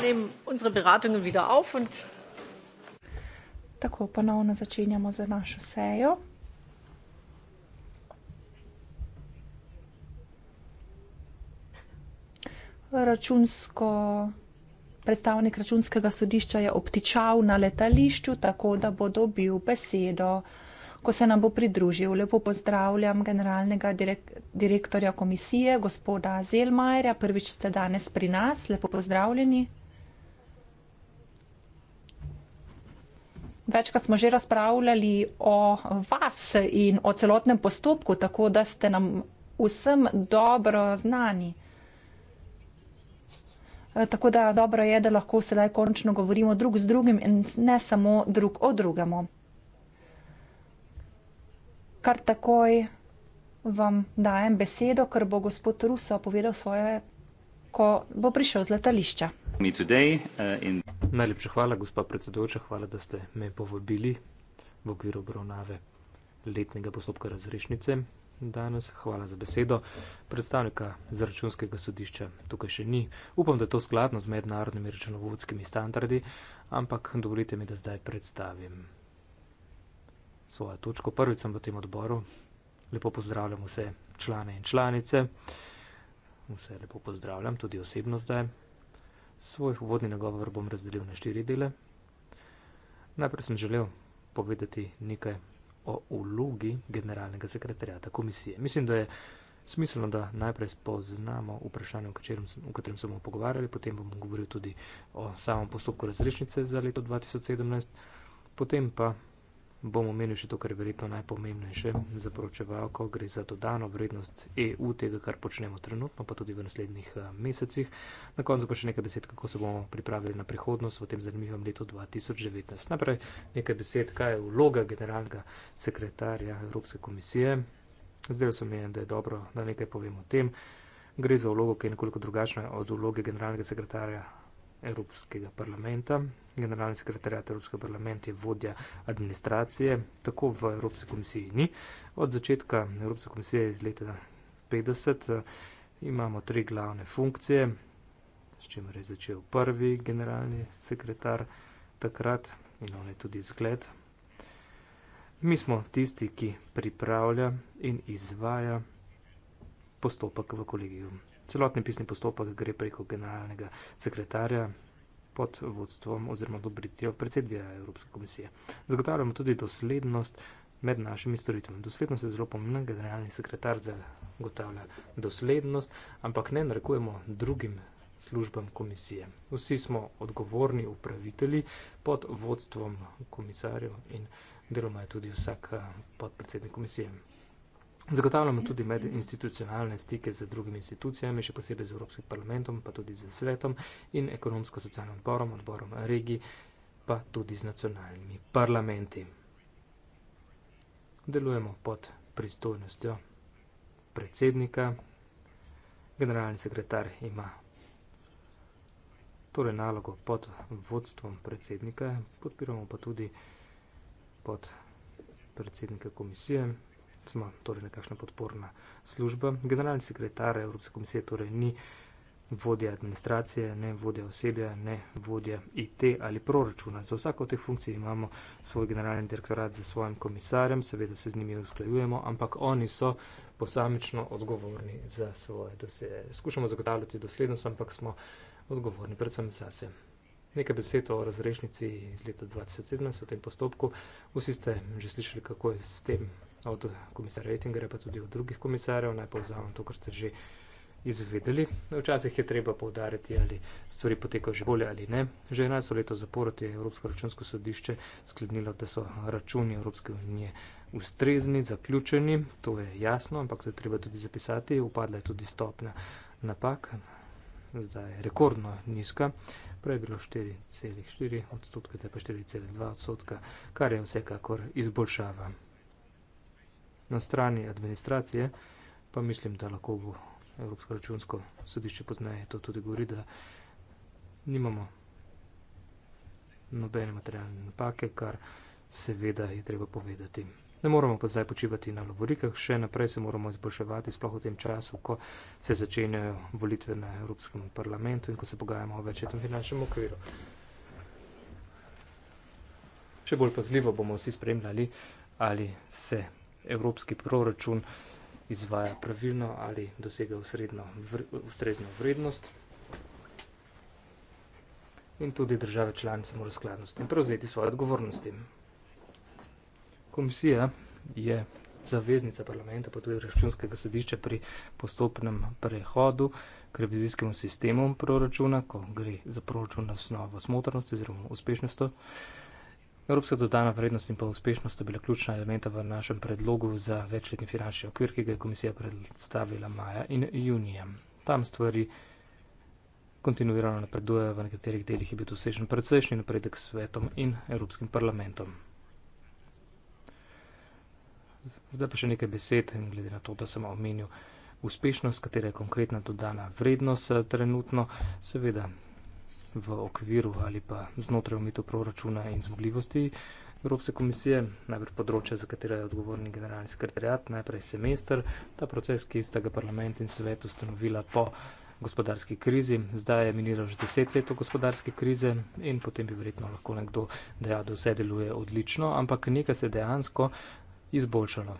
nehmen unsere Beratungen wieder auf und. Tako, ponovno začenjamo za našo sejo. Računsko, predstavnik računskega sodišča je obtičal na letališču, tako da bo dobil besedo, ko se nam bo pridružil. Lepo pozdravljam generalnega direk, direktorja komisije, gospoda Zelmajerja. Prvič ste danes pri nas. Lepo pozdravljeni. Večkrat smo že razpravljali o vas in o celotnem postopku, tako da ste nam vsem dobro znani. E, tako da dobro je, da lahko sedaj končno govorimo drug z drugim in ne samo drug o drugemu. Kar takoj vam dajem besedo, ker bo gospod Ruso povedal svoje, ko bo prišel z letališča. Uh, Najlepša hvala, gospa predsedujoča, hvala, da ste me povabili v okviru obravnave letnega postopka razrešnice danes. Hvala za besedo. Predstavnika zračunskega sodišča tukaj še ni. Upam, da je to skladno z mednarodnimi računovodskimi standardi, ampak dovolite mi, da zdaj predstavim svojo točko. Prvič sem v tem odboru. Lepo pozdravljam vse člane in članice. Vse lepo pozdravljam, tudi osebno zdaj. Svoj uvodni nagovor bom razdelil na štiri dele. Najprej sem želel povedati nekaj o vlogi generalnega sekretarjata komisije. Mislim, da je smiselno, da najprej spoznamo vprašanje, o katerem, o katerem smo pogovarjali, potem bom govoril tudi o samem postopku razrešnice za leto 2017, potem pa bomo imeli še to, kar je verjetno najpomembnejše za poročevalko, gre za dodano vrednost EU tega, kar počnemo trenutno, pa tudi v naslednjih eh, mesecih. Na koncu pa še nekaj besed, kako se bomo pripravili na prihodnost v tem zanimivem letu 2019. Naprej nekaj besed, kaj je vloga generalnega sekretarja Evropske komisije. Zdaj se mi je, da je dobro, da nekaj povem o tem. Gre za vlogo, ki je nekoliko drugačna od vloge generalnega sekretarja Evropskega parlamenta. Generalni sekretarjat Evropskega parlamenta je vodja administracije, tako v Evropski komisiji ni. Od začetka Evropske komisije iz leta 50 eh, imamo tri glavne funkcije, s čimer je začel prvi generalni sekretar takrat in on je tudi zgled. Mi smo tisti, ki pripravlja in izvaja postopek v kolegiju celotni pisni postopek gre preko generalnega sekretarja pod vodstvom oziroma dobritjo predsednika Evropske komisije. Zagotavljamo tudi doslednost med našimi storitvami. Doslednost je zelo pomembna, generalni sekretar zagotavlja doslednost, ampak ne narekujemo drugim službam komisije. Vsi smo odgovorni upravitelji pod vodstvom komisarjev in deloma je tudi vsak eh, podpredsednik komisije. Zagotavljamo tudi medinstitucionalne stike z drugimi institucijami, še posebej z Evropskim parlamentom, pa tudi z svetom in ekonomsko-socialnim odborom, odborom regij, pa tudi z nacionalnimi parlamenti. Delujemo pod pristojnostjo predsednika. Generalni sekretar ima torej nalogo pod vodstvom predsednika, podpiramo pa tudi pod predsednika komisije smo torej nekakšna podporna služba. Generalni sekretar Evropske komisije torej ni vodja administracije, ne vodja osebja, ne vodja IT ali proračuna. Za vsako od teh funkcij imamo svoj generalni direktorat za svojim komisarjem, seveda se z njimi usklajujemo, ampak oni so posamično odgovorni za svoje doseje. Skušamo zagotavljati doslednost, ampak smo odgovorni predvsem za se. Nekaj besed o razrešnici iz leta 2017 v tem postopku. Vsi ste že slišali, kako je s tem od komisarja Ettingerja, pa tudi od drugih komisarjev. Naj povzamem to, kar ste že izvedeli. Včasih je treba povdariti, ali stvari potekajo že bolje ali ne. Že 11 let zaporod je Evropsko računsko sodišče sklenilo, da so računi Evropske unije ustrezni, zaključeni. To je jasno, ampak to je treba tudi zapisati. Upadla je tudi stopnja napak. Zdaj je rekordno nizka, prej je bilo 4,4 odstotka, zdaj pa 4,2 odstotka, kar je vsekakor izboljšava na strani administracije, pa mislim, da lahko bo Evropsko računsko sodišče poznaje to tudi govori, da nimamo nobene materialne napake, kar seveda je treba povedati. Ne moramo pa zdaj počivati na lovorikah, še naprej se moramo izboljševati, sploh v tem času, ko se začenjajo volitve na Evropskem parlamentu in ko se pogajamo o večjetem finančnem okviru. Še bolj pazljivo bomo vsi spremljali, ali se evropski proračun izvaja pravilno ali dosega vredno, ustrezno vrednost. In tudi države članice morajo skladno s tem prevzeti svoje odgovornosti. Komisija je zaveznica parlamenta, pa tudi računskega sodišča pri postopnem prehodu k revizijskemu sistemu proračuna, ko gre za proračun na osnovo smotrnosti oziroma uspešnosti. Evropska dodana vrednost in pa uspešnost sta bila ključna elementa v našem predlogu za večletni finančni okvir, ki ga je komisija predstavila maja in junija. Tam stvari kontinuirano napredujejo, v nekaterih delih je bil dosežen predsejšnji napredek s svetom in Evropskim parlamentom. Zdaj pa še nekaj besed, glede na to, da sem omenil uspešnost, katera je konkretna dodana vrednost eh, trenutno, seveda v okviru ali pa znotraj omito proračuna in zmogljivosti Evropske komisije, najprej področje, za katero je odgovorni generalni sekretarjat, najprej semester, ta proces, ki sta ga parlament in svet ustanovila po gospodarski krizi. Zdaj je minilo že deset let gospodarske krize in potem bi verjetno lahko nekdo dejal, da vse deluje odlično, ampak nekaj se je dejansko izboljšalo.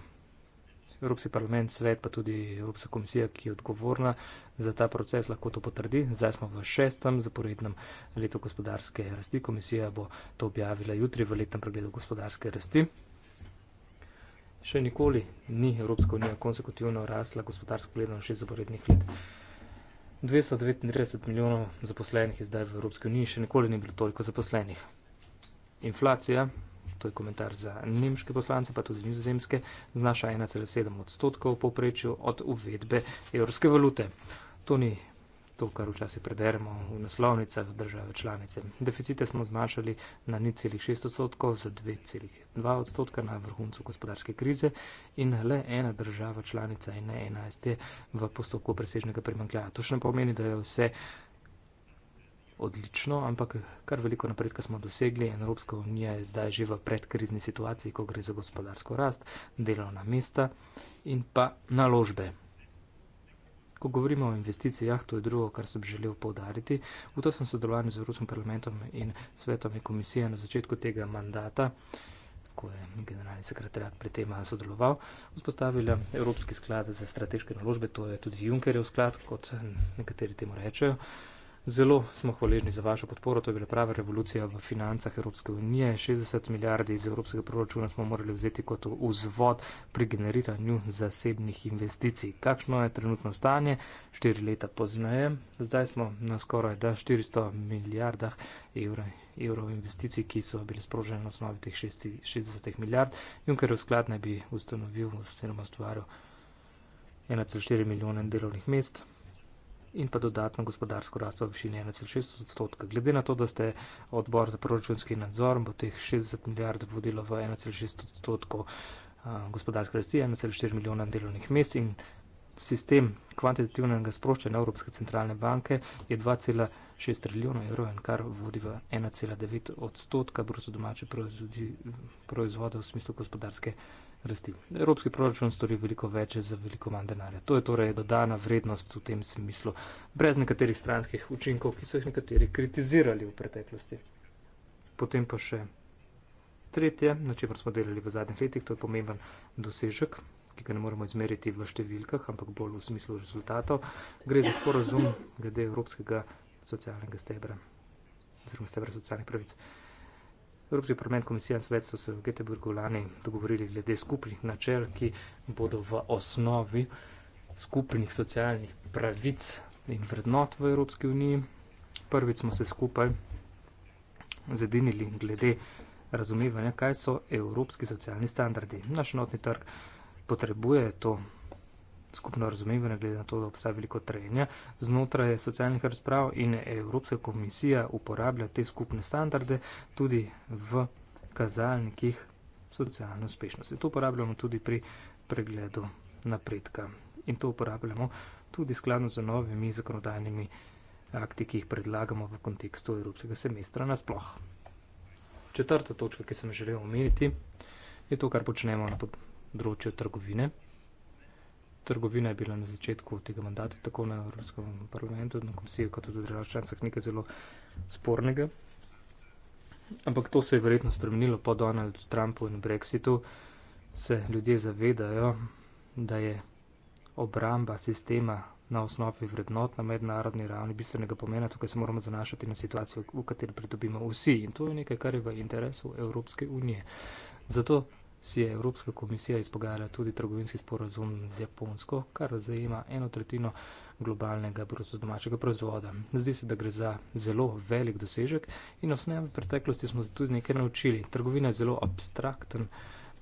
Evropski parlament, svet, pa tudi Evropska komisija, ki je odgovorna za ta proces, lahko to potrdi. Zdaj smo v šestem zaporednem letu gospodarske rasti. Komisija bo to objavila jutri v letnem pregledu gospodarske rasti. Še nikoli ni Evropska unija konsekutivno rasla gospodarsko gledano šest zaporednih let. 239 milijonov zaposlenih je zdaj v Evropski uniji, še nikoli ni bilo toliko zaposlenih. Inflacija to je komentar za nemške poslance, pa tudi nizozemske, znaša 1,7 odstotkov poprečju od uvedbe evropske valute. To ni to, kar včasih preberemo v naslovnicah države članice. Deficite smo zmanjšali na 0,6 odstotkov za 2,2 odstotka na vrhuncu gospodarske krize in le ena država članica in ne 11 je v postopku presežnega primankljaja. To še ne pomeni, da je vse odlično, ampak kar veliko napredka smo dosegli. Evropska unija je zdaj že v predkrizni situaciji, ko gre za gospodarsko rast, delovna mesta in pa naložbe. Ko govorimo o investicijah, to je drugo, kar sem želel povdariti. V to sem sodeloval z Evropskim parlamentom in svetom in komisijo na začetku tega mandata, ko je generalni sekretariat pri tem sodeloval, vzpostavila Evropski sklad za strateške naložbe, to je tudi Junckerjev sklad, kot nekateri temu rečejo. Uh, Zelo smo hvaležni za vašo podporo, to je bila prava revolucija v financah Evropske unije. 60 milijard iz evropskega proračuna smo morali vzeti kot vzvod pri generiranju zasebnih investicij. Kakšno je trenutno stanje? Štiri leta poznaje, zdaj smo na skoraj 400 milijardah evrov evro investicij, ki so bili sproženi na osnovi teh 60 milijard. Junkerov sklad naj bi ustanovil, oziroma ustvaril 1,4 milijona delovnih mest in pa dodatno gospodarsko rast v višini 1,6 odstotka. Glede na to, da ste odbor za proračunski nadzor, bo teh 60 milijard vodilo v 1,6 odstotkov gospodarske rasti, 1,4 milijona delovnih mest in sistem kvantitativnega sproščanja Evropske centralne banke je 2,6 trilijona evrov in kar vodi v 1,9 odstotka bruto domače proizvode v smislu gospodarske rasti rasti. Evropski proračun stori veliko več za veliko manj denarja. To je torej dodana vrednost v tem smislu, brez nekaterih stranskih učinkov, ki so jih nekateri kritizirali v preteklosti. Potem pa še tretje, na čemer smo delali v zadnjih letih, to je pomemben dosežek, ki ga ne moremo izmeriti v številkah, ampak bolj v smislu rezultatov. Gre za sporozum glede Evropskega socialnega stebra oziroma stebra socialnih pravic. Evropski parlament, komisija in svet so se v Göteborgu lani dogovorili glede skupnih načel, ki bodo v osnovi skupnih socialnih pravic in vrednot v Evropski uniji. Prvič smo se skupaj zedinili glede razumevanja, kaj so evropski socialni standardi. Naš notni trg potrebuje to skupno razumevanje, glede na to, da obstaja veliko trenja znotraj socialnih razprav in Evropska komisija uporablja te skupne standarde tudi v kazalnikih socialne uspešnosti. To uporabljamo tudi pri pregledu napredka in to uporabljamo tudi skladno z novimi zakonodajnimi akti, ki jih predlagamo v kontekstu Evropskega semestra nasploh. Četrta točka, ki sem želel omeniti, je to, kar počnemo na področju trgovine trgovine je bila na začetku tega mandata, tako na Evropskem parlamentu, na komisiji, kot tudi v državah članicah, nekaj zelo spornega. Ampak to se je verjetno spremenilo po Donaldu Trumpu in Brexitu. Se ljudje zavedajo, da je obramba sistema na osnovi vrednot na mednarodni ravni bistvenega pomena. Tukaj se moramo zanašati na situacijo, v kateri pridobimo vsi. In to je nekaj, kar je v interesu Evropske unije. Zato si je Evropska komisija izpogajala tudi trgovinski sporozum z Japonsko, kar zajema eno tretjino globalnega brozodomačega proizvoda. Zdi se, da gre za zelo velik dosežek in v snemi preteklosti smo se tudi nekaj naučili. Trgovina je zelo abstrakten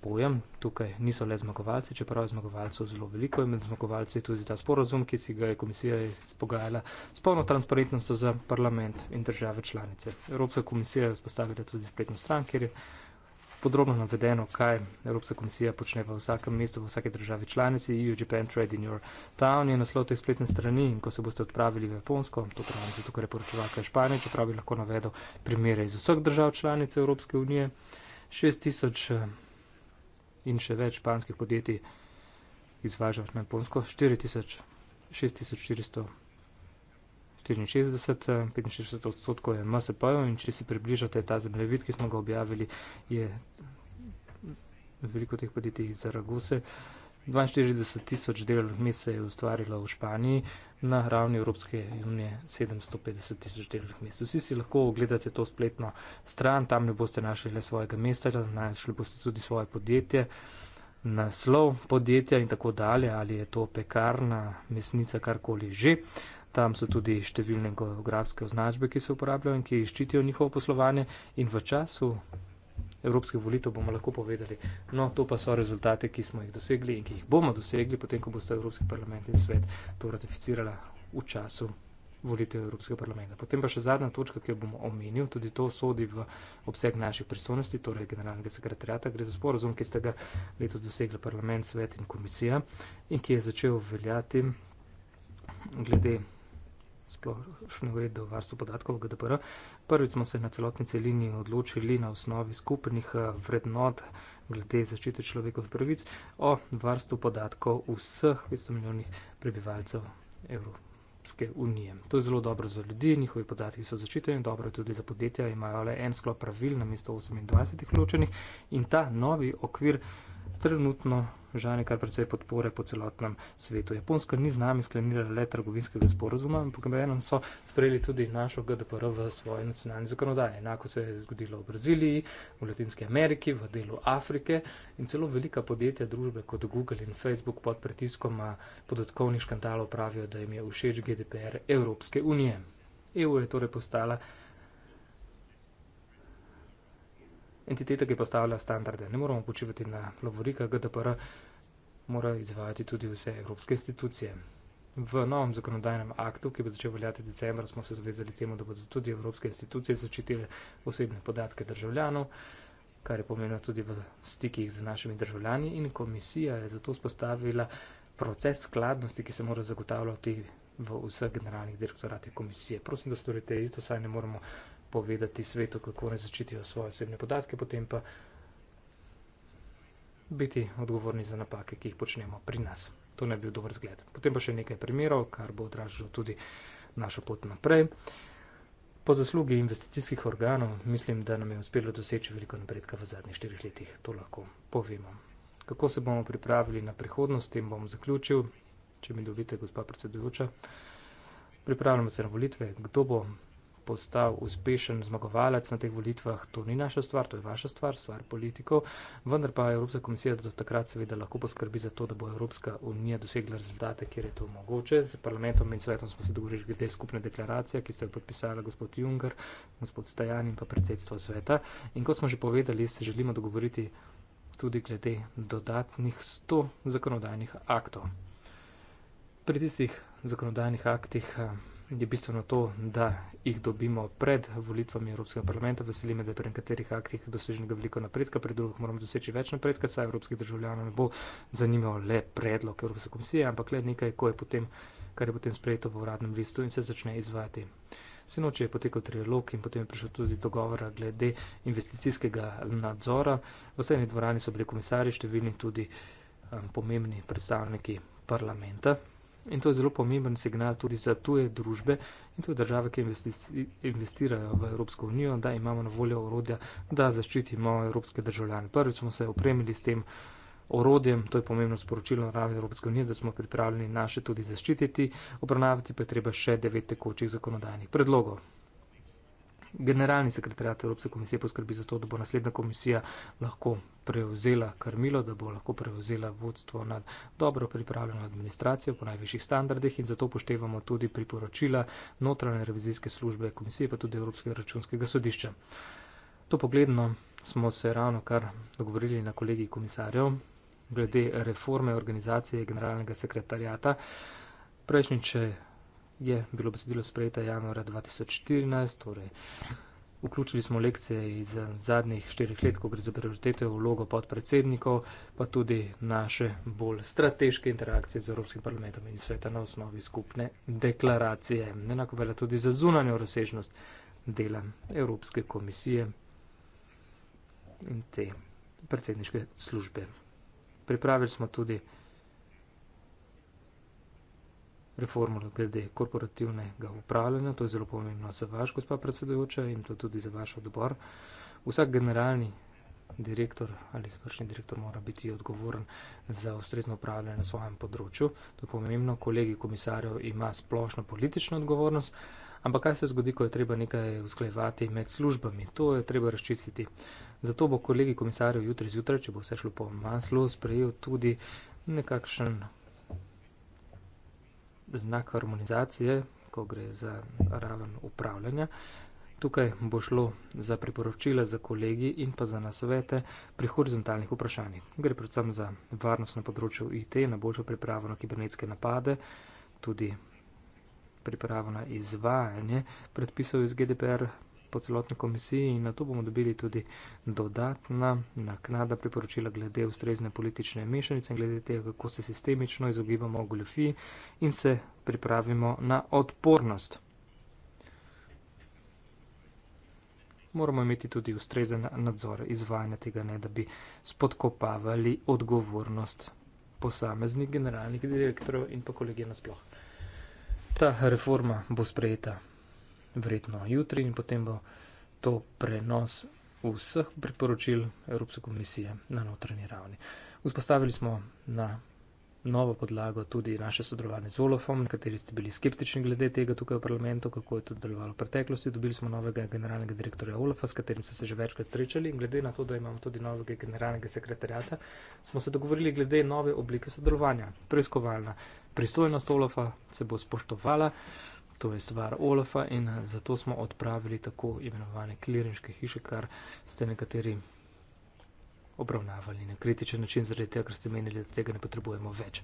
pojem, tukaj niso le zmagovalci, čeprav je zmagovalcev zelo veliko in med zmagovalci tudi ta sporozum, ki si ga je komisija izpogajala s polno transparentnostjo za parlament in države članice. Evropska komisija je vzpostavila tudi spletno stran, kjer je podrobno navedeno, kaj Evropska komisija počne v vsakem mestu, v vsake državi članici. EU Japan Trade in Your Town je naslov te spletne strani in ko se boste odpravili v Japonsko, to pravim zato, ker je poročevalka Španije, čeprav bi lahko navedel primere iz vseh držav članic Evropske unije. 6000 eh, in še več španskih podjetij izvažajo na Japonsko, 4000, 6400. 64, 65 eh, odstotkov je MSP-ov in če se približate ta zemljevid, ki smo ga objavili, je veliko teh podjetij iz Zaragoze. 42 tisoč delovnih mest se je ustvarilo v Španiji, na ravni Evropske unije 750 tisoč delovnih mest. Vsi si lahko ogledate to spletno stran, tam ne boste našli le svojega mesta, našli boste tudi svoje podjetje, naslov podjetja in tako dalje, ali je to pekarna, mesnica, karkoli že tam so tudi številne geografske označbe, ki se uporabljajo in ki ščitijo njihovo poslovanje in v času evropskih volitev bomo lahko povedali. No, to pa so rezultate, ki smo jih dosegli in ki jih bomo dosegli, potem, ko boste Evropski parlament in svet to ratificirala v času volitev Evropskega parlamenta. Potem pa še zadnja točka, ki jo bomo omenili, tudi to sodi v obseg naših pristojnosti, torej generalnega sekretarjata, gre za sporozum, ki ste ga letos dosegli parlament, svet in komisija in ki je začel veljati glede splošno gre do varstva podatkov GDPR. Prvič smo se na celotni celini odločili na osnovi skupnih eh, vrednot glede zaščite človekovih pravic o varstvu podatkov vseh 500 milijonih prebivalcev Evropske unije. To je zelo dobro za ljudi, njihovi podatki so zaščiteni, dobro je tudi za podjetja, imajo le en sklop pravil na mesto 28 ločenih in ta novi okvir trenutno žene kar precej podpore po celotnem svetu. Japonska ni z nami sklenila le trgovinskega sporozuma, ampak eno so sprejeli tudi našo GDPR v svoje nacionalne zakonodaje. Enako se je zgodilo v Braziliji, v Latinski Ameriki, v delu Afrike in celo velika podjetja, družbe kot Google in Facebook pod pritiskom podatkovnih škandalov pravijo, da jim je všeč GDPR Evropske unije. EU je torej postala. Entiteta, ki postavlja standarde, ne moramo počivati na lovorika GDPR. -a morajo izvajati tudi vse evropske institucije. V novem zakonodajnem aktu, ki bo začel veljati decembra, smo se zavezali temu, da bodo tudi evropske institucije zaščitile osebne podatke državljanov, kar je pomenilo tudi v stikih z našimi državljani in komisija je zato spostavila proces skladnosti, ki se mora zagotavljati v vseh generalnih direktoratih komisije. Prosim, da storite isto, saj ne moramo povedati svetu, kako ne zaščitijo svoje osebne podatke, potem pa biti odgovorni za napake, ki jih počnemo pri nas. To ne bi bil dober zgled. Potem pa še nekaj primerov, kar bo odražalo tudi našo pot naprej. Po zaslugi investicijskih organov mislim, da nam je uspelo doseči veliko napredka v zadnjih štirih letih. To lahko povemo. Kako se bomo pripravili na prihodnost, tem bom zaključil, če mi dovolite, gospa predsedujoča. Pripravljamo se na volitve, kdo bo postal uspešen zmagovalec na teh volitvah, to ni naša stvar, to je vaša stvar, stvar politikov, vendar pa Evropska komisija do takrat seveda lahko poskrbi za to, da bo Evropska unija dosegla rezultate, kjer je to mogoče. Z parlamentom in svetom smo se dogovorili glede skupne deklaracije, ki ste jo podpisali gospod Juncker, gospod Tajan in pa predsedstvo sveta. In kot smo že povedali, se želimo dogovoriti tudi glede dodatnih 100 zakonodajnih aktov. Pri tistih zakonodajnih aktih eh, je bistveno to, da jih dobimo pred volitvami Evropskega parlamenta. Veseli me, da je pri nekaterih aktih doseženega veliko napredka, pri drugih moramo doseči več napredka, saj evropskih državljanov ne bo zanimal le predlog Evropske komisije, ampak le nekaj, ko je potem, kar je potem sprejeto v uradnem listu in se začne izvajati. Sinoči je potekal trialog in potem je prišel tudi dogovora glede investicijskega nadzora. V vsej dvorani so bili komisari, številni tudi um, pomembni predstavniki parlamenta. In to je zelo pomemben signal tudi za tuje družbe in tuje države, ki investirajo v Evropsko unijo, da imamo na voljo orodja, da zaščitimo evropske državljane. Prvič smo se opremili s tem orodjem, to je pomembno sporočilo na ravni Evropske unije, da smo pripravljeni naše tudi zaščititi, obravnavati pa je treba še devet tekočih zakonodajnih predlogov. Generalni sekretarjat Evropske komisije poskrbi za to, da bo naslednja komisija lahko prevzela krmilo, da bo lahko prevzela vodstvo nad dobro pripravljeno administracijo po najvišjih standardih in zato poštevamo tudi priporočila notranje revizijske službe komisije, pa tudi Evropskega računskega sodišča. To pogledno smo se ravno kar dogovorili na kolegi komisarjev glede reforme organizacije generalnega sekretarjata. Prejšnjiče je bilo besedilo sprejeto januarja 2014, torej vključili smo lekcije iz zadnjih štirih let, ko gre za prioritete v vlogo podpredsednikov, pa tudi naše bolj strateške interakcije z Evropskim parlamentom in sveta na osnovi skupne deklaracije. Enako velja tudi za zunanjo razsežnost dela Evropske komisije in te predsedniške službe. Pripravili smo tudi reformo glede korporativnega upravljanja. To je zelo pomembno za vaš, gospod predsedujoča, in to tudi za vaš odbor. Vsak generalni direktor ali zvršni direktor mora biti odgovoren za ustrezno upravljanje na svojem področju. To je pomembno. Kolegi komisarjev ima splošno politično odgovornost. Ampak kaj se zgodi, ko je treba nekaj usklajevati med službami? To je treba razčistiti. Zato bo kolegi komisarjev jutri zjutraj, če bo vse šlo po maslu, sprejel tudi nekakšen znak harmonizacije, ko gre za raven upravljanja. Tukaj bo šlo za priporočila za kolegi in pa za nasvete pri horizontalnih vprašanjih. Gre predvsem za varnost na področju IT, na boljšo pripravo na kibernetske napade, tudi pripravo na izvajanje predpisov iz GDPR, po celotni komisiji in na to bomo dobili tudi dodatna naknada priporočila glede ustrezne politične mešanice in glede tega, kako se sistemično izogibamo goljofiji in se pripravimo na odpornost. Moramo imeti tudi ustrezen nadzor izvajanja tega, ne da bi spodkopavali odgovornost posameznih generalnih direktorov in pa kolegije nasploh. Ta reforma bo sprejeta verjetno jutri in potem bo to prenos vseh priporočil Evropske komisije na notranji ravni. Vzpostavili smo na novo podlago tudi naše sodelovanje z Olofom, kateri ste bili skeptični glede tega tukaj v parlamentu, kako je to delovalo v preteklosti. Dobili smo novega generalnega direktorja Olofa, s katerim ste se že večkrat srečali in glede na to, da imamo tudi novega generalnega sekretarjata, smo se dogovorili glede nove oblike sodelovanja. Preiskovalna pristojnost Olofa se bo spoštovala. To je stvar Olafa in zato smo odpravili tako imenovane klirinške hiše, kar ste nekateri obravnavali na kritičen način, zaradi tega, ker ste menili, da tega ne potrebujemo več.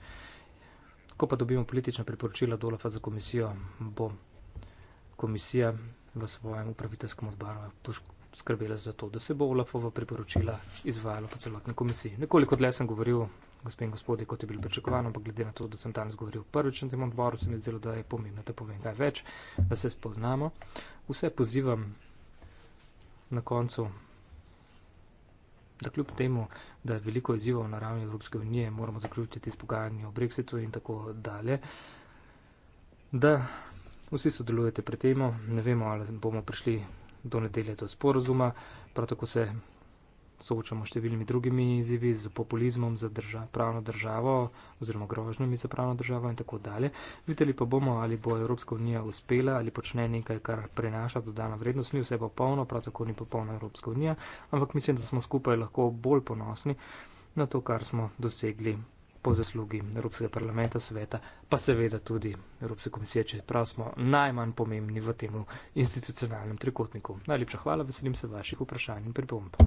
Ko pa dobimo politična priporočila od Olafa za komisijo, bo komisija v svojem upravitelskem odboru poskrbela za to, da se bo Olafovo priporočila izvajalo po celotni komisiji. Nekoliko dlje sem govoril gospe in gospodje, kot je bilo pričakovano, ampak glede na to, da sem danes govoril prvič na tem odboru, se mi zdelo, da je pomembno, da povem kaj več, da se spoznamo. Vse pozivam na koncu, da kljub temu, da je veliko izzivov na ravni Evropske unije, moramo zaključiti s pogajanji o Brexitu in tako dalje, da vsi sodelujete pri temo, ne vemo, ali bomo prišli do nedelje do sporozuma, prav tako se soočamo s številnimi drugimi izzivi, z populizmom za drža, pravno državo oziroma grožnjami za pravno državo in tako dalje. Videli pa bomo, ali bo Evropska unija uspela ali počne nekaj, kar prenaša dodana vrednost. Ni vse popolno, prav tako ni popolna Evropska unija, ampak mislim, da smo skupaj lahko bolj ponosni na to, kar smo dosegli po zaslugi Evropskega parlamenta, sveta, pa seveda tudi Evropske komisije, čeprav smo najmanj pomembni v tem institucionalnem trikotniku. Najlepša hvala, veselim se vaših vprašanj in pripomb.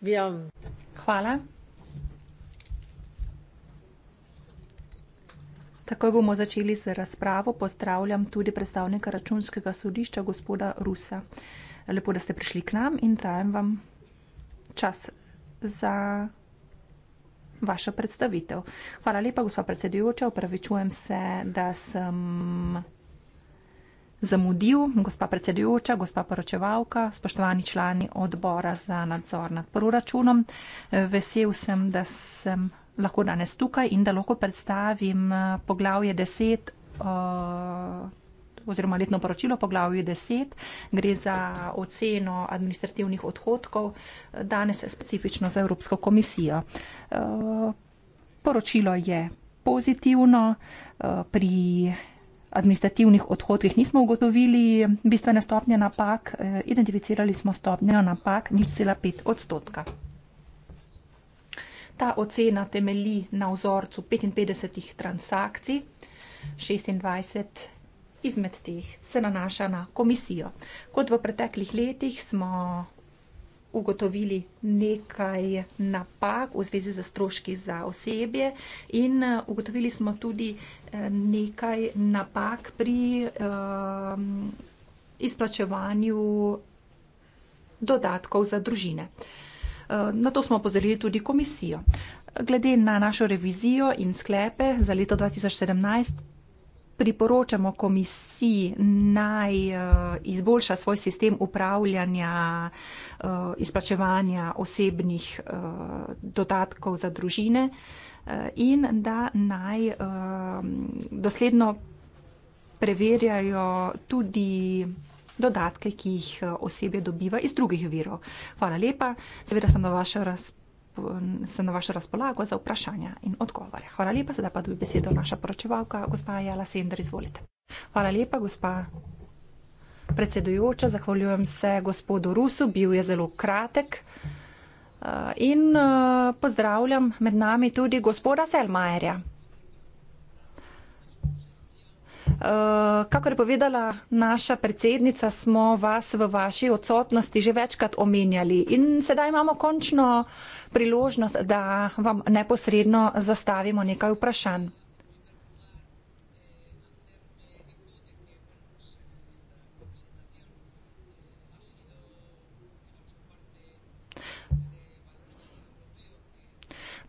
Hvala. Takoj bomo začeli z razpravo. Pozdravljam tudi predstavnika računskega sodišča, gospoda Rusa. Lepo, da ste prišli k nam in dajem vam čas za vašo predstavitev. Hvala lepa, gospa predsedujoča. Opravičujem se, da sem zamudil, gospa predsedujoča, gospa poročevalka, spoštovani člani odbora za nadzor nad proračunom. Vesel sem, da sem lahko danes tukaj in da lahko predstavim eh, poglavje 10 eh, oziroma letno poročilo poglavju 10. Gre za oceno administrativnih odhodkov, eh, danes specifično za Evropsko komisijo. Poročilo je pozitivno pri administrativnih odhodkih nismo ugotovili bistvene stopnje napak, eh, identificirali smo stopnjo napak nič cela pet odstotka. Ta ocena temelji na vzorcu 55 transakcij, 26 izmed teh se nanaša na komisijo. Kot v preteklih letih smo ugotovili nekaj napak v zvezi z stroški za osebje in eh, ugotovili smo tudi eh, nekaj napak pri uh, izplačevanju dodatkov za družine. Eh, na to smo opozorili tudi komisijo. Glede na našo revizijo in sklepe za leto 2017 priporočamo komisiji naj eh, izboljša svoj sistem upravljanja, eh, izplačevanja osebnih eh, dodatkov za družine in da naj dosledno preverjajo tudi dodatke, ki jih osebe dobiva iz drugih virov. Hvala lepa, seveda sem na vašo razpolago se na vaše razpolago za vprašanja in odgovore. Hvala lepa, sedaj pa dobi besedo naša poročevalka, gospa Jala Sender, izvolite. Hvala lepa, gospa predsedujoča, zahvaljujem se gospodu Rusu, bil je zelo kratek. Eh, in eh, pozdravljam med nami tudi gospoda Selmajerja. Eh, kakor je povedala naša predsednica, smo vas v vaši odsotnosti že večkrat omenjali in sedaj imamo končno priložnost, da vam neposredno zastavimo nekaj vprašanj.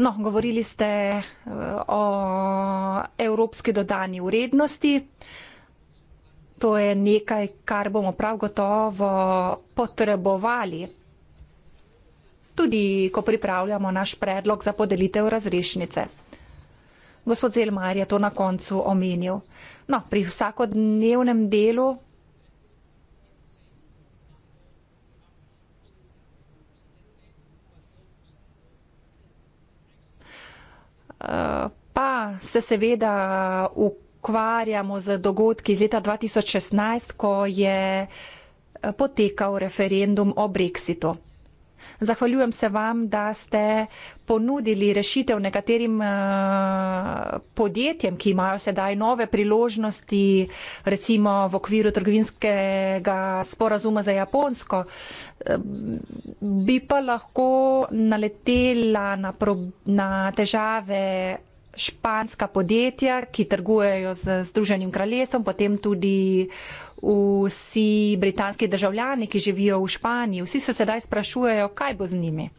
No, govorili ste eh, o evropski dodani urednosti. To je nekaj, kar bomo prav gotovo potrebovali. Tudi, ko pripravljamo naš predlog za podelitev razrešnice. Gospod Zelmar je to na koncu omenil. No, pri vsakodnevnem delu Eh, pa se seveda ukvarjamo z dogodki iz leta 2016, ko je eh, potekal referendum o brexitu. Zahvaljujem se vam, da ste ponudili rešitev nekaterim eh, podjetjem, ki imajo sedaj nove priložnosti, recimo v okviru trgovinskega sporazuma za Japonsko. Eh, bi pa lahko naletela na, na težave španska podjetja, ki trgujejo z Združenim kraljestvom, potem tudi vsi britanski državljani, ki živijo v Španiji, vsi se sedaj sprašujejo, kaj bo z njimi.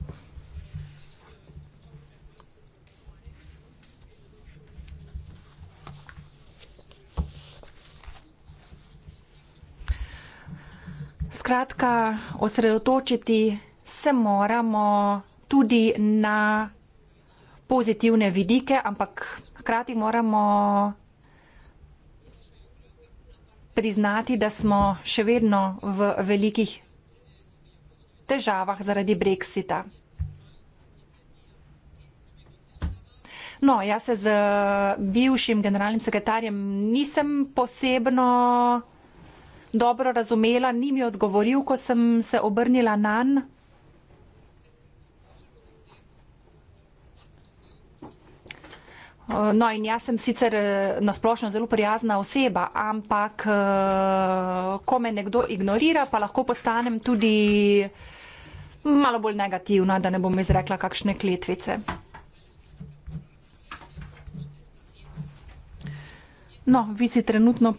Skratka, osredotočiti se moramo tudi na pozitivne vidike, ampak hkrati moramo priznati, da smo še vedno v velikih težavah zaradi brexita. No, jaz se z eh, bivšim generalnim sekretarjem nisem posebno dobro razumela, ni mi odgovoril, ko sem se obrnila nanj. Eh, no, in jaz sem sicer eh, nasplošno zelo prijazna oseba, ampak eh, ko me nekdo ignorira, pa lahko postanem tudi malo bolj negativna, da ne bom izrekla kakšne kletvice. No, vi si trenutno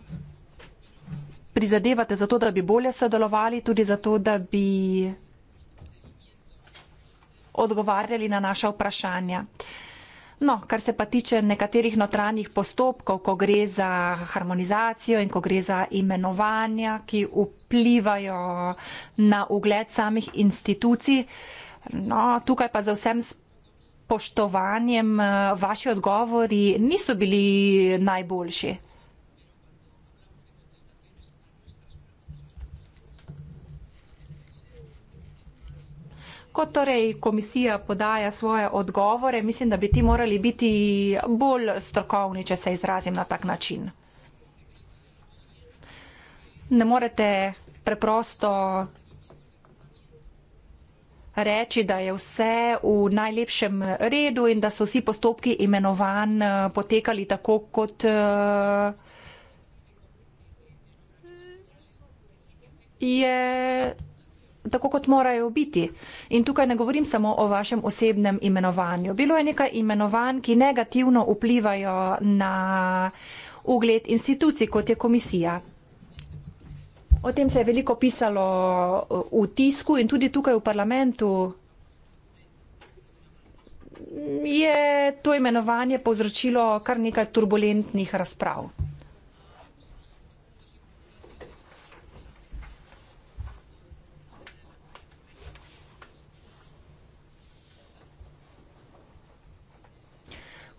prizadevate za to, da bi bolje sodelovali, tudi za to, da bi odgovarjali na naša vprašanja. No, kar se pa tiče nekaterih notranjih postopkov, ko gre za harmonizacijo in ko gre za imenovanja, ki vplivajo na ugled samih institucij, no, tukaj pa za vsem spoštovanjem eh, vaši odgovori niso bili najboljši. ko torej komisija podaja svoje odgovore, mislim, da bi ti morali biti bolj strokovni, če se izrazim na tak način. Ne morete preprosto reči, da je vse v najlepšem redu in da so vsi postopki imenovan eh, potekali tako, kot eh, je tako, kot morajo biti. In tukaj ne govorim samo o vašem osebnem imenovanju. Bilo je nekaj imenovanj, ki negativno vplivajo na ugled institucij, kot je komisija. O tem se je veliko pisalo v tisku in tudi tukaj v parlamentu je to imenovanje povzročilo kar nekaj turbulentnih razprav.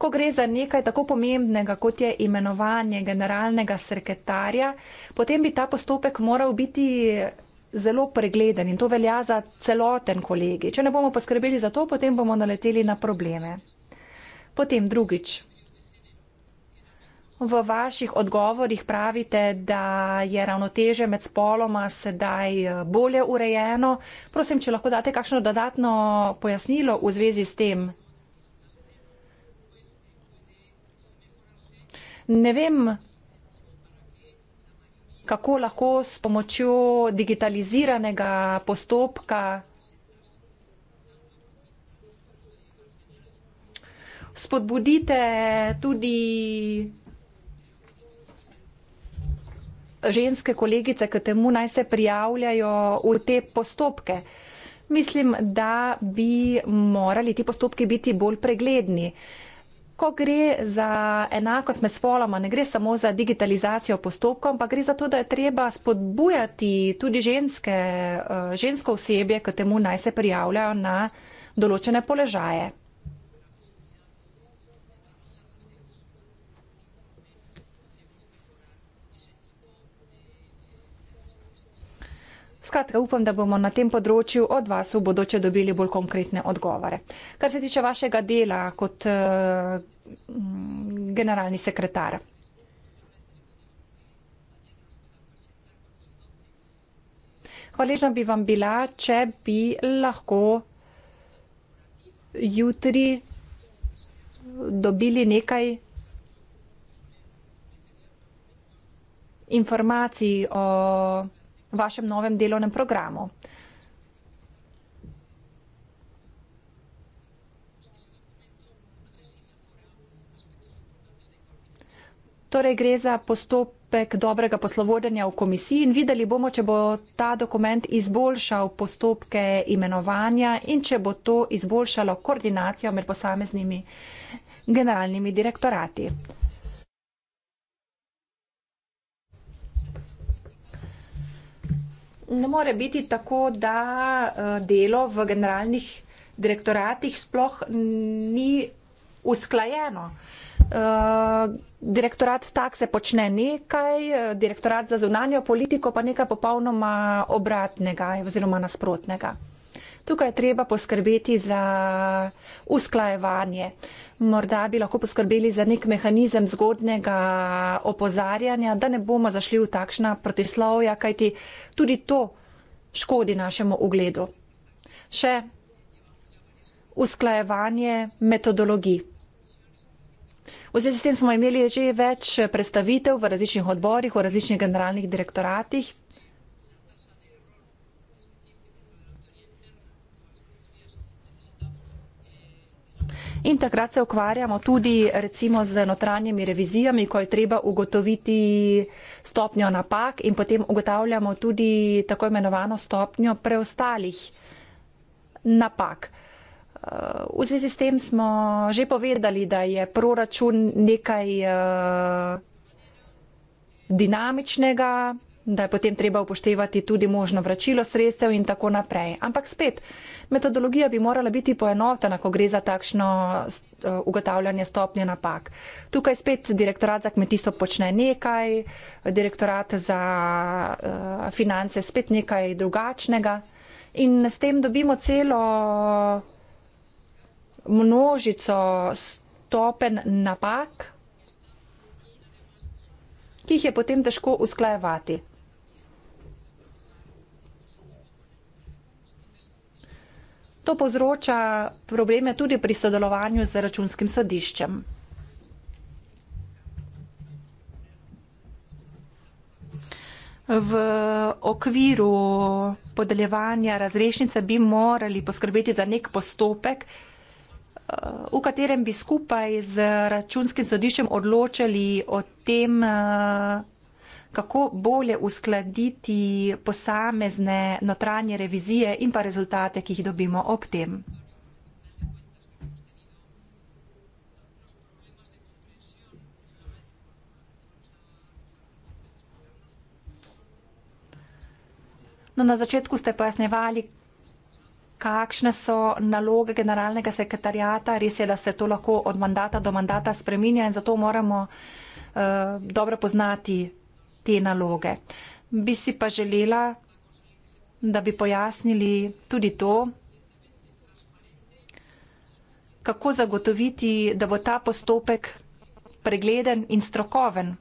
ko gre za nekaj tako pomembnega, kot je imenovanje generalnega sekretarja, potem bi ta postopek moral biti zelo pregleden in to velja za celoten kolegi. Če ne bomo poskrbeli za to, potem bomo naleteli na probleme. Potem drugič. V vaših odgovorih pravite, da je ravnoteže med spoloma sedaj eh, bolje urejeno. Prosim, če lahko date kakšno dodatno pojasnilo v zvezi s tem, Ne vem, kako lahko s pomočjo digitaliziranega postopka spodbudite tudi ženske kolegice k temu naj se prijavljajo v te postopke. Mislim, da bi morali ti postopki biti bolj pregledni. Uh, ko gre za enakost med spoloma, ne gre samo za digitalizacijo postopkov, ampak gre za to, da je treba spodbujati tudi ženske, eh, žensko osebje, k temu naj se prijavljajo na določene položaje. Skratka, upam, da bomo na tem področju od vas v bodoče dobili bolj konkretne odgovore. Kar se tiče vašega dela kot uh, generalni sekretar. Hvaležna bi vam bila, če bi lahko jutri dobili nekaj informacij o v vašem novem delovnem programu. Torej gre za postopek dobrega poslovodenja v komisiji in videli bomo, če bo ta dokument izboljšal postopke imenovanja in če bo to izboljšalo koordinacijo med posameznimi generalnimi direktorati. ne more biti tako, da eh, delo v generalnih direktoratih sploh ni usklajeno. Eh, direktorat tak se počne nekaj, eh, direktorat za zunanjo politiko pa nekaj popolnoma obratnega oziroma nasprotnega. Tukaj je treba poskrbeti za usklajevanje. Morda bi lahko poskrbeli za nek mehanizem zgodnega opozarjanja, da ne bomo zašli v takšna protislovja, kajti tudi to škodi našemu ugledu. Še usklajevanje metodologij. V zvezi s tem smo imeli že več predstavitev v različnih odborih, v različnih generalnih direktoratih. In takrat se ukvarjamo tudi recimo z notranjimi revizijami, ko je treba ugotoviti stopnjo napak in potem ugotavljamo tudi tako imenovano stopnjo preostalih napak. V zvezi s tem smo že povedali, da je proračun nekaj eh, dinamičnega, da je potem treba upoštevati tudi možno vračilo sredstev in tako naprej. Ampak spet, metodologija bi morala biti poenotena, ko gre za takšno eh, ugotavljanje stopnje napak. Tukaj spet direktorat za kmetijstvo počne nekaj, direktorat za uh, finance spet nekaj drugačnega in s tem dobimo celo množico stopen napak, ki jih je potem težko usklajevati. To povzroča probleme tudi pri sodelovanju z računskim sodiščem. V okviru podeljevanja razrešnice bi morali poskrbeti za nek postopek, eh, v katerem bi skupaj z računskim sodiščem odločali o tem, eh, kako bolje uskladiti posamezne notranje revizije in pa rezultate, ki jih dobimo ob tem. No, na začetku ste pojasnevali, kakšne so naloge generalnega sekretarjata. Res je, da se to lahko od mandata do mandata spreminja in zato moramo uh, dobro poznati te naloge. Bi si pa želela, da bi pojasnili tudi to, kako zagotoviti, da bo ta postopek pregleden in strokoven,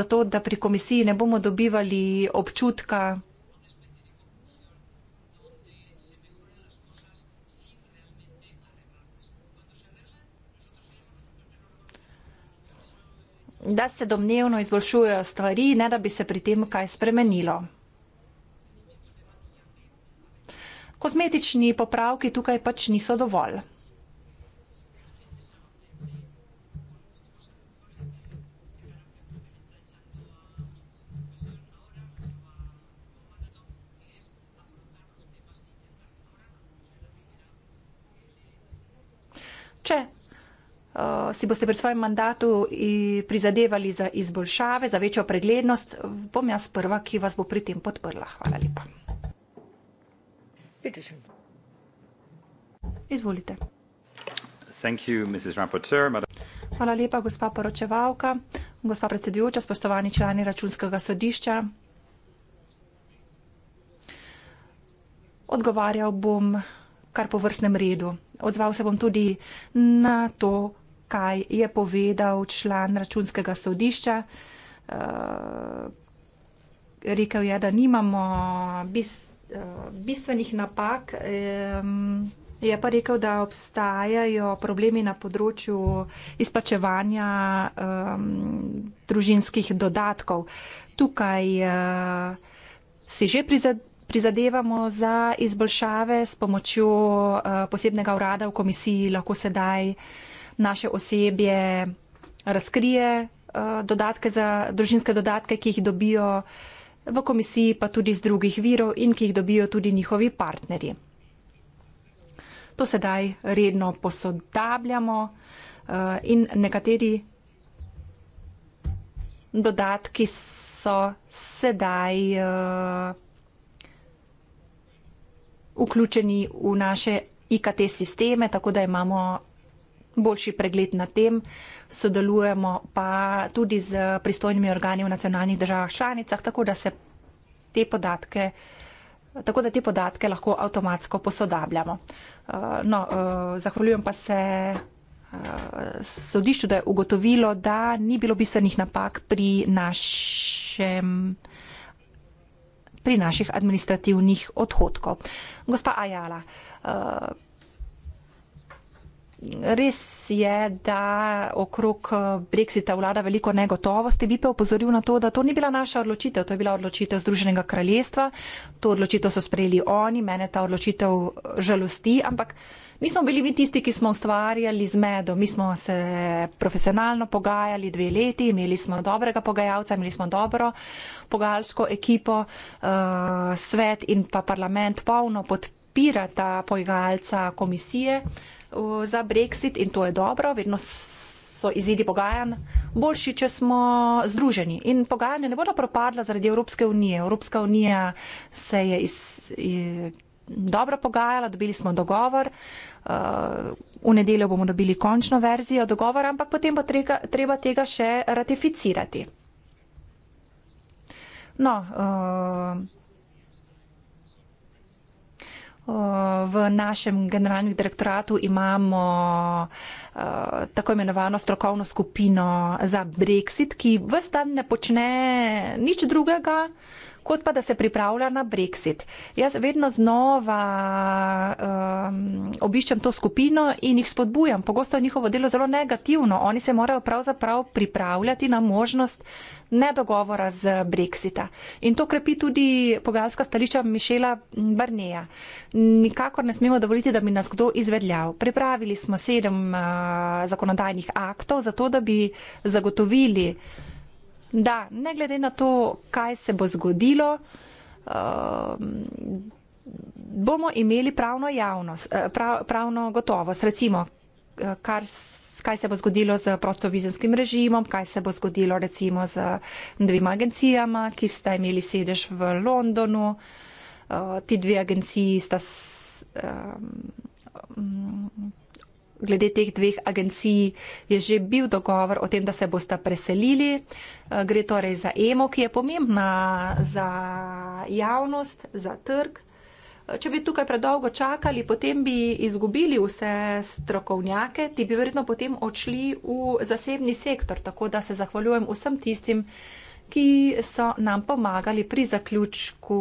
zato da pri komisiji ne bomo dobivali občutka, da se domnevno izboljšujejo stvari, ne da bi se pri tem kaj spremenilo. Kozmetični popravki tukaj pač niso dovolj. uh, si boste pri svojem mandatu prizadevali za izboljšave, za večjo preglednost, bom jaz prva, ki vas bo pri tem podprla. Hvala lepa. Peterson. Izvolite. You, Hvala lepa, gospa poročevalka, gospa predsedujoča, spoštovani člani računskega sodišča. Odgovarjal bom kar po vrstnem redu. Odzval se bom tudi na to, kaj je povedal član računskega sodišča. Eh, rekel je, da nimamo eh, bistvenih napak, je pa rekel, da obstajajo problemi na področju izplačevanja družinskih dodatkov. Tukaj eh, si že prizadevamo za izboljšave s pomočjo posebnega urada v komisiji, lahko sedaj naše osebje razkrije eh, dodatke za družinske dodatke, ki jih dobijo v komisiji, pa tudi iz drugih virov in ki jih dobijo tudi njihovi partnerji. To sedaj redno posodabljamo eh, in nekateri dodatki so sedaj eh, vključeni v naše IKT sisteme, tako da imamo boljši pregled na tem. Sodelujemo pa tudi z pristojnimi organi v nacionalnih državah članicah, tako da se te podatke, tako da te podatke lahko avtomatsko posodabljamo. Eh, no, eh, zahvaljujem pa se eh, sodišču, da je ugotovilo, da ni bilo bistvenih napak pri našem pri naših administrativnih odhodkov. Gospa Ajala, res je, da okrog eh, Brexita vlada veliko negotovosti. Bi pa upozoril na to, da to ni bila naša odločitev, to je bila odločitev Združenega kraljestva. To odločitev so sprejeli oni, mene ta odločitev eh, žalosti, ampak mi smo bili mi tisti, ki smo ustvarjali zmedo. Mi smo se profesionalno pogajali dve leti, imeli smo dobrega pogajalca, imeli smo dobro pogajalsko ekipo, eh, svet in pa parlament polno podpirata pogajalca komisije za Brexit in to je dobro, vedno so izidi pogajanj boljši, če smo združeni. In pogajanja ne bodo propadla zaradi Evropske unije. Evropska unija se je, iz, je dobro pogajala, dobili smo dogovor. Uh, v nedeljo bomo dobili končno verzijo dogovora, ampak potem bo treba, treba tega še ratificirati. No, uh, V našem generalnem direktoratu imamo eh, tako imenovano strokovno skupino za Brexit, ki vse dan ne počne nič drugega, kot pa da se pripravlja na brexit. Jaz vedno znova um, obiščem to skupino in jih spodbujam. Pogosto je njihovo delo zelo negativno. Oni se morajo pravzaprav pripravljati na možnost nedogovora z brexita. In to krepi tudi pogajalska stališča Mišela Barneja. Nikakor ne smemo dovoliti, da bi nas kdo izvedljal. Pripravili smo sedem uh, zakonodajnih aktov, zato da bi zagotovili da ne glede na to, kaj se bo zgodilo, ehm, bomo imeli pravno, javnost, eh, pravno gotovost. Recimo, eh, kar, kaj se bo zgodilo z prostovizijskim režimom, kaj se bo zgodilo recimo z dvema agencijama, ki sta imeli sedež v Londonu. Eh, ti dve agenciji sta. Ehm, glede teh dveh agencij je že bil dogovor o tem, da se boste preselili. Eh, gre torej za EMO, ki je pomembna za javnost, za trg. Eh, če bi tukaj predolgo čakali, potem bi izgubili vse strokovnjake, ti bi verjetno potem odšli v zasebni sektor. Tako da se zahvaljujem vsem tistim, ki so nam pomagali pri zaključku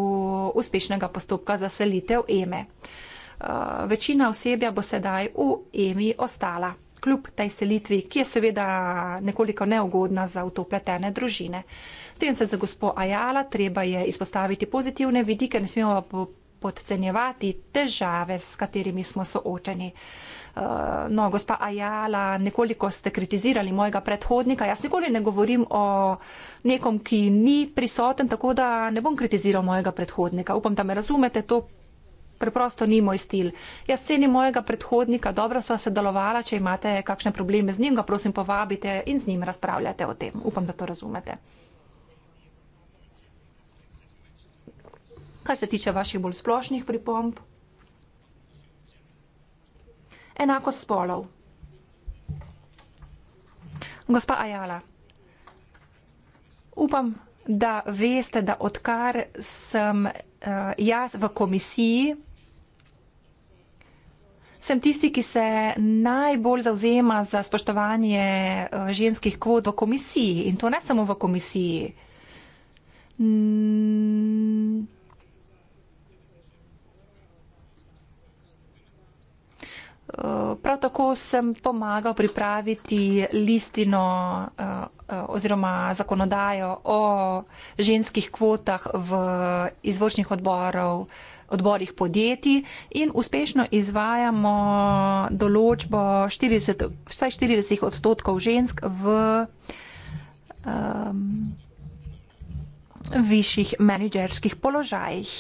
uspešnega postopka za selitev EME. Eh, večina osebja bo sedaj v EMI ostala. Kljub tej selitvi, ki je seveda nekoliko neugodna za utopljene družine. S tem se za gospo Ajala treba je izpostaviti pozitivne vidike, ne smemo podcenjevati težave, s katerimi smo soočeni. Eh, no, gospa Ajala, nekoliko ste kritizirali mojega predhodnika. Jaz nikoli ne govorim o nekom, ki ni prisoten, tako da ne bom kritiziral mojega predhodnika. Upam, da me razumete, to preprosto ni moj stil. Jaz cenim mojega predhodnika, dobro sva sodelovala, če imate kakšne probleme z njim, ga prosim povabite in z njim razpravljate o tem. Upam, da to razumete. Kar se tiče vaših bolj splošnih pripomb, enako spolov. Gospa Ajala, upam, da veste, da odkar sem uh, jaz v komisiji, sem tisti, ki se najbolj zauzema za spoštovanje eh, ženskih kvot v komisiji in to ne samo v komisiji. Mm. Eh, prav tako sem pomagal pripraviti listino eh, oziroma zakonodajo o ženskih kvotah v izvršnih odborov odborih podjetij in uspešno izvajamo določbo 40, vsaj 40 odstotkov žensk v um, višjih menedžerskih položajih.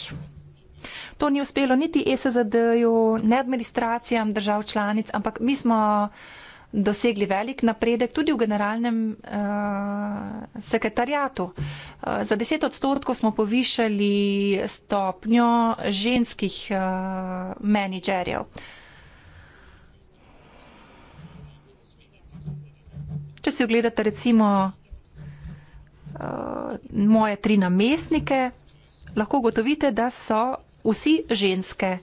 To ni uspelo niti SZD-ju, ne administracijam držav članic, ampak mi smo dosegli velik napredek tudi v generalnem uh, eh, sekretarjatu. Uh, eh, za deset odstotkov smo povišali stopnjo ženskih uh, menedžerjev. Če si ogledate recimo uh, moje tri namestnike, lahko gotovite, da so vsi ženske.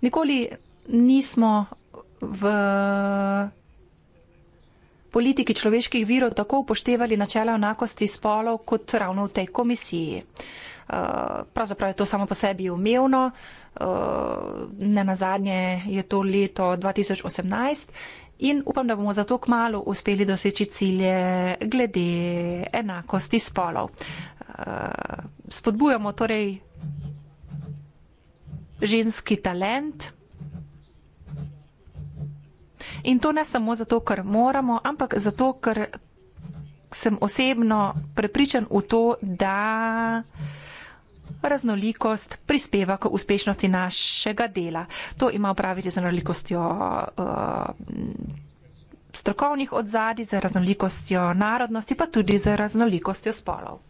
Nikoli nismo v politiki človeških virov tako upoštevali načela enakosti spolov kot ravno v tej komisiji. Eh, pravzaprav je to samo po sebi umevno, eh, ne na zadnje je to leto 2018 in upam, da bomo zato k malu uspeli doseči cilje glede enakosti spolov. Eh, spodbujamo torej ženski talent. In to ne samo zato, ker moramo, ampak zato, ker sem osebno prepričan v to, da raznolikost prispeva k uspešnosti našega dela. To ima upraviti z raznolikostjo uh, strokovnih odzadi, z raznolikostjo narodnosti, pa tudi z raznolikostjo spolov.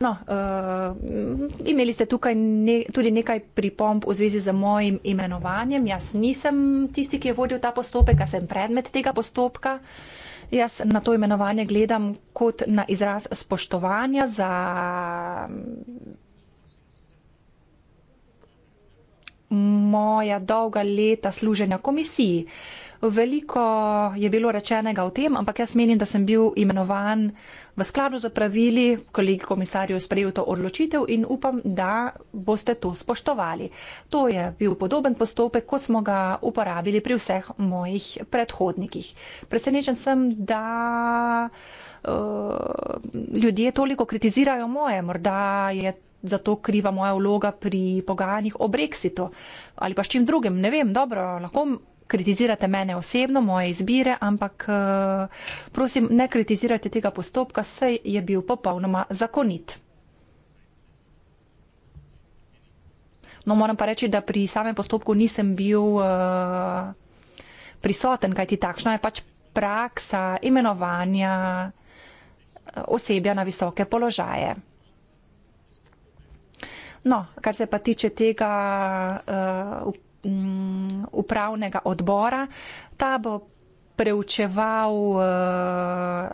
No, uh, imeli ste tukaj ne, tudi nekaj pripomb v zvezi z mojim imenovanjem. Jaz nisem tisti, ki je vodil ta postopek, jaz sem predmet tega postopka. Jaz na to imenovanje gledam kot na izraz spoštovanja za mm, moja dolga leta služenja komisiji. Uh, Veliko je bilo rečenega o tem, ampak jaz menim, da sem bil imenovan v skladu za pravili, kolegi komisarju sprejel to odločitev in upam, da boste to spoštovali. To je bil podoben postopek, kot smo ga uporabili pri vseh mojih predhodnikih. Presenečen sem, da. Uh, ljudje toliko kritizirajo moje, morda je zato kriva moja vloga pri pogajanjih o Brexitu ali pa s čim drugim, ne vem, dobro, lahko kritizirate mene osebno, moje izbire, ampak eh, prosim, ne kritizirate tega postopka, saj je bil popolnoma zakonit. No, moram pa reči, da pri samem postopku nisem bil eh, prisoten, kajti takšna je pač praksa imenovanja eh, osebja na visoke položaje. No, kar se pa tiče tega uh, Mm, upravnega odbora. Ta bo preučeval eh,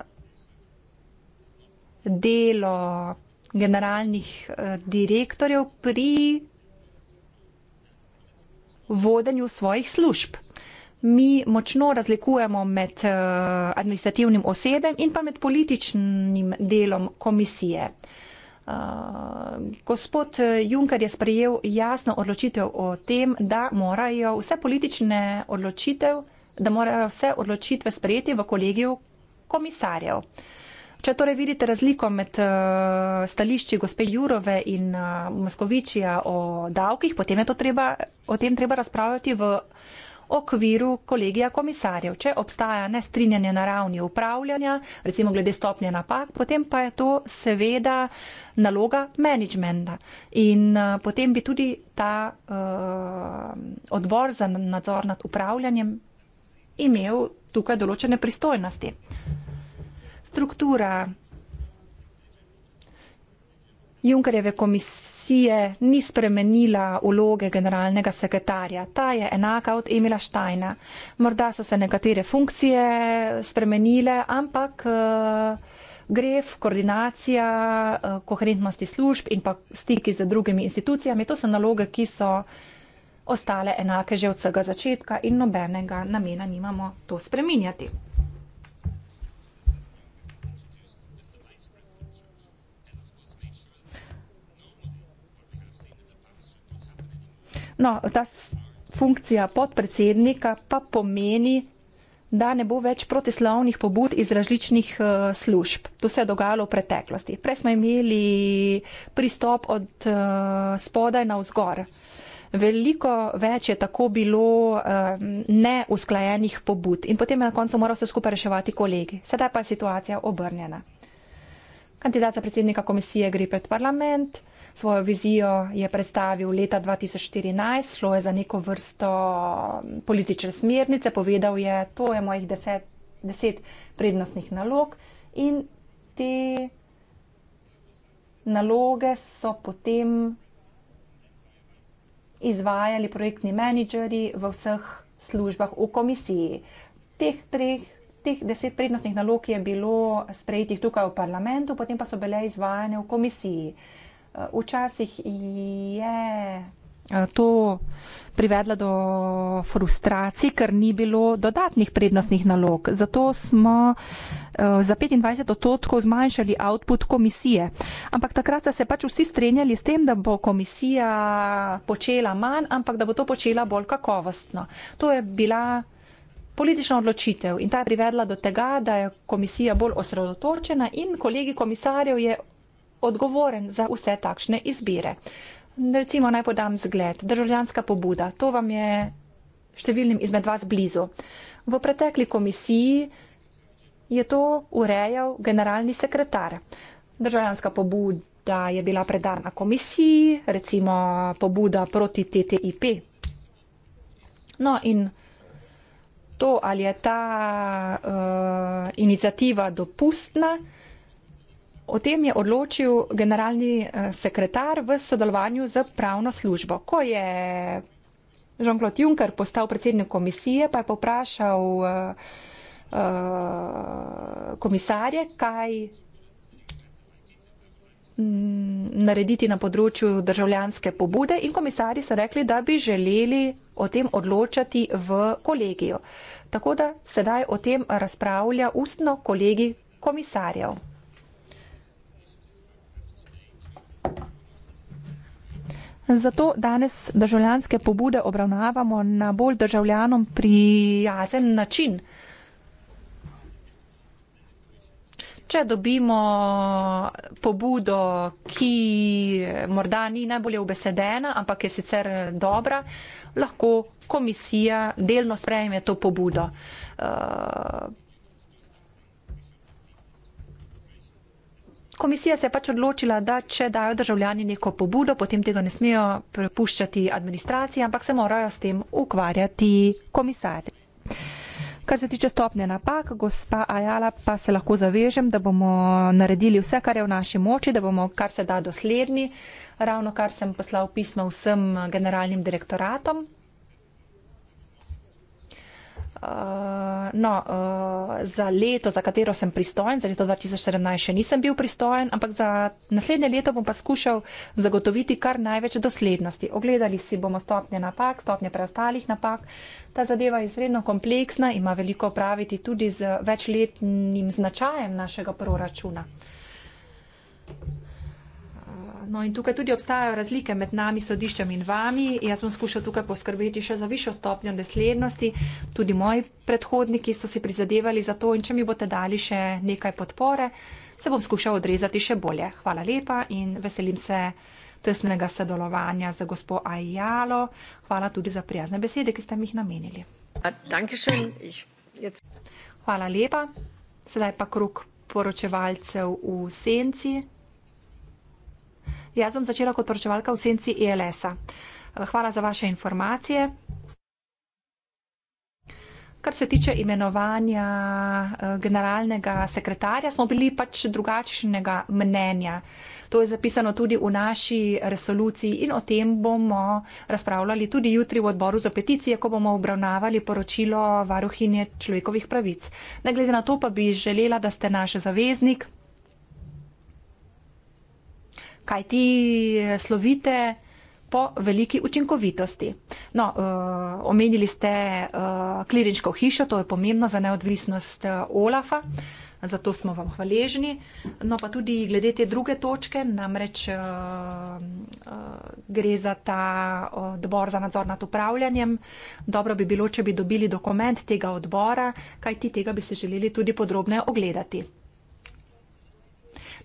delo generalnih eh, direktorjev pri vodenju svojih služb. Mi močno razlikujemo med eh, administrativnim osebem in pa med političnim delom komisije. Uh, gospod Juncker je sprejel jasno odločitev o tem, da morajo vse politične odločitev, da morajo vse odločitve sprejeti v kolegiju komisarjev. Če torej vidite razliko med uh, stališči gospe Jurove in uh, Moskovičija o davkih, potem je to treba, o tem treba razpravljati v okviru kolegija komisarjev. Če obstaja nestrinjanje na ravni upravljanja, recimo glede stopnje napak, potem pa je to seveda naloga menedžmenta. In uh, potem bi tudi ta uh, odbor za nadzor nad upravljanjem imel tukaj določene pristojnosti. Struktura Junkerjeve komisije ni spremenila vloge generalnega sekretarja. Ta je enaka od Emila Štajna. Morda so se nekatere funkcije spremenile, ampak eh, gref, koordinacija, eh, koherentnosti služb in pa stiki z drugimi institucijami, to so naloge, ki so ostale enake že od vsega začetka in nobenega namena nimamo to spreminjati. No, ta funkcija podpredsednika pa pomeni, da ne bo več protislovnih pobud iz različnih uh, služb. To se je dogajalo v preteklosti. Prej smo imeli pristop od uh, spodaj na vzgor. Veliko več je tako bilo uh, neusklajenih pobud in potem je na koncu moral se skupaj reševati kolegi. Sedaj pa je situacija obrnjena. Kandidat za predsednika komisije gre pred parlament. Uh, svojo vizijo je predstavil leta 2014, šlo je za neko vrsto politične smernice, povedal je, to je mojih deset, deset prednostnih nalog in te naloge so potem izvajali projektni menedžeri v vseh službah v komisiji. Teh treh Teh deset prednostnih nalog je bilo sprejetih tukaj v parlamentu, potem pa so bile izvajane v komisiji. Uh, Včasih je eh, to privedlo do frustracij, ker ni bilo dodatnih prednostnih nalog. Zato smo eh, za 25 odstotkov zmanjšali output komisije. Ampak takrat so se pač vsi strenjali s tem, da bo komisija počela manj, ampak da bo to počela bolj kakovostno. To je bila politična odločitev in ta je privedla do tega, da je komisija bolj osredotočena in kolegi komisarjev je odgovoren za vse takšne izbire. Recimo naj podam zgled. Državljanska pobuda. To vam je številnim izmed vas blizu. V pretekli komisiji je to urejal generalni sekretar. Državljanska pobuda je bila predana komisiji, recimo pobuda proti TTIP. No in to, ali je ta uh, eh, inicijativa dopustna, O tem je odločil generalni eh, sekretar v sodelovanju z pravno službo. Ko je Jean-Claude Juncker postal predsednik komisije, pa je poprašal eh, eh, komisarje, kaj narediti na področju državljanske pobude in komisari so rekli, da bi želeli o tem odločati v kolegijo. Tako da sedaj o tem razpravlja ustno kolegi komisarjev. Zato danes državljanske pobude obravnavamo na bolj državljanom prijazen način. Če dobimo pobudo, ki morda ni najbolje ubesedena, ampak je sicer dobra, lahko komisija delno sprejme to pobudo. Uh, Komisija se je pač odločila, da če dajo državljani neko pobudo, potem tega ne smejo prepuščati administraciji, ampak se morajo s tem ukvarjati komisarji. Kar se tiče stopnje napak, gospa Ajala, pa se lahko zavežem, da bomo naredili vse, kar je v naši moči, da bomo kar se da dosledni. Ravno kar sem poslal pismo vsem generalnim direktoratom, Eh, no, uh, za leto, za katero sem pristojen, za leto 2017 še nisem bil pristojen, ampak za naslednje leto bom pa skušal zagotoviti kar največ doslednosti. Ogledali si bomo stopnje napak, stopnje preostalih napak. Ta zadeva je izredno kompleksna, ima veliko praviti tudi z večletnim značajem našega proračuna. No, in tukaj tudi obstajajo razlike med nami, sodiščem in vami. Jaz bom skušal tukaj poskrbeti še za višjo stopnjo neslednosti. Tudi moji predhodniki so si prizadevali za to in če mi boste dali še nekaj podpore, se bom skušal odrezati še bolje. Hvala lepa in veselim se tesnega sodelovanja za gospo Ajalo. Hvala tudi za prijazne besede, ki ste mi jih namenili. Hvala lepa. Sedaj pa krok poročevalcev v senci. Jaz bom začela kot poročevalka v senci ELS-a. Hvala za vaše informacije. Kar se tiče imenovanja eh, generalnega sekretarja, smo bili pač drugačnega mnenja. To je zapisano tudi v naši resoluciji in o tem bomo razpravljali tudi jutri v odboru za peticije, ko bomo obravnavali poročilo varuhinje človekovih pravic. Ne glede na to pa bi želela, da ste naš zaveznik kaj ti eh, slovite po veliki učinkovitosti. No, eh, omenili ste eh, klirinčko hišo, to je pomembno za neodvisnost Olafa. Zato smo vam hvaležni. No, pa tudi glede te druge točke, namreč uh, uh, gre za ta odbor za nadzor nad upravljanjem. Dobro bi bilo, če bi dobili dokument tega odbora, kaj ti tega bi se želeli tudi podrobneje ogledati.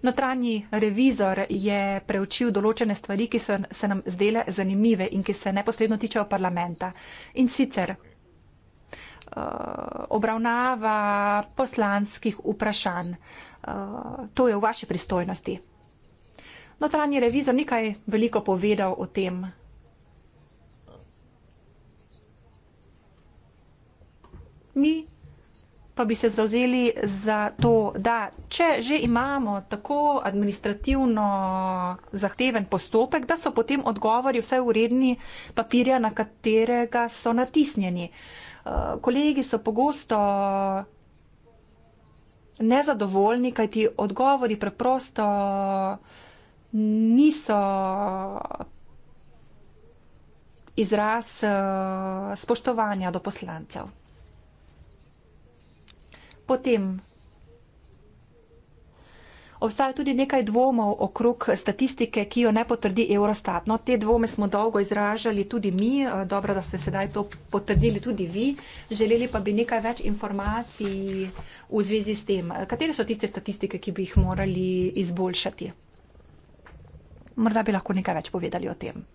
Notranji revizor je preučil določene stvari, ki so se nam zdele zanimive in ki se neposredno tičejo parlamenta. In sicer eh, obravnava poslanskih vprašanj. Eh, to je v vaši pristojnosti. Notranji revizor nekaj veliko povedal o tem. Mi pa bi se zauzeli za to, da če že imamo tako administrativno zahteven postopek, da so potem odgovori vse uredni papirja, na katerega so natisnjeni. Uh, kolegi so pogosto nezadovoljni, kaj ti odgovori preprosto niso izraz uh, spoštovanja do poslancev potem. Obstaja tudi nekaj dvomov okrog statistike, ki jo ne potrdi Eurostat. No, te dvome smo dolgo izražali tudi mi, eh, dobro, da ste sedaj to potrdili tudi vi, želeli pa bi nekaj več informacij v zvezi s tem. Katere so tiste statistike, ki bi jih morali izboljšati? Morda bi lahko nekaj več povedali o tem.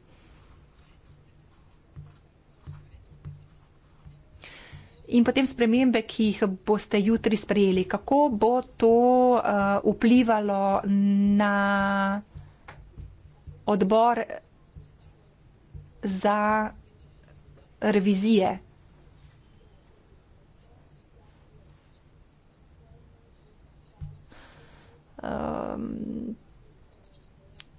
in potem spremembe, ki jih boste jutri sprejeli. Kako bo to uh, vplivalo na odbor za revizije? Um,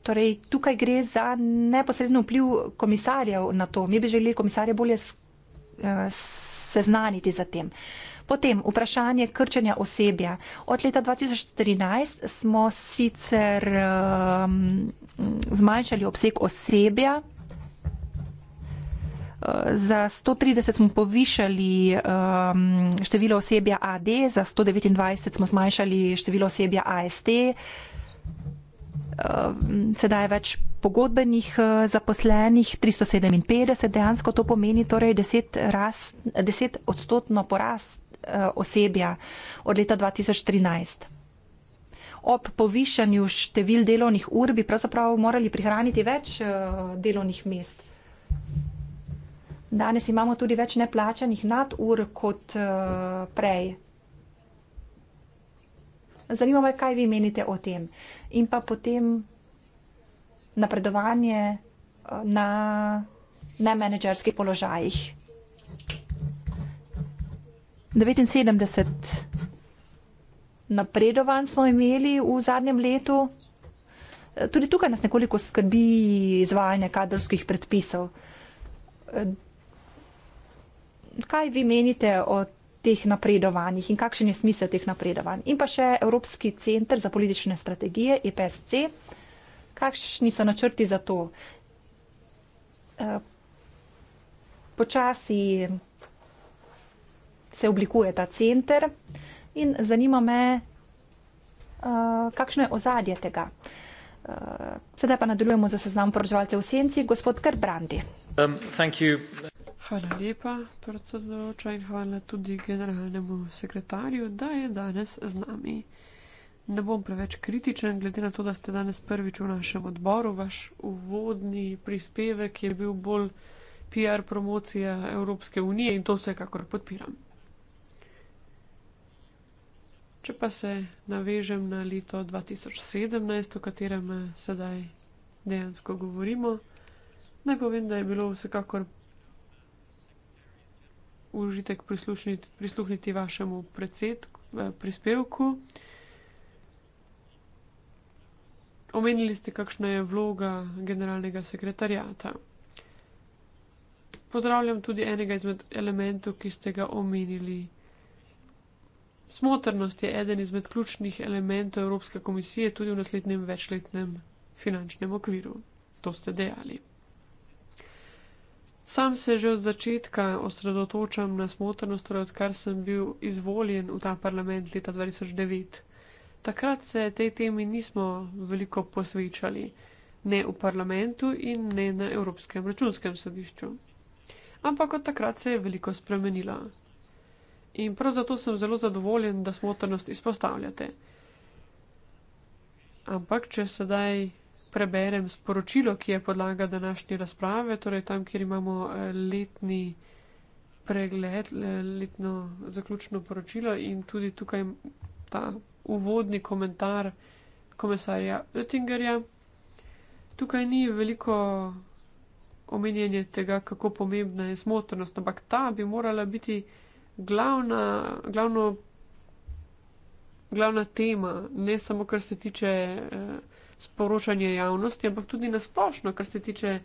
torej, tukaj gre za neposredno vpliv komisarjev na to. Mi bi želeli komisarje bolje uh, seznaniti za tem. Potem vprašanje krčenja osebja. Od leta 2013 smo sicer um, zmanjšali obseg osebja. Uh, za 130 smo povišali um, število osebja AD, za 129 smo zmanjšali število osebja AST, uh, Eh, sedaj več pogodbenih eh, zaposlenih, 357 dejansko to pomeni, torej 10, ras, 10 odstotno porast eh, osebja od leta 2013. Ob povišanju števil delovnih ur bi pravzaprav morali prihraniti več delovnih mest. Danes imamo tudi več neplačanih nad ur kot prej. Zanima me, kaj vi menite o tem in pa potem napredovanje eh, na nemenedžerskih položajih. 79 napredovanj smo imeli v zadnjem letu. Eh, tudi tukaj nas nekoliko skrbi izvajanje kadrovskih predpisov. Eh, kaj vi menite o teh napredovanjih in kakšen je smisel teh napredovanj. In pa še Evropski centr za politične strategije, EPSC, kakšni so načrti za to? Eh, počasi se oblikuje ta centr in zanima me, eh, kakšno je ozadje tega. Eh, sedaj pa nadaljujemo za seznam poročevalcev v senci, gospod Krbrandi. Um, Hvala lepa, predsedujoča, in hvala tudi generalnemu sekretarju, da je danes z nami. Ne bom preveč kritičen, glede na to, da ste danes prvič v našem odboru. Vaš uvodni prispevek je bil bolj PR promocija Evropske unije in to vsekakor podpiram. Če pa se navežem na leto 2017, o katerem sedaj dejansko govorimo, naj povem, da je bilo vsekakor užitek prisluhniti, prisluhniti vašemu predsed, eh, prispevku. Omenili ste, kakšna je vloga generalnega sekretarjata. Pozdravljam tudi enega izmed elementov, ki ste ga omenili. Smotrnost je eden izmed ključnih elementov Evropske komisije tudi v naslednjem večletnem finančnem okviru. To ste dejali. Sam se že od začetka osredotočam na smotrnost, torej odkar sem bil izvoljen v ta parlament leta 2009. Takrat se tej temi nismo veliko posvečali, ne v parlamentu in ne na Evropskem računskem sodišču. Ampak od takrat se je veliko spremenilo. In prav zato sem zelo zadovoljen, da smotrnost izpostavljate. Ampak, če sedaj preberem sporočilo, ki je podlaga današnje razprave, torej tam, kjer imamo eh, letni pregled, letno zaključno poročilo in tudi tukaj ta uvodni komentar komisarja Oettingerja. Tukaj ni veliko omenjenje tega, kako pomembna je smotrnost, ampak ta bi morala biti glavna, glavno, glavna tema, ne samo kar se tiče eh, sporočanje javnosti, ampak tudi na splošno, kar se tiče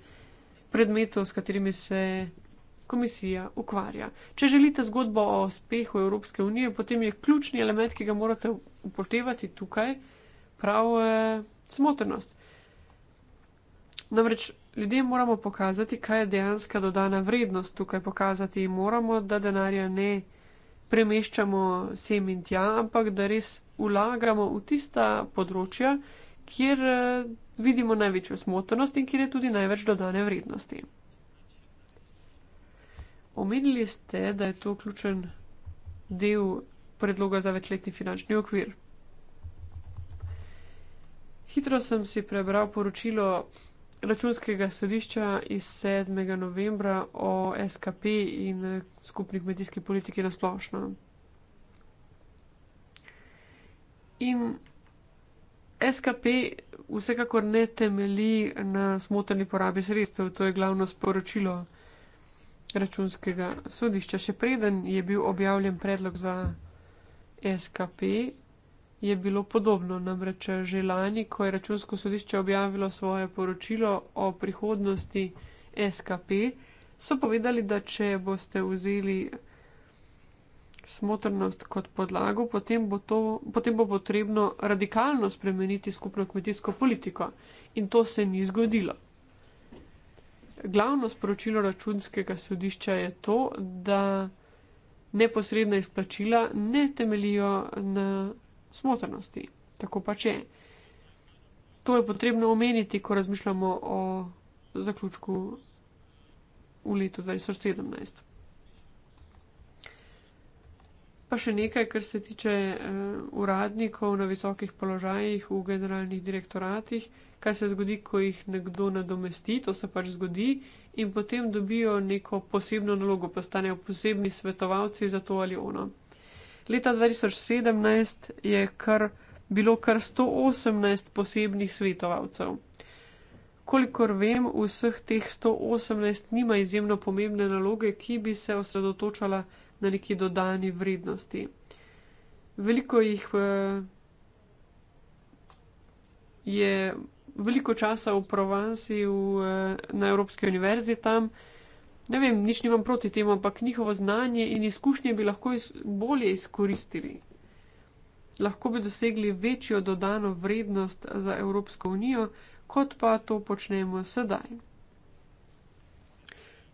predmetov, s katerimi se komisija ukvarja. Če želite zgodbo o uspehu Evropske unije, potem je ključni element, ki ga morate upoštevati tukaj, prav eh, smotrnost. Namreč ljudem moramo pokazati, kaj je dejansko dodana vrednost tukaj pokazati in moramo, da denarja ne premeščamo sem in tja, ampak da res vlagamo v tista področja, kjer eh, vidimo največjo smotrnost in kjer je tudi največ dodane vrednosti. Omenili ste, da je to ključen del predloga za večletni finančni okvir. Hitro sem si prebral poročilo računskega sodišča iz 7. novembra o SKP in eh, skupni kmetijski politiki nasplošno. In SKP vsekakor ne temelji na smotrni porabi sredstev, to je glavno sporočilo računskega sodišča. Še preden je bil objavljen predlog za SKP, je bilo podobno. Namreč že lani, ko je računsko sodišče objavilo svoje poročilo o prihodnosti SKP, so povedali, da če boste vzeli smotrnost kot podlago, potem bo, to, potem bo potrebno radikalno spremeniti skupno kmetijsko politiko. In to se ni zgodilo. Glavno sporočilo računskega sodišča je to, da neposredna izplačila ne temelijo na smotrnosti. Tako pač je. To je potrebno omeniti, ko razmišljamo o zaključku v letu 2017. Pa še nekaj, kar se tiče uh, uradnikov na visokih položajih v generalnih direktoratih, kaj se zgodi, ko jih nekdo nadomesti, to se pač zgodi in potem dobijo neko posebno nalogo, postanejo posebni svetovalci za to ali ono. Leta 2017 je kar, bilo kar 118 posebnih svetovalcev. Kolikor vem, vseh teh 118 nima izjemno pomembne naloge, ki bi se osredotočala na na neki dodani vrednosti. Veliko jih eh, je veliko časa v Provansi, v, eh, na Evropski univerzi tam. Ne vem, nič nimam proti temu, ampak njihovo znanje in izkušnje bi lahko iz, bolje izkoristili. Lahko bi dosegli večjo dodano vrednost za Evropsko unijo, kot pa to počnemo sedaj.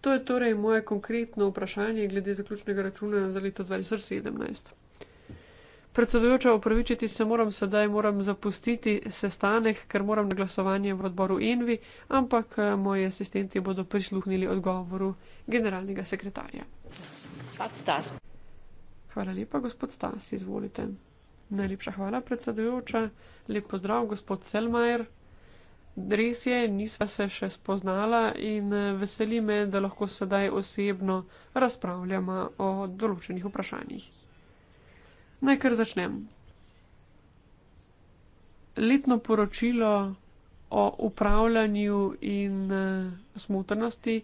To je torej moje konkretno vprašanje glede zaključnega računa za leto 2017. Predsedujoča, opravičiti se moram sedaj, moram zapustiti sestanek, ker moram na glasovanje v odboru Envi, ampak eh, moji asistenti bodo prisluhnili odgovoru generalnega sekretarja. Hvala lepa, gospod Stas, izvolite. Najlepša hvala, predsedujoča. Lep pozdrav, gospod Selmajer res je, nisva se še spoznala in eh, veseli me, da lahko sedaj osebno razpravljamo o določenih vprašanjih. Naj kar začnem. Letno poročilo o upravljanju in eh, smotrnosti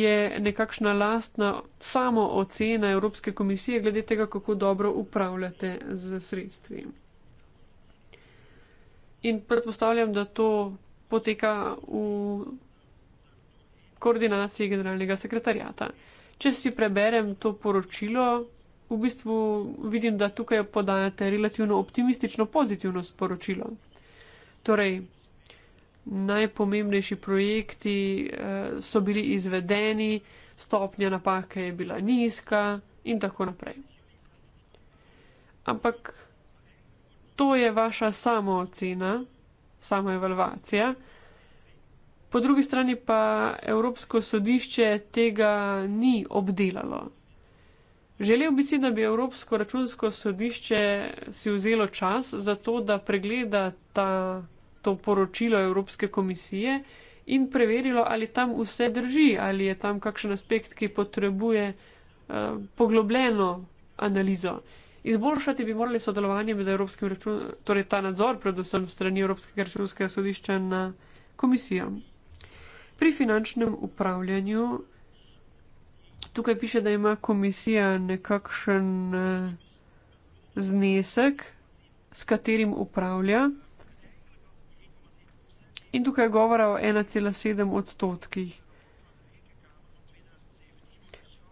je nekakšna lastna samoocena Evropske komisije glede tega, kako dobro upravljate z sredstvi. In predpostavljam, da to poteka v koordinaciji generalnega sekretarjata. Če si preberem to poročilo, v bistvu vidim, da tukaj podajate relativno optimistično, pozitivno sporočilo. Torej, najpomembnejši projekti eh, so bili izvedeni, stopnja napake je bila nizka in tako naprej. Ampak to je vaša samoocena, samoevalvacija. Po drugi strani pa Evropsko sodišče tega ni obdelalo. Želel bi si, da bi Evropsko računsko sodišče si vzelo čas za to, da pregleda ta, to poročilo Evropske komisije in preverilo, ali tam vse drži, ali je tam kakšen aspekt, ki potrebuje uh, poglobljeno analizo. Uh, Izboljšati bi morali sodelovanje med evropskim računom, torej ta nadzor, predvsem strani Evropskega računskega sodišča na komisijo. Pri finančnem upravljanju, tukaj piše, da ima komisija nekakšen eh, znesek, s katerim upravlja. In tukaj govora o 1,7 odstotkih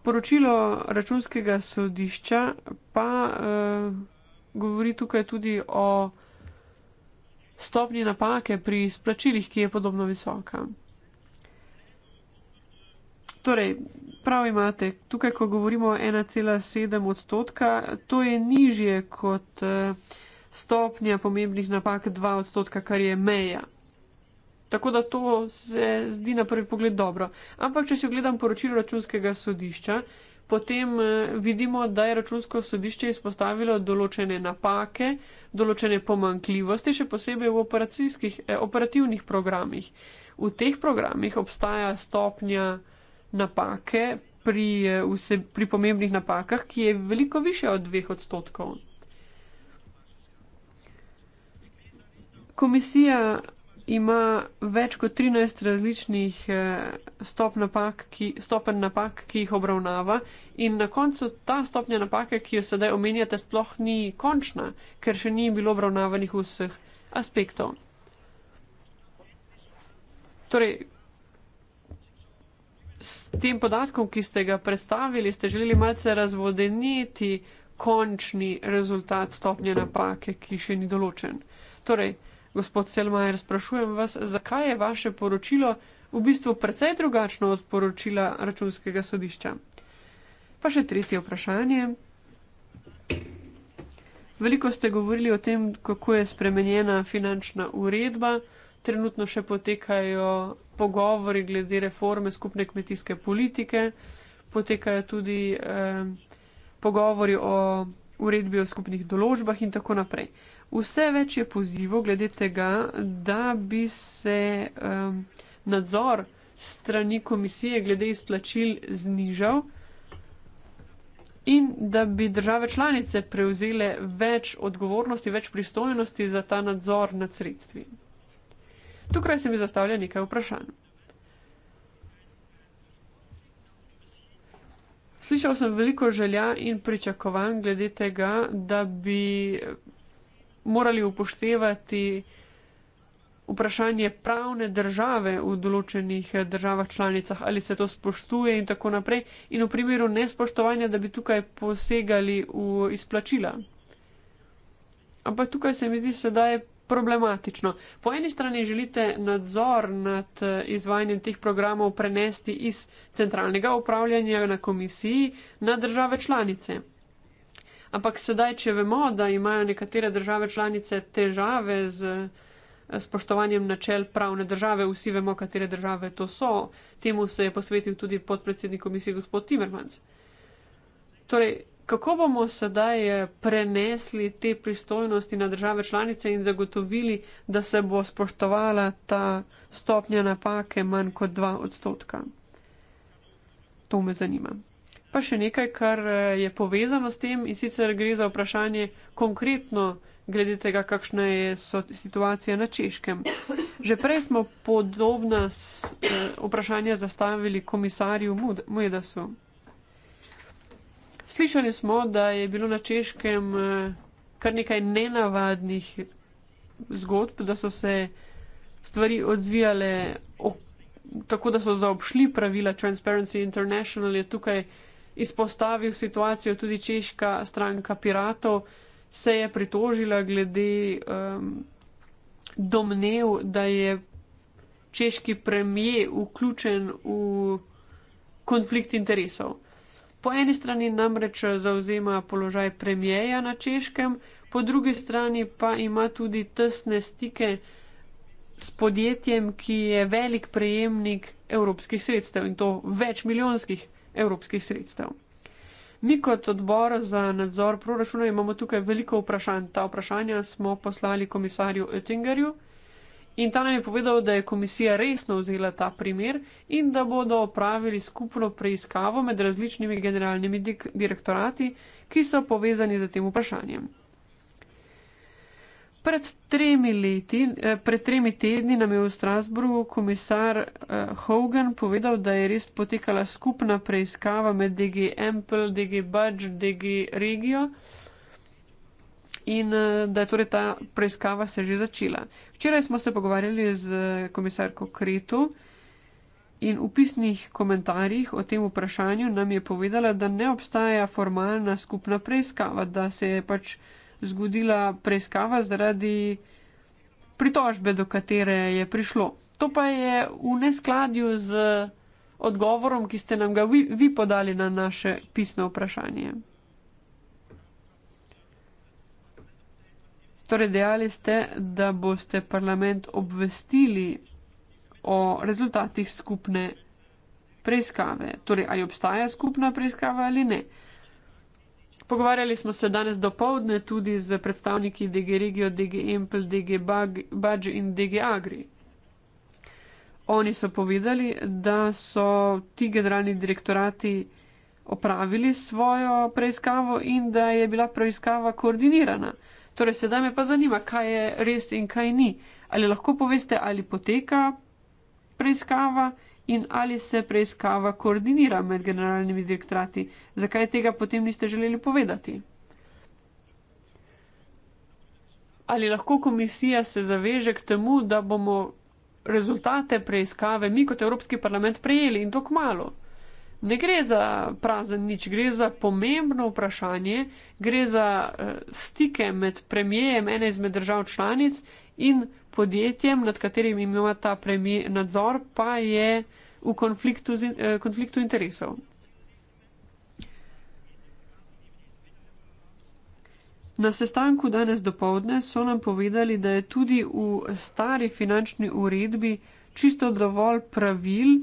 poročilo računskega sodišča pa uh, govori tukaj tudi o stopnji napake pri izplačilih, ki je podobno visoka. Torej, prav imate, tukaj, ko govorimo o 1,7 odstotka, to je nižje kot uh, stopnja pomembnih napak 2 odstotka, kar je meja. Tako da to se zdi na prvi pogled dobro. Ampak, če si ogledam poročilo računskega sodišča, potem eh, vidimo, da je računsko sodišče izpostavilo določene napake, določene pomankljivosti, še posebej v eh, operativnih programih. V teh programih obstaja stopnja napake pri, eh, vse, pri pomembnih napakah, ki je veliko više od dveh odstotkov. Komisija ima več kot 13 različnih eh, stop napak, ki, stopen napak, ki jih obravnava in na koncu ta stopnja napake, ki jo sedaj omenjate, sploh ni končna, ker še ni bilo obravnavanih vseh aspektov. Torej, s tem podatkom, ki ste ga predstavili, ste želeli malce razvodeniti končni rezultat stopnje napake, ki še ni določen. Torej, Gospod Selmajer, sprašujem vas, zakaj je vaše poročilo v bistvu precej drugačno od poročila računskega sodišča? Pa še tretje vprašanje. Veliko ste govorili o tem, kako je spremenjena finančna uredba, trenutno še potekajo pogovori glede reforme skupne kmetijske politike, potekajo tudi eh, pogovori o uredbi o skupnih določbah in tako naprej. Vse več je pozivov glede tega, da bi se um, nadzor strani komisije glede izplačil znižal in da bi države članice prevzele več odgovornosti, več pristojnosti za ta nadzor nad sredstvi. Tukaj se mi zastavlja nekaj vprašanj. Slišal sem veliko želja in pričakovanj glede tega, da bi morali upoštevati vprašanje pravne države v določenih eh, državah članicah, ali se to spoštuje in tako naprej, in v primeru nespoštovanja, da bi tukaj posegali v izplačila. Ampak tukaj se mi zdi sedaj problematično. Po eni strani želite nadzor nad eh, izvajanjem teh programov prenesti iz centralnega upravljanja na komisiji na države članice. Ampak sedaj, če vemo, da imajo nekatere države članice težave z eh, spoštovanjem načel pravne države, vsi vemo, katere države to so, temu se je posvetil tudi podpredsednik komisije gospod Timmermans. Torej, kako bomo sedaj eh, prenesli te pristojnosti na države članice in zagotovili, da se bo spoštovala ta stopnja napake manj kot 2 odstotka? To me zanima pa še nekaj, kar eh, je povezano s tem in sicer gre za vprašanje konkretno glede tega, kakšna je situacija na češkem. Že prej smo podobna eh, vprašanja zastavili komisarju Mojedasu. Slišali smo, da je bilo na češkem eh, kar nekaj nenavadnih zgodb, da so se stvari odzvijale tako, da so zaobšli pravila Transparency International je tukaj izpostavil situacijo tudi češka stranka piratov, se je pritožila glede um, domnev, da je češki premije vključen v konflikt interesov. Po eni strani namreč zauzema položaj premijeja na češkem, po drugi strani pa ima tudi tesne stike s podjetjem, ki je velik prejemnik evropskih sredstev in to večmiljonskih evropskih sredstev. Mi kot odbor za nadzor proračuna imamo tukaj veliko vprašanj. Ta vprašanja smo poslali komisarju Oettingerju in ta nam je povedal, da je komisija resno vzela ta primer in da bodo opravili skupno preiskavo med različnimi generalnimi direktorati, ki so povezani z tem vprašanjem. Pred tremi, leti, eh, pred tremi tedni nam je v Strasburgu komisar eh, Hogan povedal, da je res potekala skupna preiskava med DG Ample, DG Budge, DG Regio in eh, da je torej ta preiskava se že začela. Včeraj smo se pogovarjali z komisarko Kretu in v pisnih komentarjih o tem vprašanju nam je povedala, da ne obstaja formalna skupna preiskava, da se je pač zgodila preiskava zaradi pritožbe, do katere je prišlo. To pa je v neskladju z odgovorom, ki ste nam ga vi, vi podali na naše pisno vprašanje. Torej, dejali ste, da boste parlament obvestili o rezultatih skupne preiskave. Torej, ali obstaja skupna preiskava ali ne. Pogovarjali smo se danes dopoledne tudi z predstavniki DG Regio, DG Empel, DG Budge in DG Agri. Oni so povedali, da so ti generalni direktorati opravili svojo preiskavo in da je bila preiskava koordinirana. Torej, sedaj me pa zanima, kaj je res in kaj ni. Ali lahko poveste, ali poteka preiskava? in ali se preiskava koordinira med generalnimi direktorati. Zakaj tega potem niste želeli povedati? Ali lahko komisija se zaveže k temu, da bomo rezultate preiskave mi kot Evropski parlament prejeli in to kmalo? Ne gre za prazen nič, gre za pomembno vprašanje, gre za eh, stike med premijejem ene izmed držav članic in podjetjem, nad katerim imata premij nadzor, pa je v konfliktu, z, eh, konfliktu interesov. Na sestanku danes dopovdne so nam povedali, da je tudi v stari finančni uredbi čisto dovolj pravil,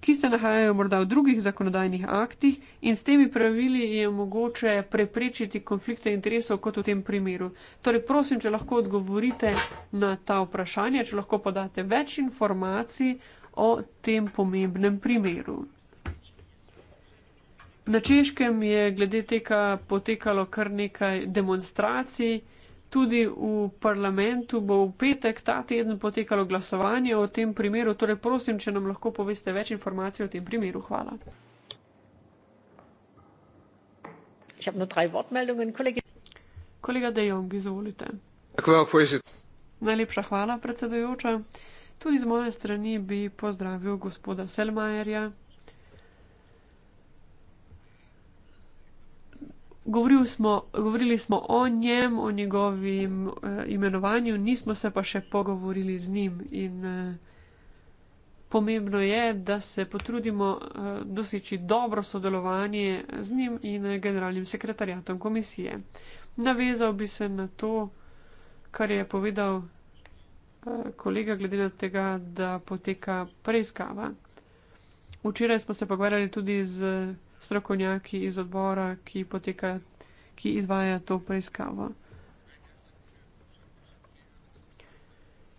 ki se nahajajo morda v drugih zakonodajnih aktih in s temi pravili je mogoče preprečiti konflikte interesov, kot v tem primeru. Torej, prosim, če lahko odgovorite na ta vprašanja, če lahko podate več informacij o tem pomembnem primeru. Na češkem je glede tega potekalo kar nekaj demonstracij. Tudi v parlamentu bo v petek ta teden potekalo glasovanje o tem primeru, torej prosim, če nam lahko poveste več informacij o tem primeru. Hvala. Kolega De Jong, izvolite. Najlepša hvala, predsedujoča. Tudi z moje strani bi pozdravil gospoda Selmajerja, govoril smo, govorili smo o njem, o njegovem uh, eh, imenovanju, nismo se pa še pogovorili z njim. In, uh, pomembno je, da se potrudimo uh, doseči dobro sodelovanje z njim in uh, generalnim sekretarjatom komisije. Navezal bi se na to, kar je povedal uh, kolega, glede na tega, da poteka preiskava. Včeraj smo se pogovarjali tudi z. Uh, strokovnjaki iz odbora, ki, poteka, ki izvaja to preiskavo.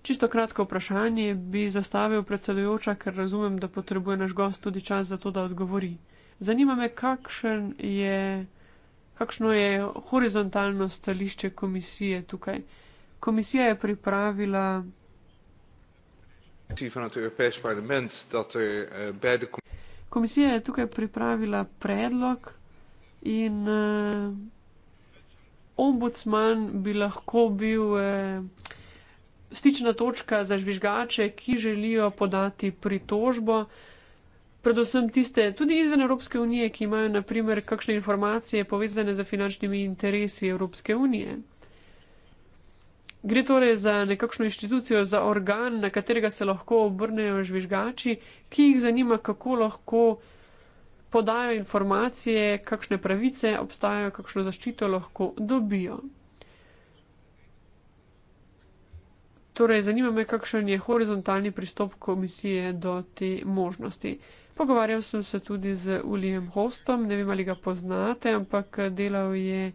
Čisto kratko vprašanje bi zastavil predsedujoča, ker razumem, da potrebuje naš gost tudi čas za to, da odgovori. Zanima me, je, kakšno je horizontalno stališče komisije tukaj. Komisija je pripravila. Vanuit het Europees Parlement dat er eh, bij de Komisija je tukaj pripravila predlog in eh, ombudsman bi lahko bil eh, stična točka za žvižgače, ki želijo podati pritožbo. Predvsem tiste, tudi izven Evropske unije, ki imajo, naprimer, kakšne informacije povezane z finančnimi interesi Evropske unije. Gre torej za nekakšno inštitucijo, za organ, na katerega se lahko obrnejo žvižgači, ki jih zanima, kako lahko podajo informacije, kakšne pravice obstajajo, kakšno zaščito lahko dobijo. Torej, zanima me, kakšen je horizontalni pristop komisije do te možnosti. Pogovarjal sem se tudi z Ulijem Hostom, ne vem, ali ga poznate, ampak delal je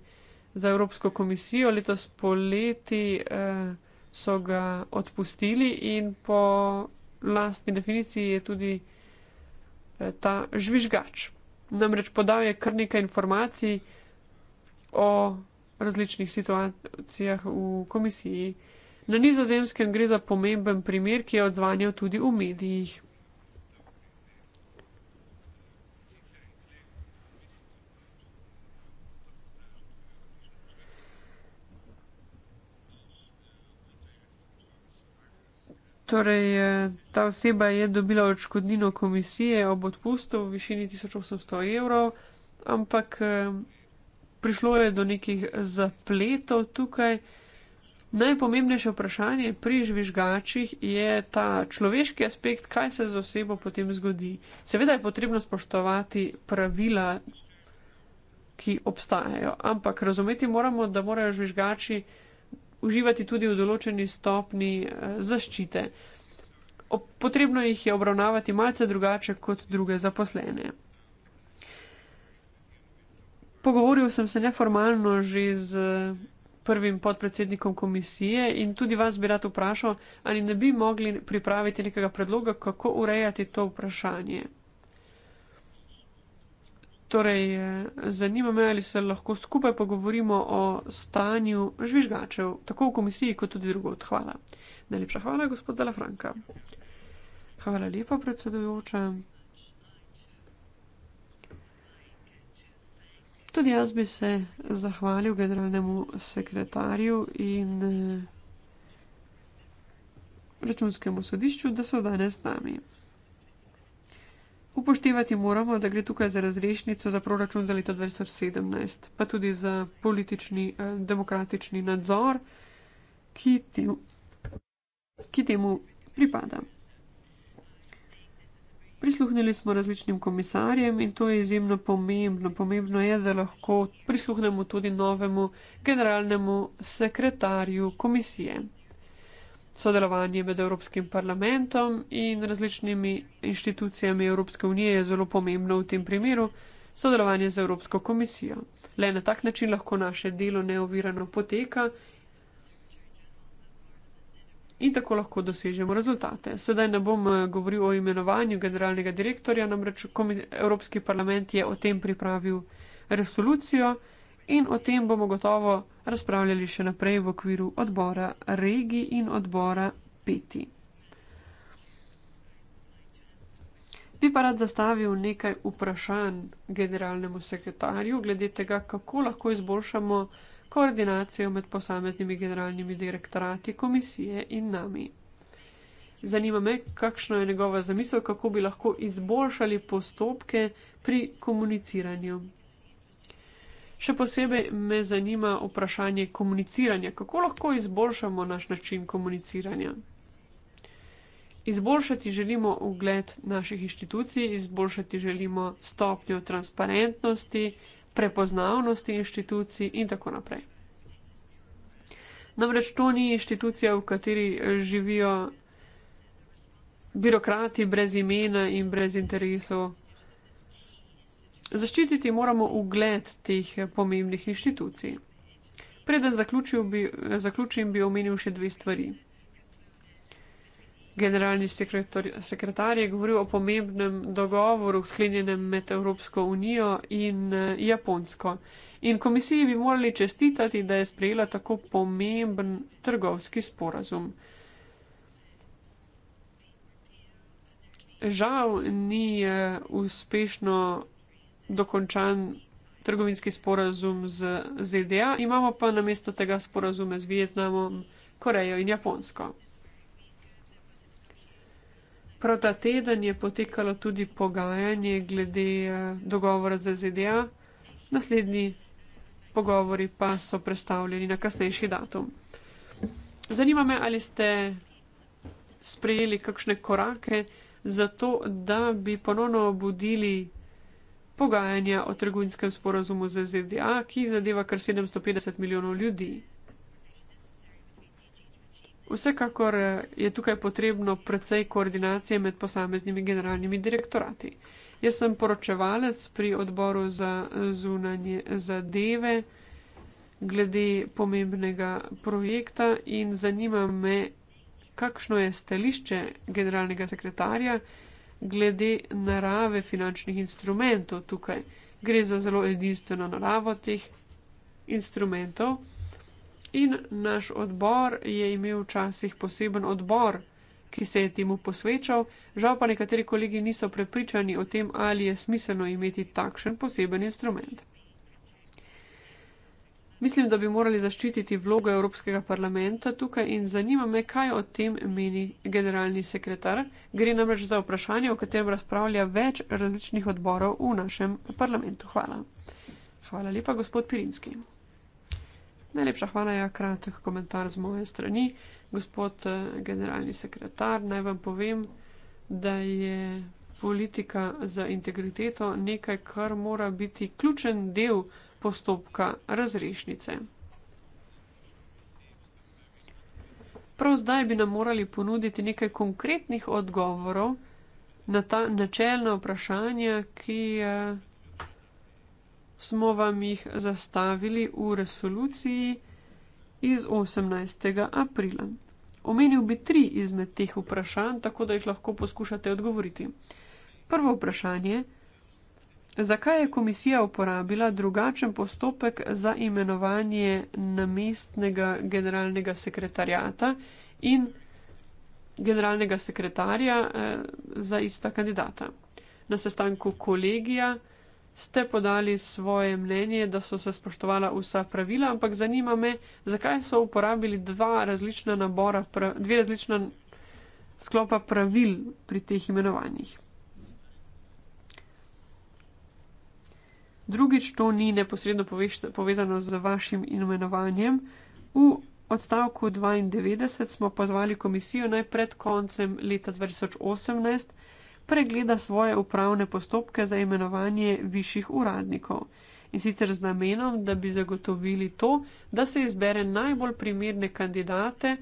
za Evropsko komisijo. Letos poleti eh, so ga odpustili in po lastni definiciji je tudi eh, ta žvižgač. Namreč podal je kar nekaj informacij o različnih situacijah v komisiji. Na nizozemskem gre za pomemben primer, ki je odzvanjal tudi v medijih. Torej, eh, ta oseba je dobila odškodnino komisije ob odpustu v višini 1800 evrov, ampak eh, prišlo je do nekih zapletov tukaj. Najpomembnejše vprašanje pri žvižgačih je ta človeški aspekt, kaj se z osebo potem zgodi. Seveda je potrebno spoštovati pravila, ki obstajajo, ampak razumeti moramo, da morajo žvižgači uživati tudi v določeni stopni eh, zaščite. Potrebno jih je obravnavati malce drugače kot druge zaposlene. Pogovoril sem se neformalno že z eh, prvim podpredsednikom komisije in tudi vas bi rad vprašal, ali ne bi mogli pripraviti nekega predloga, kako urejati to vprašanje. Torej, eh, zanima me, ali se lahko skupaj pogovorimo o stanju žvižgačev, tako v komisiji, kot tudi drugod. Hvala. Najlepša hvala, gospod Dala Franka. Hvala lepa, predsedujoča. Tudi jaz bi se zahvalil generalnemu sekretarju in eh, računskemu sodišču, da so danes z nami. Upoštevati moramo, da gre tukaj za razrešnico za proračun za leto 2017, pa tudi za politični eh, demokratični nadzor, ki, tem, ki temu pripada. Prisluhnili smo različnim komisarjem in to je izjemno pomembno. Pomembno je, da lahko prisluhnemo tudi novemu generalnemu sekretarju komisije sodelovanje med Evropskim parlamentom in različnimi inštitucijami Evropske unije je zelo pomembno v tem primeru, sodelovanje z Evropsko komisijo. Le na tak način lahko naše delo neovirano poteka in tako lahko dosežemo rezultate. Sedaj ne bom eh, govoril o imenovanju generalnega direktorja, namreč Evropski parlament je o tem pripravil resolucijo in o tem bomo gotovo razpravljali še naprej v okviru odbora regij in odbora peti. Bi pa rad zastavil nekaj vprašanj generalnemu sekretarju glede tega, kako lahko izboljšamo koordinacijo med posameznimi generalnimi direktorati komisije in nami. Zanima me, kakšno je njegova zamisel, kako bi lahko izboljšali postopke pri komuniciranju. Še posebej me zanima vprašanje komuniciranja. Kako lahko izboljšamo naš način komuniciranja? Izboljšati želimo ugled naših inštitucij, izboljšati želimo stopnjo transparentnosti, prepoznavnosti inštitucij in tako naprej. Namreč to ni inštitucija, v kateri živijo birokrati brez imena in brez interesov, zaščititi moramo ugled teh pomembnih inštitucij. Preden bi, zaključim, bi omenil še dve stvari. Generalni sekretar, sekretar je govoril o pomembnem dogovoru, sklenjenem med Evropsko unijo in Japonsko. In komisiji bi morali čestitati, da je sprejela tako pomemben trgovski sporazum. Žal ni uspešno dokončan trgovinski sporazum z ZDA, imamo pa namesto tega sporazume z Vietnamom, Korejo in Japonsko. Prav ta teden je potekalo tudi pogajanje glede eh, dogovora z ZDA, naslednji pogovori pa so predstavljeni na kasnejši datum. Zanima me, ali ste sprejeli kakšne korake za to, da bi ponovno obudili pogajanja o trgovinskem sporazumu z ZDA, ki zadeva kar 750 milijonov ljudi. Vsekakor je tukaj potrebno precej koordinacije med posameznimi generalnimi direktorati. Jaz sem poročevalec pri odboru za zunanje zadeve glede pomembnega projekta in zanima me, kakšno je stališče generalnega sekretarja, glede narave finančnih instrumentov tukaj. Gre za zelo edinstveno naravo teh instrumentov. In naš odbor je imel včasih poseben odbor, ki se je temu posvečal, žal pa nekateri kolegi niso prepričani o tem, ali je smiselno imeti takšen poseben instrument. Mislim, da bi morali zaščititi vlogo Evropskega parlamenta tukaj in zanima me, kaj o tem meni generalni sekretar. Gre namreč za vprašanje, o katerem razpravlja več različnih odborov v našem parlamentu. Hvala. Hvala lepa, gospod Pirinski. Najlepša hvala je ja, kratek komentar z moje strani. Gospod eh, generalni sekretar, naj vam povem, da je politika za integriteto nekaj, kar mora biti ključen del postopka razrešnice. Prav zdaj bi nam morali ponuditi nekaj konkretnih odgovorov na ta načelna vprašanja, ki eh, smo vam jih zastavili v resoluciji iz 18. aprila. Omenil bi tri izmed teh vprašanj, tako da jih lahko poskušate odgovoriti. Prvo vprašanje je, Zakaj je komisija uporabila drugačen postopek za imenovanje namestnega generalnega sekretarjata in generalnega sekretarja eh, za ista kandidata? Na sestanku kolegija ste podali svoje mnenje, da so se spoštovala vsa pravila, ampak zanima me, zakaj so uporabili dva različna nabora, dve različna sklopa pravil pri teh imenovanjih. drugič to ni neposredno povezano z vašim imenovanjem. V odstavku 92 smo pozvali komisijo naj pred koncem leta 2018 pregleda svoje upravne postopke za imenovanje višjih uradnikov in sicer z namenom, da bi zagotovili to, da se izbere najbolj primerne kandidate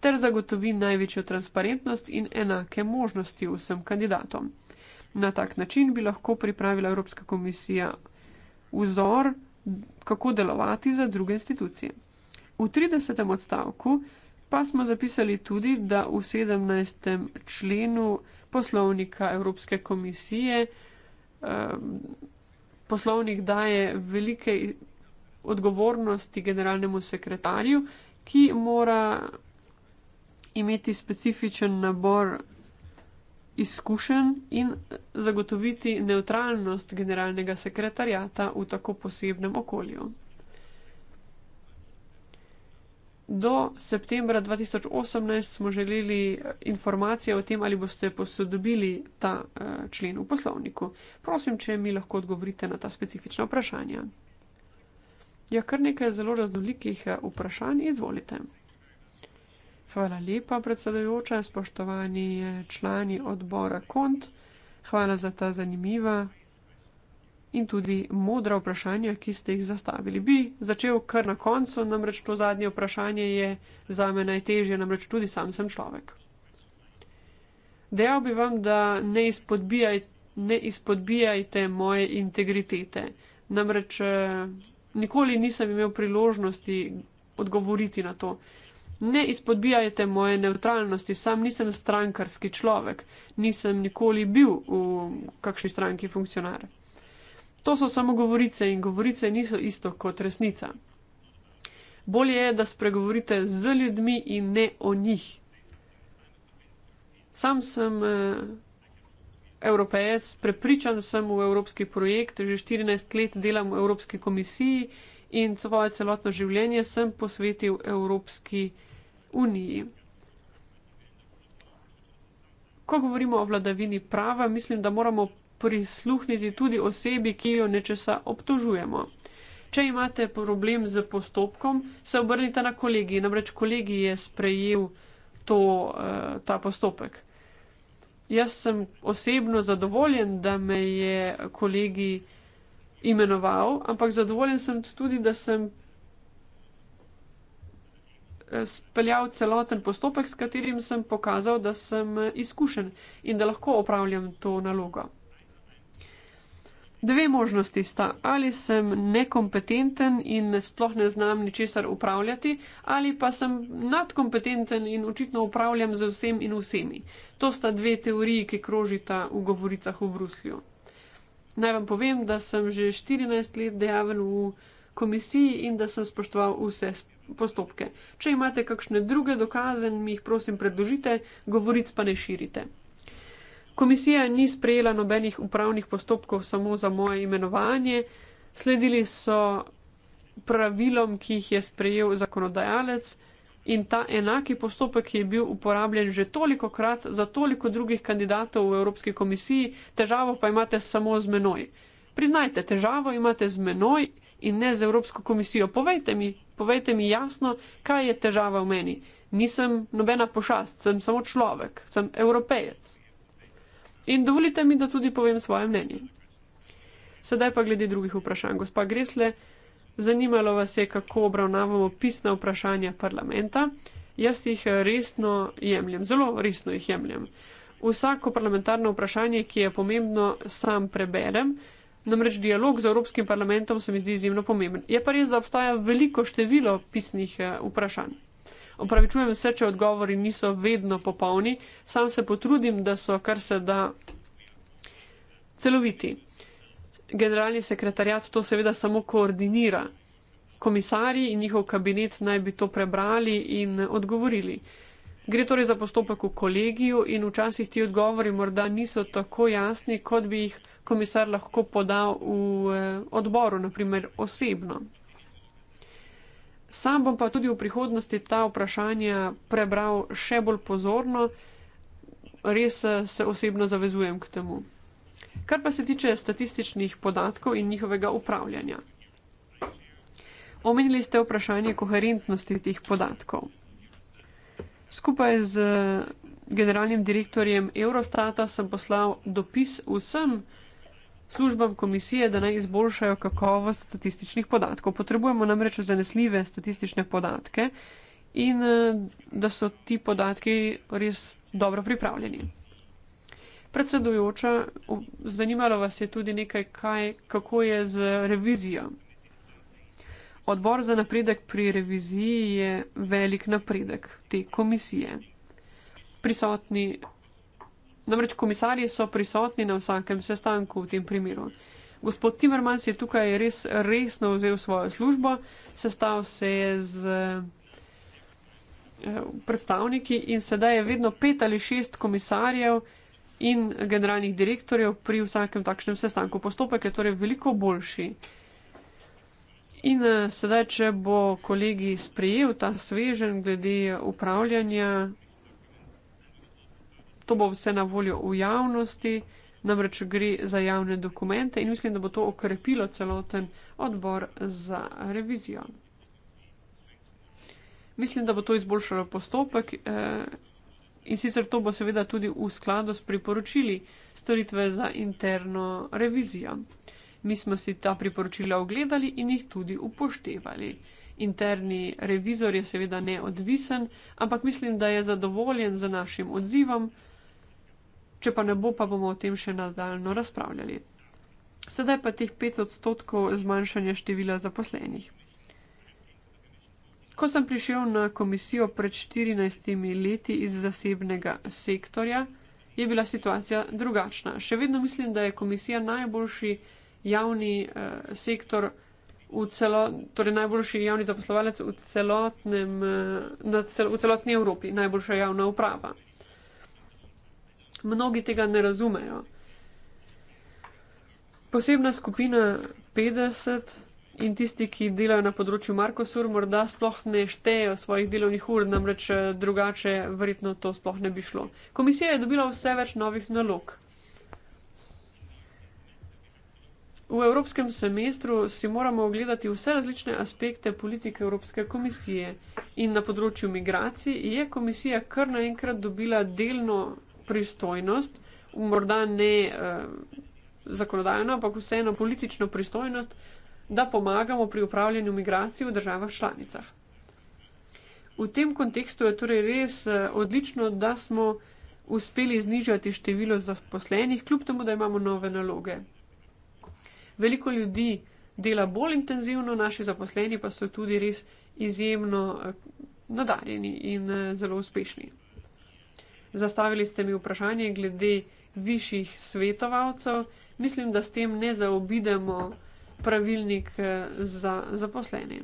ter zagotovi največjo transparentnost in enake možnosti vsem kandidatom. Na tak način bi lahko pripravila Evropska komisija vzor, kako delovati za druge institucije. V 30. odstavku pa smo zapisali tudi, da v 17. členu poslovnika Evropske komisije eh, poslovnik daje velike odgovornosti generalnemu sekretarju, ki mora imeti specifičen nabor izkušenj in zagotoviti neutralnost generalnega sekretarjata v tako posebnem okolju. Do septembra 2018 smo želeli informacije o tem, ali boste posodobili ta eh, člen v poslovniku. Prosim, če mi lahko odgovorite na ta specifična vprašanja. Ja, kar nekaj zelo raznolikih eh, vprašanj, izvolite. Hvala lepa, predsedujoča, spoštovani eh, člani odbora KONT. Hvala za ta zanimiva in tudi modra vprašanja, ki ste jih zastavili. Bi začel kar na koncu, namreč to zadnje vprašanje je za me najtežje, namreč tudi sam sem človek. Dejal bi vam, da ne, izpodbijaj, ne izpodbijajte moje integritete. Namreč eh, nikoli nisem imel priložnosti odgovoriti na to. Ne izpodbijajte moje neutralnosti, sam nisem strankarski človek, nisem nikoli bil v kakšni stranki funkcionar. To so samo govorice in govorice niso isto kot resnica. Bolje je, da spregovorite z ljudmi in ne o njih. Sam sem eh, evropejec, prepričan sem v evropski projekt, že 14 let delam v Evropski komisiji in svoje celotno življenje sem posvetil evropski projekt uniji. Ko govorimo o vladavini prava, mislim, da moramo prisluhniti tudi osebi, ki jo nečesa obtožujemo. Če imate problem z postopkom, se obrnite na kolegi. Namreč kolegi je sprejel to, eh, ta postopek. Jaz sem osebno zadovoljen, da me je kolegi imenoval, ampak zadovoljen sem tudi, da sem speljal celoten postopek, s katerim sem pokazal, da sem izkušen in da lahko opravljam to nalogo. Dve možnosti sta, ali sem nekompetenten in sploh ne znam ničesar upravljati, ali pa sem nadkompetenten in očitno upravljam z vsem in vsemi. To sta dve teoriji, ki krožita v govoricah v Bruslju. Naj vam povem, da sem že 14 let dejaven v komisiji in da sem spoštoval vse sp postopke. Če imate kakšne druge dokaze, mi jih prosim predložite, govoric pa ne širite. Komisija ni sprejela nobenih upravnih postopkov samo za moje imenovanje, sledili so pravilom, ki jih je sprejel zakonodajalec in ta enaki postopek je bil uporabljen že toliko krat za toliko drugih kandidatov v Evropski komisiji, težavo pa imate samo z menoj. Priznajte, težavo imate z menoj in ne z Evropsko komisijo. Povejte mi, povejte mi jasno, kaj je težava v meni. Nisem nobena pošast, sem samo človek, sem evropejec. In dovolite mi, da tudi povem svoje mnenje. Sedaj pa glede drugih vprašanj. Gospa Gresle, zanimalo vas je, kako obravnavamo pisna vprašanja parlamenta. Jaz jih eh, resno jemljem, zelo resno jih jemljem. Vsako parlamentarno vprašanje, ki je pomembno, sam preberem. Namreč dialog z Evropskim parlamentom se mi zdi izjemno pomemben. Je pa res, da obstaja veliko število pisnih eh, vprašanj. Opravičujem se, če odgovori niso vedno popolni, sam se potrudim, da so kar se da celoviti. Generalni sekretarjat to seveda samo koordinira. Komisari in njihov kabinet naj bi to prebrali in odgovorili. Gre torej za postopek v kolegiju in včasih ti odgovori morda niso tako jasni, kot bi jih komisar lahko podal v eh, odboru, naprimer osebno. Sam bom pa tudi v prihodnosti ta vprašanja prebral še bolj pozorno, res eh, se osebno zavezujem k temu. Kar pa se tiče statističnih podatkov in njihovega upravljanja. Omenili ste vprašanje koherentnosti teh podatkov. Skupaj z generalnim direktorjem Eurostata sem poslal dopis vsem službam komisije, da naj izboljšajo kakovost statističnih podatkov. Potrebujemo namreč zanesljive statistične podatke in eh, da so ti podatki res dobro pripravljeni. Predsedujoča, zanimalo vas je tudi nekaj, kaj, kako je z revizijo. Odbor za napredek pri reviziji je velik napredek te komisije. Prisotni, namreč komisarji so prisotni na vsakem sestanku v tem primeru. Gospod Timmermans je tukaj res resno vzel svojo službo, sestal se je z eh, predstavniki in sedaj je vedno pet ali šest komisarjev in generalnih direktorjev pri vsakem takšnem sestanku. Postopek je torej veliko boljši. In eh, sedaj, če bo kolegi sprejel ta svežen glede upravljanja, to bo vse na voljo v javnosti, namreč gre za javne dokumente in mislim, da bo to okrepilo celoten odbor za revizijo. Mislim, da bo to izboljšalo postopek eh, in sicer to bo seveda tudi v skladu s priporočili storitve za interno revizijo. Mi smo si ta priporočila ogledali in jih tudi upoštevali. Interni revizor je seveda neodvisen, ampak mislim, da je zadovoljen z našim odzivom, če pa ne bo, pa bomo o tem še nadaljno razpravljali. Sedaj pa teh pet odstotkov zmanjšanja števila zaposlenih. Ko sem prišel na komisijo pred 14 leti iz zasebnega sektorja, je bila situacija drugačna. Še vedno mislim, da je komisija najboljši javni eh, sektor v celo, torej najboljši javni zaposlovalec v celotnem, eh, cel, v celotni Evropi, najboljša javna uprava. Mnogi tega ne razumejo. Posebna skupina 50 in tisti, ki delajo na področju Markosur, morda sploh ne štejejo svojih delovnih ur, namreč eh, drugače verjetno to sploh ne bi šlo. Komisija je dobila vse več novih nalog. V evropskem semestru si moramo ogledati vse različne aspekte politike Evropske komisije. In na področju migracij je komisija kar naenkrat dobila delno pristojnost, morda ne eh, zakonodajno, ampak vseeno politično pristojnost, da pomagamo pri upravljanju migracij v državah članicah. V tem kontekstu je torej res eh, odlično, da smo uspeli znižati število zaposlenih, kljub temu, da imamo nove naloge veliko ljudi dela bolj intenzivno, naši zaposleni pa so tudi res izjemno eh, nadarjeni in eh, zelo uspešni. Zastavili ste mi vprašanje glede višjih svetovalcev. Mislim, da s tem ne zaobidemo pravilnik eh, za zaposlene.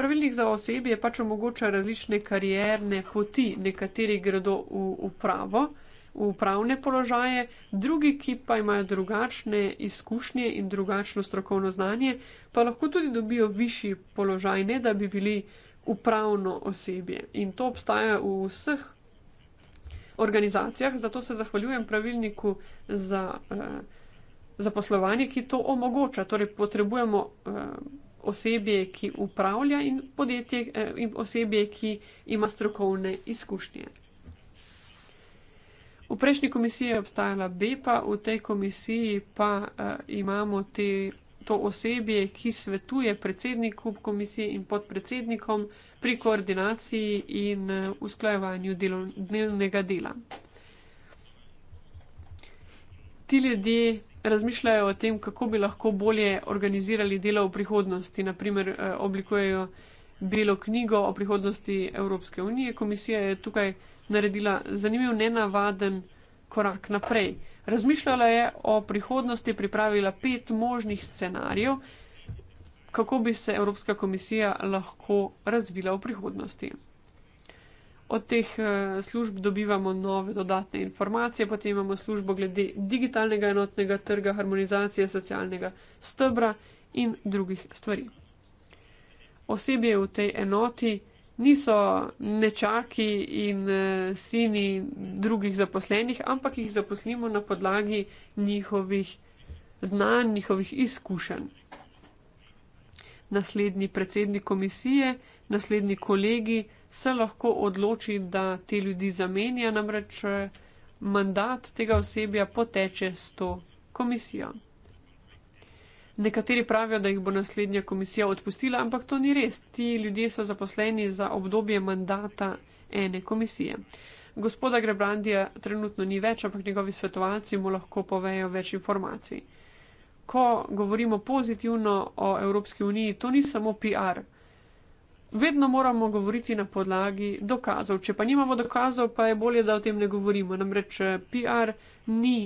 Pravilnik za osebje pač omogoča različne karierne poti. Nekateri gredo v upravo v upravne položaje, drugi, ki pa imajo drugačne izkušnje in drugačno strokovno znanje, pa lahko tudi dobijo višji položaj, ne da bi bili upravno osebje. In to obstaja v vseh organizacijah, zato se zahvaljujem pravilniku za, eh, za poslovanje, ki to omogoča. Torej, potrebujemo eh, osebje, ki upravlja in, podjetje, eh, in osebje, ki ima strokovne izkušnje. V prejšnji komisiji je obstajala BEPA, v tej komisiji pa uh, imamo te, to osebje, ki svetuje predsedniku komisije in podpredsednikom pri koordinaciji in uh, usklajevanju delovnega dela. Ti ljudje razmišljajo o tem, kako bi lahko bolje organizirali delo v prihodnosti, naprimer uh, eh, oblikujejo belo knjigo o prihodnosti Evropske unije. Komisija je tukaj naredila zanimiv, nenavaden korak naprej. Razmišljala je o prihodnosti, pripravila pet možnih scenarijev, kako bi se Evropska komisija lahko razvila v prihodnosti. Od teh eh, služb dobivamo nove dodatne informacije, potem imamo službo glede digitalnega enotnega trga, harmonizacije socialnega stebra in drugih stvari. Osebje v tej enoti niso nečaki in uh, sini drugih zaposlenih, ampak jih zaposlimo na podlagi njihovih znanj, njihovih izkušenj. Naslednji predsednik komisije, naslednji kolegi se lahko odloči, da te ljudi zamenja, namreč eh, mandat tega osebja poteče s to komisijo. Nekateri pravijo, da jih bo naslednja komisija odpustila, ampak to ni res. Ti ljudje so zaposleni za obdobje mandata ene komisije. Gospoda Grebrandija trenutno ni več, ampak njegovi svetovalci mu lahko povejo več informacij. Ko govorimo pozitivno o Evropski uniji, to ni samo PR. Vedno moramo govoriti na podlagi dokazov. Če pa nimamo dokazov, pa je bolje, da o tem ne govorimo. Namreč eh, PR ni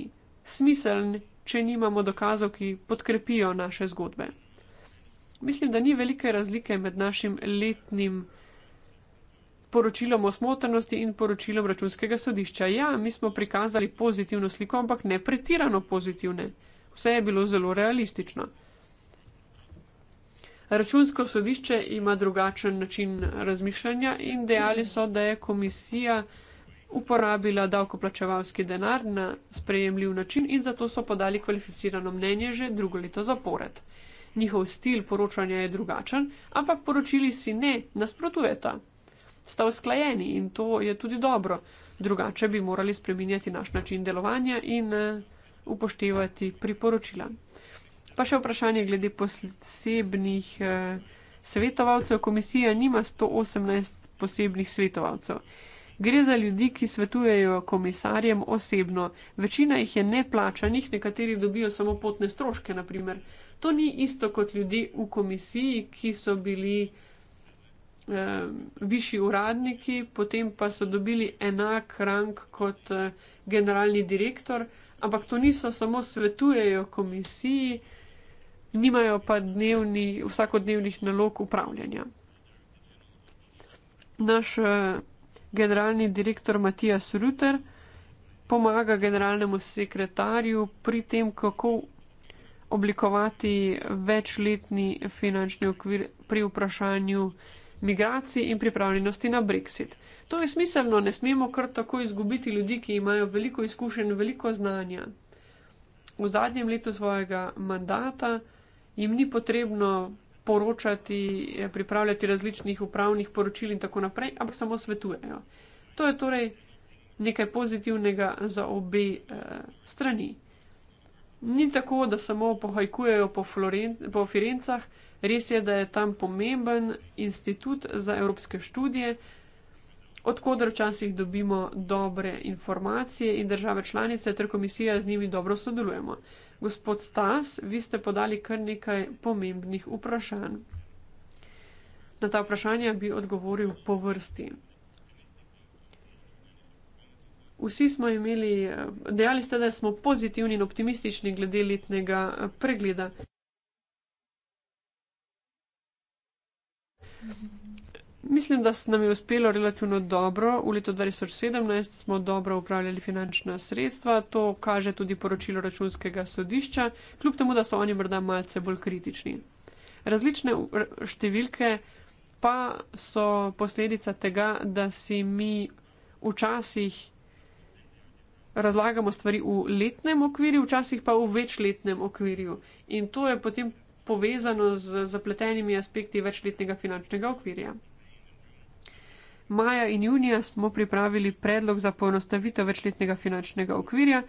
smiseln, če nimamo dokazov, ki podkrepijo naše zgodbe. Mislim, da ni velike razlike med našim letnim poročilom o smotrnosti in poročilom računskega sodišča. Ja, mi smo prikazali pozitivno sliko, ampak ne pretirano pozitivne. Vse je bilo zelo realistično. Računsko sodišče ima drugačen način razmišljanja in dejali so, da je komisija uporabila davkoplačevalski denar na sprejemljiv način in zato so podali kvalificirano mnenje že drugo leto zapored. Njihov stil poročanja je drugačen, ampak poročili si ne nasprotujeta. Sta usklajeni in to je tudi dobro, drugače bi morali spreminjati naš način delovanja in eh, upoštevati priporočila. Pa še vprašanje glede posebnih eh, svetovalcev. Komisija nima 118 posebnih svetovalcev. Gre za ljudi, ki svetujejo komisarjem osebno. Večina jih je neplačanih, nekateri dobijo samo potne stroške. Naprimer. To ni isto kot ljudi v komisiji, ki so bili eh, višji uradniki, potem pa so dobili enak rang kot eh, generalni direktor, ampak to niso samo svetujejo komisiji, nimajo pa dnevni, vsakodnevnih nalog upravljanja. Naš eh, generalni direktor Matijas Ruter pomaga generalnemu sekretarju pri tem, kako oblikovati večletni finančni okvir pri vprašanju migracij in pripravljenosti na Brexit. To je smiselno, ne smemo kar tako izgubiti ljudi, ki imajo veliko izkušenj, veliko znanja. V zadnjem letu svojega mandata jim ni potrebno poročati, eh, pripravljati različnih upravnih poročil in tako naprej, ampak samo svetujejo. To je torej nekaj pozitivnega za obe eh, strani. Ni tako, da samo pohajkujejo po, Floren po Firencah, res je, da je tam pomemben institut za evropske študije, odkudar včasih dobimo dobre informacije in države članice ter komisija z njimi dobro sodelujemo. Gospod Stas, vi ste podali kar nekaj pomembnih vprašanj. Na ta vprašanja bi odgovoril po vrsti. Vsi smo imeli, dejali ste, da smo pozitivni in optimistični glede letnega eh, pregleda mislim, da nam je uspelo relativno dobro. V letu 2017 smo dobro upravljali finančna sredstva, to kaže tudi poročilo računskega sodišča, kljub temu, da so oni morda malce bolj kritični. Različne številke pa so posledica tega, da si mi včasih razlagamo stvari v letnem okvirju, včasih pa v večletnem okvirju. In to je potem povezano z zapletenimi aspekti večletnega finančnega okvirja. Maja in junija smo pripravili predlog za poenostavitev večletnega finančnega okvirja.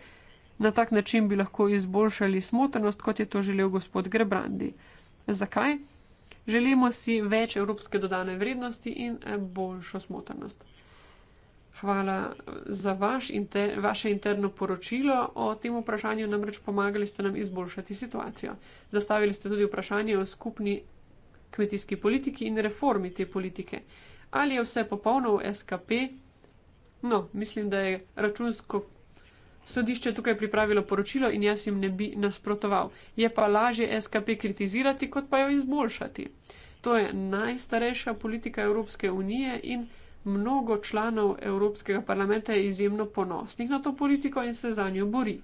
Na tak način bi lahko izboljšali smotrnost, kot je to želel gospod Grebrandi. Zakaj? Želimo si več evropske dodane vrednosti in eh, boljšo smotrnost. Hvala eh, za vaš inter, vaše interno poročilo o tem vprašanju, namreč pomagali ste nam izboljšati situacijo. Zastavili ste tudi vprašanje o skupni kmetijski politiki in reformi te politike ali je vse popolno v SKP. No, mislim, da je računsko sodišče tukaj pripravilo poročilo in jaz jim ne bi nasprotoval. Je pa lažje SKP kritizirati, kot pa jo izboljšati. To je najstarejša politika Evropske unije in mnogo članov Evropskega parlamenta je izjemno ponosnih na to politiko in se za njo bori.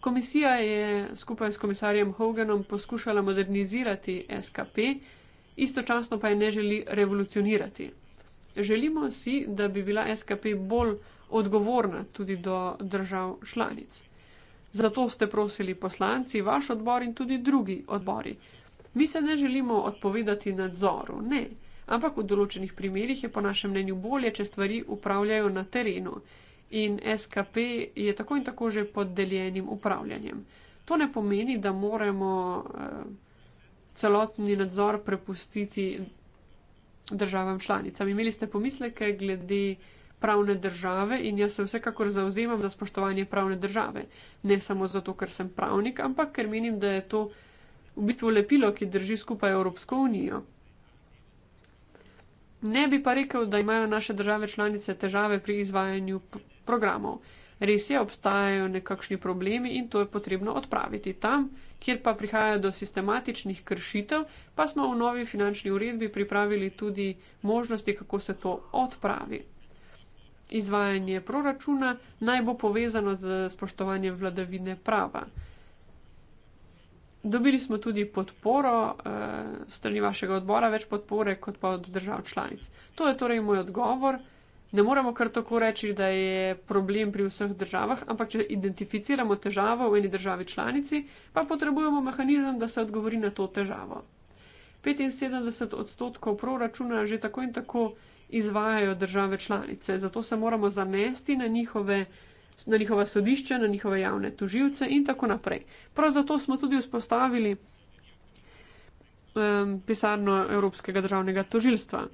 Komisija je skupaj s komisarjem Hoganom poskušala modernizirati SKP, istočasno pa je ne želi revolucionirati. Želimo si, da bi bila SKP bolj odgovorna tudi do držav članic. Zato ste prosili poslanci, vaš odbor in tudi drugi odbori. Mi se ne želimo odpovedati nadzoru, ne, ampak v določenih primerjih je po našem mnenju bolje, če stvari upravljajo na terenu in SKP je tako in tako že pod deljenim upravljanjem. To ne pomeni, da moramo. Eh, celotni nadzor prepustiti državam članicam. Imeli ste pomisleke glede pravne države in jaz se vsekakor zauzemam za spoštovanje pravne države. Ne samo zato, ker sem pravnik, ampak ker menim, da je to v bistvu lepilo, ki drži skupaj Evropsko unijo. Ne bi pa rekel, da imajo naše države članice težave pri izvajanju programov. Res je, obstajajo nekakšni problemi in to je potrebno odpraviti. Tam, kjer pa prihaja do sistematičnih kršitev, pa smo v novi finančni uredbi pripravili tudi možnosti, kako se to odpravi. Izvajanje proračuna naj bo povezano z spoštovanjem vladavine prava. Dobili smo tudi podporo eh, strani vašega odbora, več podpore kot pa od držav članic. To je torej moj odgovor. Ne moremo kar tako reči, da je problem pri vseh državah, ampak če identificiramo težavo v eni državi članici, pa potrebujemo mehanizem, da se odgovori na to težavo. 75 odstotkov proračuna že tako in tako izvajajo države članice, zato se moramo zanesti na, njihove, na njihova sodišča, na njihove javne tužilce in tako naprej. Prav zato smo tudi vzpostavili um, pisarno Evropskega državnega tožilstva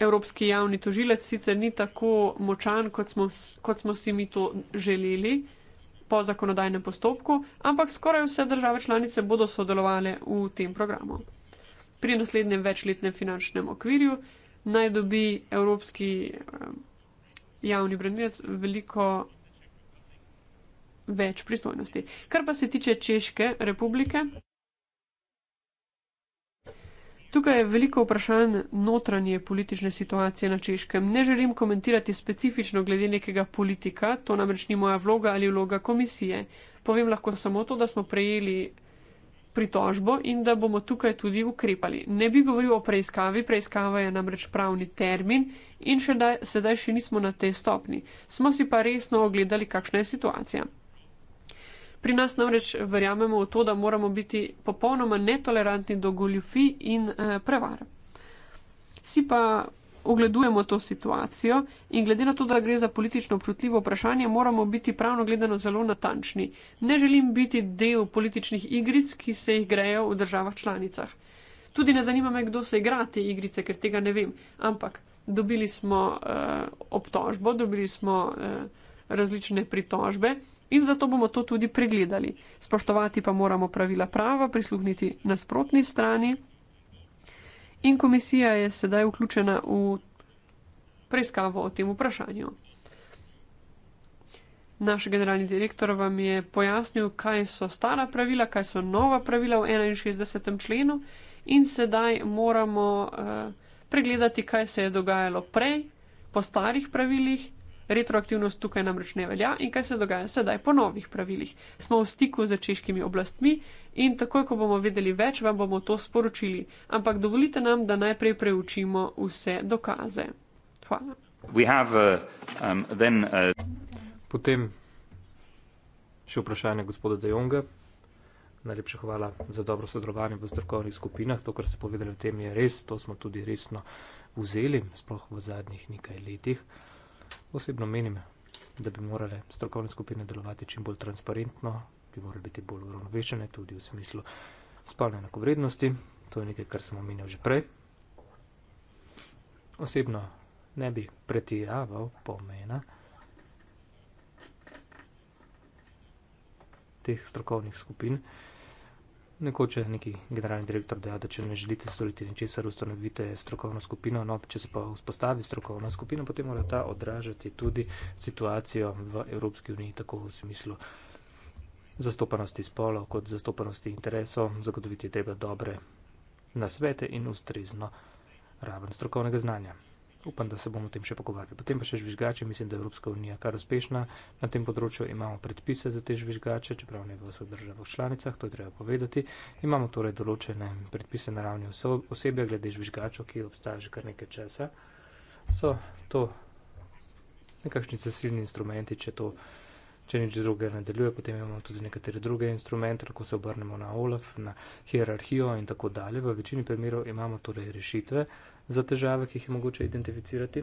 evropski javni tožilec sicer ni tako močan, kot smo, kot smo si mi to želeli po zakonodajnem postopku, ampak skoraj vse države članice bodo sodelovali v tem programu. Pri naslednjem večletnem finančnem okvirju naj dobi evropski eh, javni branilec veliko več pristojnosti. Kar pa se tiče Češke republike, Tukaj je veliko vprašanj notranje politične situacije na Češkem. Ne želim komentirati specifično glede nekega politika, to namreč ni moja vloga ali vloga komisije. Povem lahko samo to, da smo prejeli pritožbo in da bomo tukaj tudi ukrepali. Ne bi govoril o preiskavi, preiskava je namreč pravni termin in še da, sedaj še nismo na tej stopni. Smo si pa resno ogledali, kakšna je situacija. Pri nas namreč verjamemo v to, da moramo biti popolnoma netolerantni do goljufi in e, eh, prevar. Si pa ogledujemo to situacijo in glede na to, da gre za politično občutljivo vprašanje, moramo biti pravno gledano zelo natančni. Ne želim biti del političnih igric, ki se jih grejo v državah članicah. Tudi ne zanima me, kdo se igra te igrice, ker tega ne vem. Ampak dobili smo uh, obtožbo, dobili smo uh, različne pritožbe in zato bomo to tudi pregledali. Spoštovati pa moramo pravila prava, prisluhniti nasprotni strani. In komisija je sedaj vključena v preiskavo o tem vprašanju. Naš generalni direktor vam je pojasnil, kaj so stara pravila, kaj so nova pravila v 61. členu in sedaj moramo uh, pregledati, kaj se je dogajalo prej po starih pravilih Retroaktivnost tukaj namreč ne velja in kaj se dogaja sedaj po novih pravilih. Smo v stiku z češkimi oblastmi in takoj, ko bomo vedeli več, vam bomo to sporočili. Ampak dovolite nam, da najprej preučimo vse dokaze. Hvala. Have, uh, um, then, uh... Potem še vprašanje gospoda De Jonga. Najlepša hvala za dobro sodelovanje v strokovnih skupinah. To, kar ste povedali o tem, je res, to smo tudi resno vzeli, sploh v zadnjih nekaj letih. Osebno menim, da bi morale strokovne skupine delovati čim bolj transparentno, bi morale biti bolj uravnovešene tudi v smislu spolne enakovrednosti. To je nekaj, kar sem omenil že prej. Osebno ne bi pretiraval pomena teh strokovnih skupin. Nekoč je neki generalni direktor dejal, da če ne želite storiti ničesar, ustanovite strokovno skupino. No, če se pa vzpostavi strokovna skupina, potem mora ta odražati tudi situacijo v Evropski uniji, tako v smislu zastopanosti spolov kot zastopanosti interesov. Zagotoviti je treba dobre nasvete in ustrezno raven strokovnega znanja upam, da se bomo o tem še pogovarjali. Potem pa še žvižgače, mislim, da je Evropska unija kar uspešna na tem področju, imamo predpise za te žvižgače, čeprav ne v vseh državah članicah, to je treba povedati. Imamo torej določene predpise na ravni vse osebe, glede žvižgačev, ki obstaja že kar nekaj časa. So to nekakšni zasilni instrumenti, če to. Če nič druge ne deluje, potem imamo tudi nekatere druge instrumente, lahko se obrnemo na OLAF, na hierarhijo in tako dalje. V večini primerov imamo torej rešitve, za težave, ki jih je mogoče identificirati.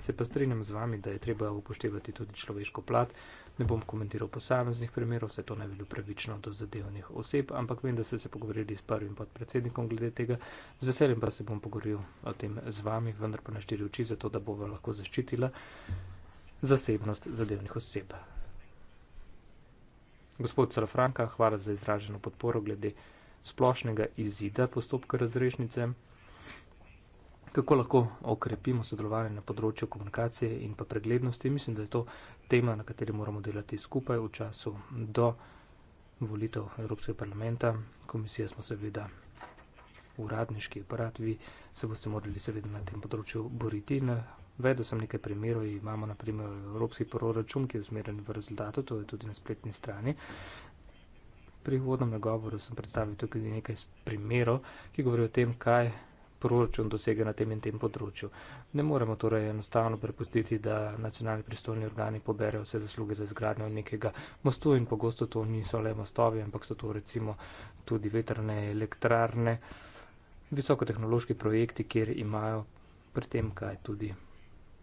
Se pa strinjam z vami, da je treba upoštevati tudi človeško plat. Ne bom komentiral posameznih primerov, vse to ne bi bilo pravično do zadevnih oseb, ampak vem, da ste se pogovorili s prvim podpredsednikom glede tega. Z veseljem pa se bom pogovoril o tem z vami, vendar pa na štiri oči, zato da bova lahko zaščitila zasebnost zadevnih oseb. Gospod Celofranka, hvala za izraženo podporo glede splošnega izida postopka razrešnice kako lahko okrepimo sodelovanje na področju komunikacije in pa preglednosti. Mislim, da je to tema, na kateri moramo delati skupaj v času do volitev Evropskega parlamenta. Komisija smo seveda uradniški aparat, vi se boste morali seveda na tem področju boriti. Vedel sem nekaj primerov, imamo naprimer Evropski proračun, ki je usmerjen v rezultatu, to je tudi na spletni strani. Pri uvodnem nagovoru sem predstavil tudi nekaj primerov, ki govorijo o tem, kaj proračun dosega na tem in tem področju. Ne moremo torej enostavno prepustiti, da nacionalni pristojni organi poberejo vse zasluge za izgradnjo nekega mostu in pogosto to niso le mostovi, ampak so to recimo tudi vetrne elektrarne, visokotehnološki projekti, kjer imajo pri tem kaj tudi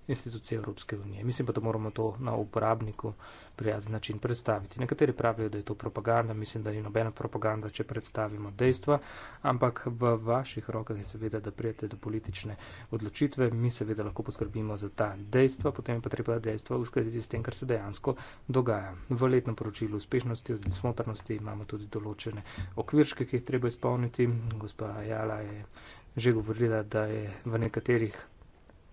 institucije Evropske unije. Mislim pa, da moramo to na uporabniku prijazen način predstaviti. Nekateri pravijo, da je to propaganda, mislim, da ni nobena propaganda, če predstavimo dejstva, ampak v vaših rokah je seveda, da prijete do politične odločitve, mi seveda lahko poskrbimo za ta dejstva, potem je pa treba dejstva uskladiti s tem, kar se dejansko dogaja. V letnem poročilu uspešnosti oziroma smotrnosti imamo tudi določene okvirške, ki jih treba izpolniti. Gospa Jala je že govorila, da je v nekaterih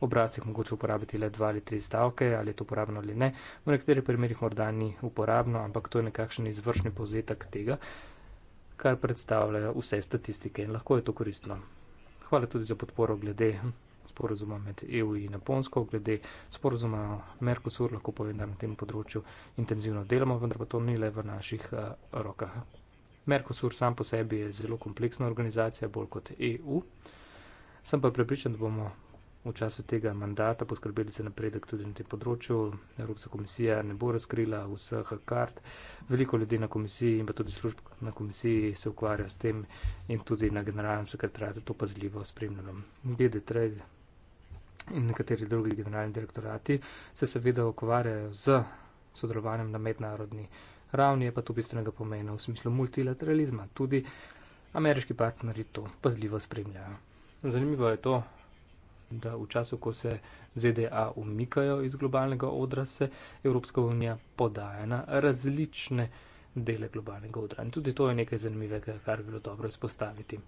obrazih mogoče uporabiti le dva ali tri stavke, ali je to uporabno ali ne. V nekaterih primerjih morda ni uporabno, ampak to je nekakšen izvršni povzetek tega, kar predstavljajo vse statistike in lahko je to koristno. Hvala tudi za podporo glede sporozuma med EU in Japonsko, glede sporozuma Merkosur, lahko povem, da na tem področju intenzivno delamo, vendar pa to ni le v naših uh, rokah. Merkosur sam po sebi je zelo kompleksna organizacija, bolj kot EU. Sem pa prepričan, da bomo v času tega mandata poskrbeli za napredek tudi na tem področju. Evropska komisija ne bo razkrila vseh kart. Veliko ljudi na komisiji in pa tudi služb na komisiji se ukvarja s tem in tudi na generalnem sekretarju to pazljivo spremljalo. In nekateri drugi generalni direktorati se seveda ukvarjajo z sodelovanjem na mednarodni ravni, je pa to bistvenega pomena v smislu multilateralizma. Tudi ameriški partnerji to pazljivo spremljajo. Zanimivo je to, da v času, ko se ZDA umikajo iz globalnega odra, se Evropska unija podaja na različne dele globalnega odra. In tudi to je nekaj zanimivega, kar bi bilo dobro izpostaviti.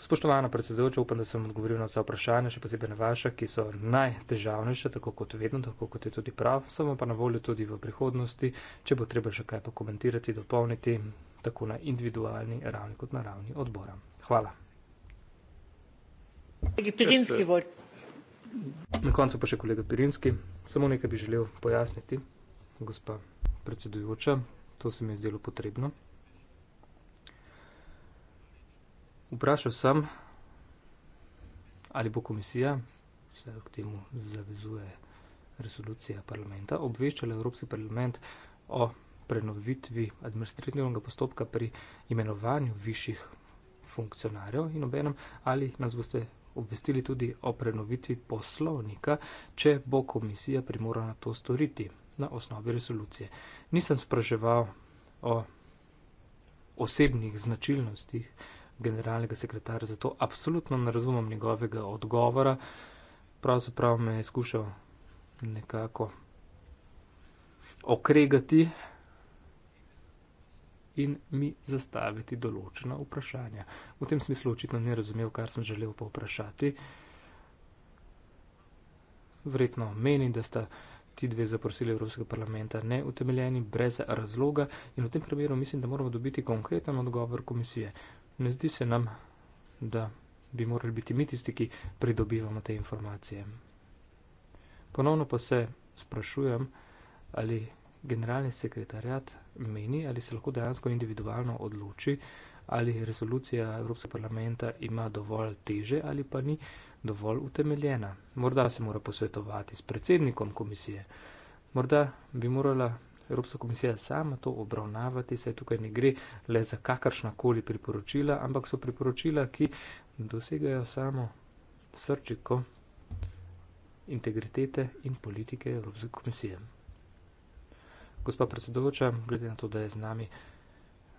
Spoštovana predsedujoča, upam, da sem odgovoril na vsa vprašanja, še posebej na vaša, ki so najtežavnejša, tako kot vedno, tako kot je tudi prav. Sem vam pa na voljo tudi v prihodnosti, če bo treba še kaj pokomentirati, dopolniti, tako na individualni ravni kot na ravni odbora. Hvala. Na koncu pa še kolega Pirinski. Samo nekaj bi želel pojasniti, gospa predsedujoča. To se mi je zdelo potrebno. Vprašal sem, ali bo komisija, se k temu zavezuje resolucija parlamenta, obveščala Evropski parlament o prenovitvi administrativnega postopka pri imenovanju višjih funkcionarjev in obenem, ali nas boste obvestili tudi o prenovitvi poslovnika, če bo komisija primorana to storiti na osnovi resolucije. Nisem spraševal o osebnih značilnostih generalnega sekretarja, zato absolutno ne razumem njegovega odgovora. Pravzaprav me je skušal nekako okregati in mi zastaviti določena vprašanja. V tem smislu očitno ni razumel, kar sem želel pa vprašati. Vredno meni, da sta ti dve zaprosili Evropskega parlamenta neutemeljeni, brez razloga in v tem primeru mislim, da moramo dobiti konkreten odgovor komisije. Ne zdi se nam, da bi morali biti mi tisti, ki pridobivamo te informacije. Ponovno pa se sprašujem, ali generalni sekretarjat meni, ali se lahko dejansko individualno odloči, ali resolucija Evropskega parlamenta ima dovolj teže ali pa ni dovolj utemeljena. Morda se mora posvetovati s predsednikom komisije, morda bi morala Evropska komisija sama to obravnavati, saj tukaj ne gre le za kakršnakoli priporočila, ampak so priporočila, ki dosegajo samo srčiko integritete in politike Evropske komisije. Gospa predsedujoča, glede na to, da je z nami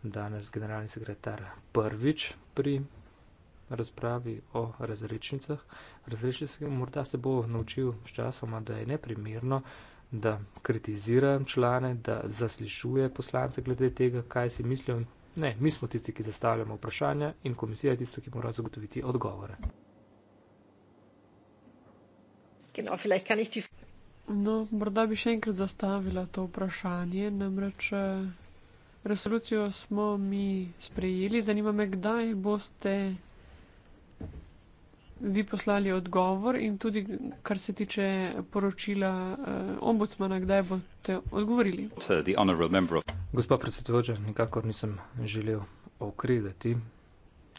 danes generalni sekretar prvič pri razpravi o razrečnicah. Razrečnice morda se bo naučil s časoma, da je neprimerno, da kritizira člane, da zaslišuje poslance glede tega, kaj si mislijo. Ne, mi smo tisti, ki zastavljamo vprašanja in komisija je tista, ki mora zagotoviti odgovore. No, morda bi še enkrat zastavila to vprašanje. Namreč eh, resolucijo smo mi sprejeli. Zanima me, kdaj boste vi poslali odgovor in tudi, kar se tiče poročila eh, ombudsmana, kdaj boste odgovorili. Gospa predsedujoča, nikakor nisem želel okriviti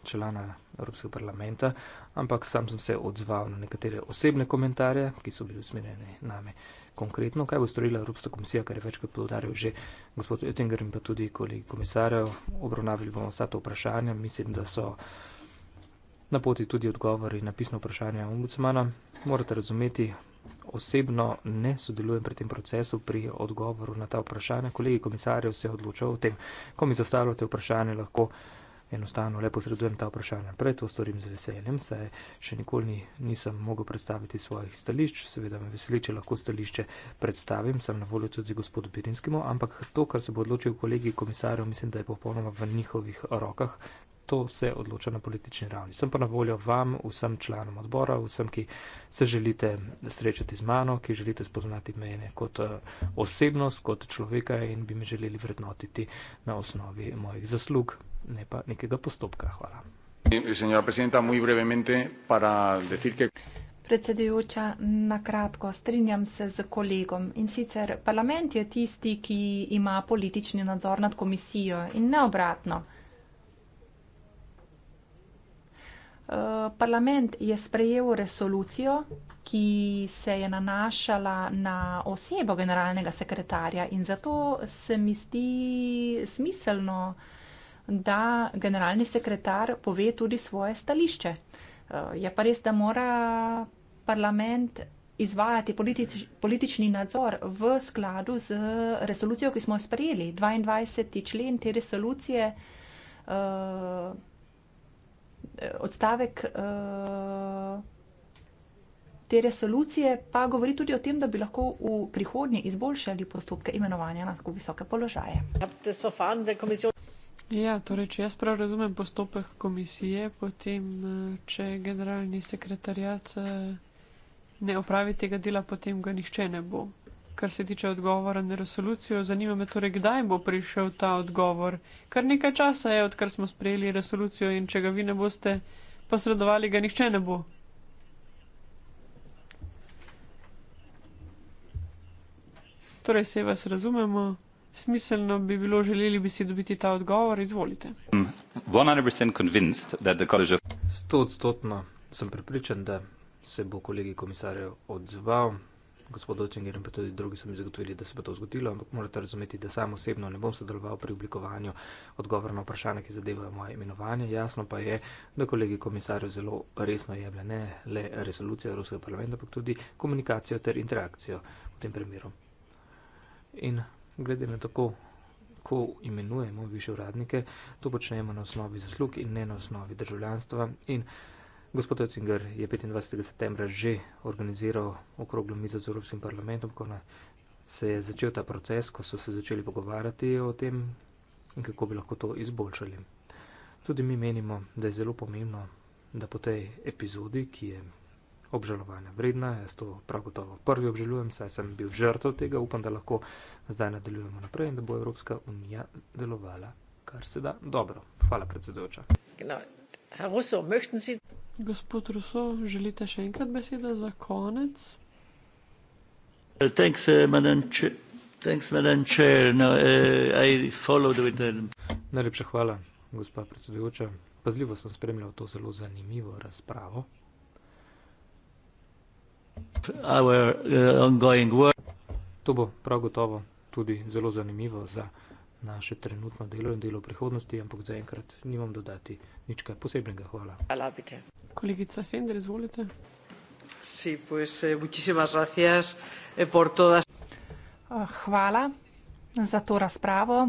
člana Evropskega parlamenta, ampak sam sem se odzval na nekatere osebne komentarje, ki so bili usmerjene name. Konkretno, kaj bo storila Evropska komisija, kar je večkrat povdarjal že gospod Oettinger in pa tudi kolegi komisarjev, obravnavili bomo vsa ta vprašanja. Mislim, da so na poti tudi odgovori na pisno vprašanje ombudsmana. Morate razumeti, osebno ne sodelujem pri tem procesu, pri odgovoru na ta vprašanja. Kolegi komisarjev se odločajo o tem, ko mi zastavljate vprašanje, lahko enostavno le posredujem ta vprašanja. Prej to storim z veseljem, saj še nikoli ni, nisem mogel predstaviti svojih stališč. Seveda me veseli, če lahko stališče predstavim, sem na voljo tudi gospodu Birinskemu, ampak to, kar se bo odločil kolegi komisarjev, mislim, da je popolnoma v njihovih rokah, to se odloča na politični ravni. Sem pa na voljo vam, vsem članom odbora, vsem, ki se želite srečati z mano, ki želite spoznati mene kot eh, osebnost, kot človeka in bi me želeli vrednotiti na osnovi mojih zaslug, ne pa nekega postopka. Hvala. Eh, Predsedujoča, na kratko strinjam se z kolegom. In sicer parlament je tisti, ki ima politični nadzor nad komisijo in ne obratno. Eh, parlament je sprejel resolucijo, ki se je nanašala na osebo generalnega sekretarja in zato se mi zdi smiselno, da generalni sekretar pove tudi svoje stališče. Eh, je pa res, da mora parlament izvajati politič, politični nadzor v skladu z resolucijo, ki smo jo sprejeli. 22. člen te resolucije. Uh, odstavek uh, te resolucije pa govori tudi o tem, da bi lahko v prihodnje izboljšali postopke imenovanja na tako visoke položaje. Ja, torej, če jaz prav razumem postopek komisije, potem eh, če generalni sekretarjat eh, ne opravi tega dela, potem ga nihče ne bo kar se tiče odgovora na resolucijo. Zanima me torej, kdaj bo prišel ta odgovor. Kar nekaj časa je, odkar smo sprejeli resolucijo in če ga vi ne boste posredovali, ga nihče ne bo. Torej, se vas razumemo. Smiselno bi bilo, želeli bi si dobiti ta odgovor. Izvolite. 100% sem prepričan, da se bo kolegi komisarjev odzval gospod Očenger in pa tudi drugi so mi zagotovili, da se bo to zgodilo, ampak morate razumeti, da sam osebno ne bom sodeloval pri oblikovanju odgovora na vprašanje, ki zadevajo moje imenovanje. Jasno pa je, da kolegi komisarju zelo resno jemlje ne le resolucijo Evropskega parlamenta, ampak tudi komunikacijo ter interakcijo v tem primeru. In glede na tako, ko imenujemo više uradnike, to počnemo na osnovi zaslug in ne na osnovi državljanstva. In Gospod Ocinger je 25. septembra že organiziral okroglo mizo z Evropskim parlamentom, ko se je začel ta proces, ko so se začeli pogovarjati o tem in kako bi lahko to izboljšali. Tudi mi menimo, da je zelo pomembno, da po tej epizodi, ki je obžalovanja vredna, jaz to prav gotovo prvi obžalujem, saj sem bil žrtev tega, upam, da lahko zdaj nadaljujemo naprej in da bo Evropska unija delovala kar se da dobro. Hvala, predsedujoča. No. Herr Russo, möchten Sie Gospod Ruso, želite še enkrat besedo za konec? Uh, thanks, uh, Madam Chair. Thanks, Madam Chair. No, uh, I followed with them. Najlepša hvala, gospa predsedujoča. Pazljivo sem spremljal to zelo zanimivo razpravo. Our, uh, to bo prav gotovo tudi zelo zanimivo za naše trenutno delo in delo prihodnosti, ampak zaenkrat nimam dodati nič posebnega. Hvala. Alabite. Kolegica Sender, izvolite. Sí, pues, eh, gracias, eh, por todas. Ah, hvala za to razpravo.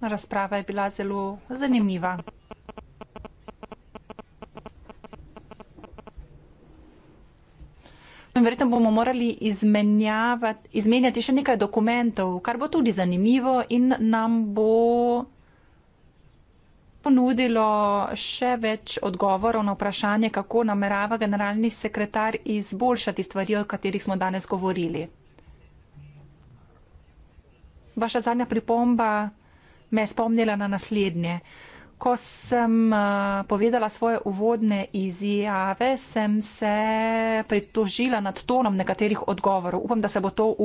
Razprava je bila zelo zanimiva. In verjetno bomo morali izmenjati še nekaj dokumentov, kar bo tudi zanimivo in nam bo ponudilo še več odgovorov na vprašanje, kako namerava generalni sekretar izboljšati stvari, o katerih smo danes govorili. Vaša zadnja pripomba me je spomnila na naslednje ko sem eh, povedala svoje uvodne izjave, sem se pritožila nad tonom nekaterih odgovorov. Upam, da se bo to v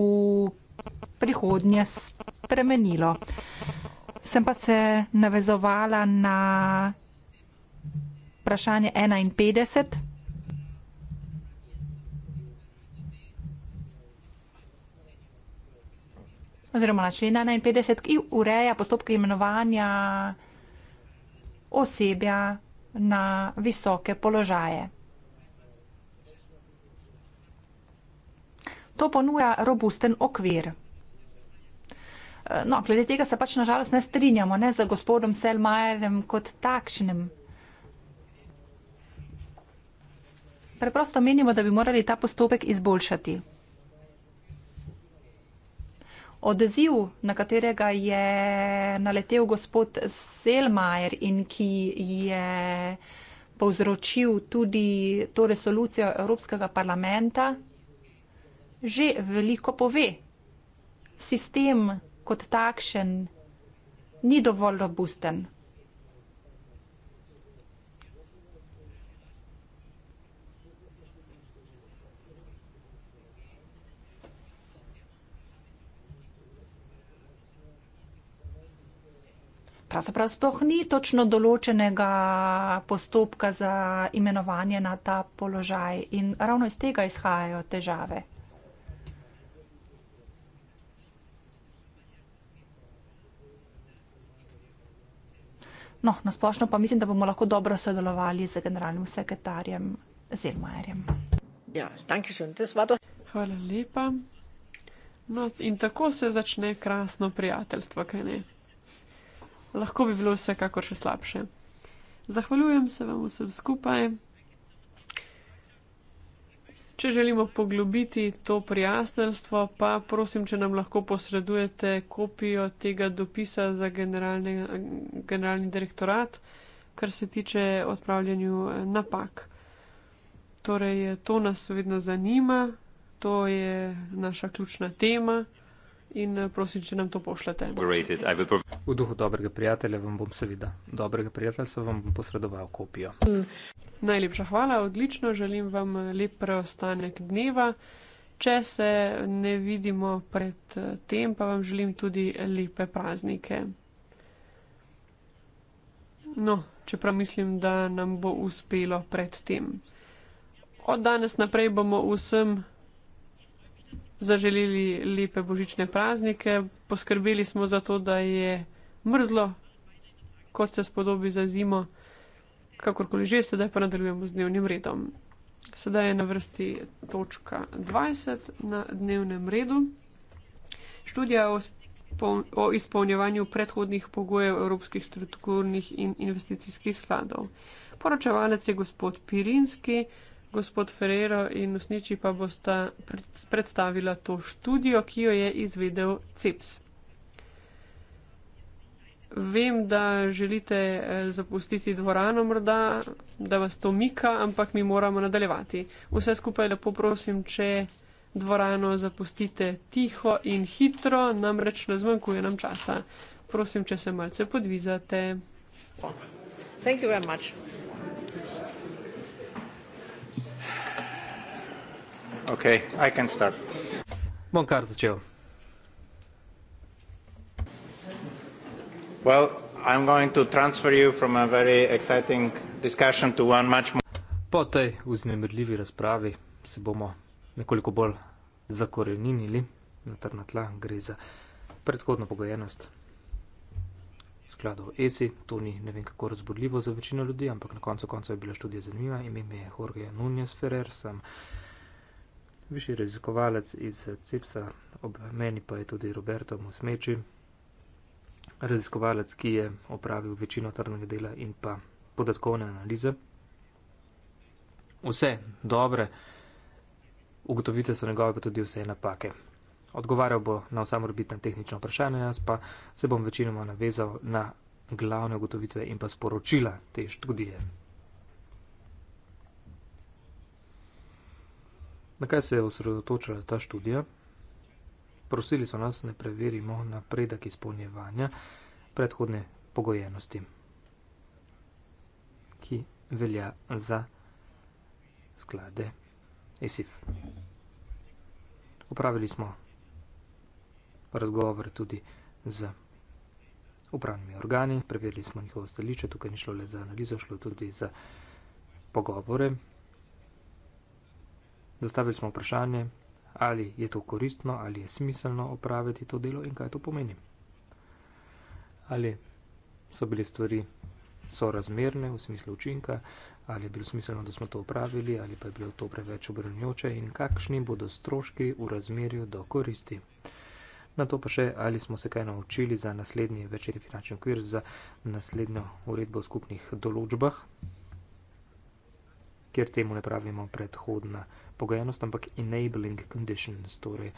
prihodnje spremenilo. Sem pa se navezovala na vprašanje 51. oziroma na člen 51, ki ureja postopke imenovanja osebja na visoke položaje. To ponuja robusten okvir. No, glede tega se pač nažalost ne strinjamo, ne za gospodom Selmajerem kot takšnim. Preprosto menimo, da bi morali ta postopek izboljšati. Odziv, na katerega je naletel gospod Selmajer in ki je povzročil tudi to resolucijo Evropskega parlamenta, že veliko pove. Sistem kot takšen ni dovolj robusten. pravzaprav sploh ni točno določenega postopka za imenovanje na ta položaj in ravno iz tega izhajajo težave. No, nasplošno pa mislim, da bomo lahko dobro sodelovali z generalnim sekretarjem Zelmajerjem. Ja, Hvala lepa. No, in tako se začne krasno prijateljstvo, kaj ne? lahko bi bilo vsekakor še slabše. Zahvaljujem se vam vsem skupaj. Če želimo poglobiti to prijateljstvo, pa prosim, če nam lahko posredujete kopijo tega dopisa za generalni direktorat, kar se tiče odpravljanju napak. Torej, to nas vedno zanima, to je naša ključna tema in eh, prosim, če nam to pošljete. V duhu dobrega prijatelja vam bom seveda, dobrega prijateljstva vam bom posredoval kopijo. Najlepša hvala, odlično, želim vam eh, lep preostanek dneva. Če se ne vidimo pred eh, tem, pa vam želim tudi lepe praznike. No, čeprav mislim, da nam bo uspelo pred tem. Od danes naprej bomo vsem zaželili lepe božične praznike, poskrbeli smo za to, da je mrzlo, kot se spodobi za zimo, kakorkoli že, sedaj pa nadaljujemo z dnevnim redom. Sedaj je na vrsti točka 20 na dnevnem redu. Študija o, spol, o izpolnjevanju predhodnih pogojev evropskih strukturnih in investicijskih skladov. Poročevalec je gospod Pirinski gospod Ferrero in Usniči pa bosta predstavila to študijo, ki jo je izvedel CEPS. Vem, da želite eh, zapustiti dvorano morda, da vas to mika, ampak mi moramo nadaljevati. Vse skupaj lepo prosim, če dvorano zapustite tiho in hitro, namreč ne zmanjkuje nam časa. Prosim, če se malce podvizate. Thank you very much. Okay, I can start. Bom kar začel. Well, I'm going to transfer you from a very exciting discussion to one much more... Po tej vznemirljivi razpravi se bomo nekoliko bolj zakorenili na trna tla. Gre za predhodno pogojenost skladov ESI. To ni ne vem kako razborljivo za večino ljudi, ampak na koncu konca je bila študija zanimiva. Ime mi je Jorge Nunez Ferrer, sem višji raziskovalec iz CIPS-a, ob meni pa je tudi Roberto Mosmeči, raziskovalec, ki je opravil večino trdnega dela in pa podatkovne analize. Vse dobre ugotovite so njegove, pa tudi vse napake. Odgovarjal bo na vsa morbitna tehnična vprašanja, jaz pa se bom večinoma navezal na glavne ugotovitve in pa sporočila te študije. Na kaj se je osredotočila ta študija? Prosili so nas, da preverimo napredek izpolnjevanja predhodne pogojenosti, ki velja za sklade ESIF. Upravili smo razgovore tudi z upravnimi organi, preverili smo njihovo stališče, tukaj ni šlo le za analizo, šlo tudi za pogovore, Zastavili smo vprašanje, ali je to koristno, ali je smiselno opraviti to delo in kaj to pomeni. Ali so bile stvari sorazmerne v smislu učinka, ali je bilo smiselno, da smo to opravili, ali pa je bilo to preveč obrnjoče in kakšni bodo stroški v razmerju do koristi. Na to pa še, ali smo se kaj naučili za naslednji večerji finančni okvir, za naslednjo uredbo o skupnih določbah, kjer temu ne pravimo predhodna pogojenost, ampak enabling conditions, torej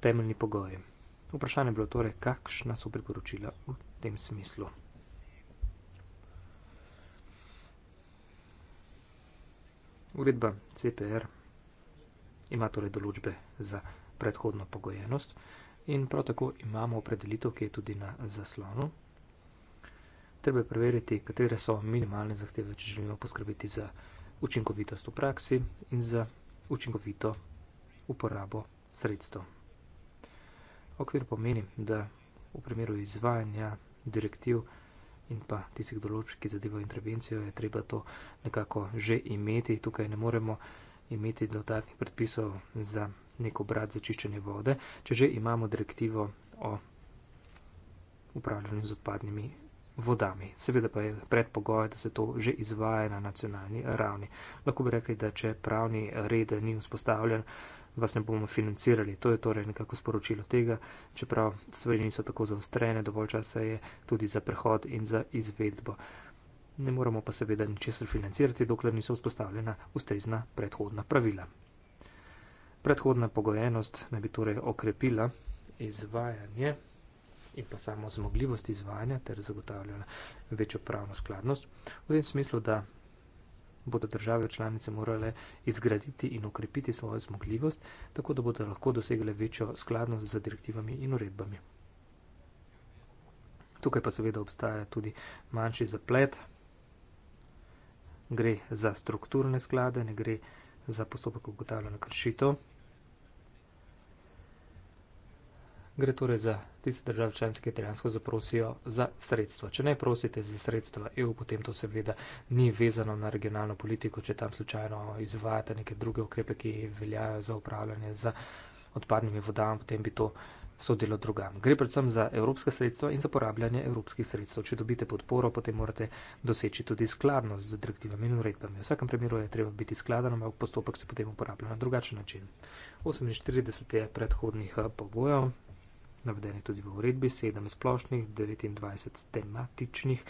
temeljni pogoji. Vprašanje je bilo torej, kakšna so priporočila v tem smislu. Uredba CPR ima torej določbe za predhodno pogojenost in prav tako imamo opredelitev, ki je tudi na zaslonu. Treba je preveriti, katere so minimalne zahteve, če želimo poskrbeti za predhodno pogojenost učinkovitost v praksi in za učinkovito uporabo sredstev. Okvir pomeni, da v primeru izvajanja direktiv in pa tistih določb, ki zadevajo intervencijo, je treba to nekako že imeti. Tukaj ne moremo imeti dodatnih predpisov za neko brat za čiščenje vode, če že imamo direktivo o upravljanju z odpadnimi vodami. Seveda pa je predpogoj, da se to že izvaja na nacionalni ravni. Lahko bi rekli, da če pravni red ni vzpostavljen, vas ne bomo financirali. To je torej nekako sporočilo tega, čeprav stvari niso tako zaostrene, dovolj časa je tudi za prehod in za izvedbo. Ne moramo pa seveda ničesar financirati, dokler niso vzpostavljena ustrezna predhodna pravila. Predhodna pogojenost naj bi torej okrepila izvajanje in pa samo zmogljivost izvajanja ter zagotavljala večjo pravno skladnost, v tem smislu, da bodo države članice morale izgraditi in okrepiti svojo zmogljivost, tako da bodo lahko dosegle večjo skladnost z direktivami in uredbami. Tukaj pa seveda obstaja tudi manjši zaplet. Gre za strukturne sklade, ne gre za postopek ugotavljanja kršitev. Gre torej za tiste države članice, ki dejansko zaprosijo za sredstva. Če ne prosite za sredstva EU, potem to seveda ni vezano na regionalno politiko, če tam slučajno izvajate neke druge ukrepe, ki veljajo za upravljanje z odpadnimi vodami, potem bi to sodelo drugam. Gre predvsem za evropska sredstva in za porabljanje evropskih sredstev. Če dobite podporo, potem morate doseči tudi skladnost z direktivami in uredbami. V vsakem primeru je treba biti skladen, ampak postopek se potem uporablja na drugačen način. 48 je predhodnih eh, pogojev navedenih tudi v uredbi, 7 splošnih, 29 tematičnih,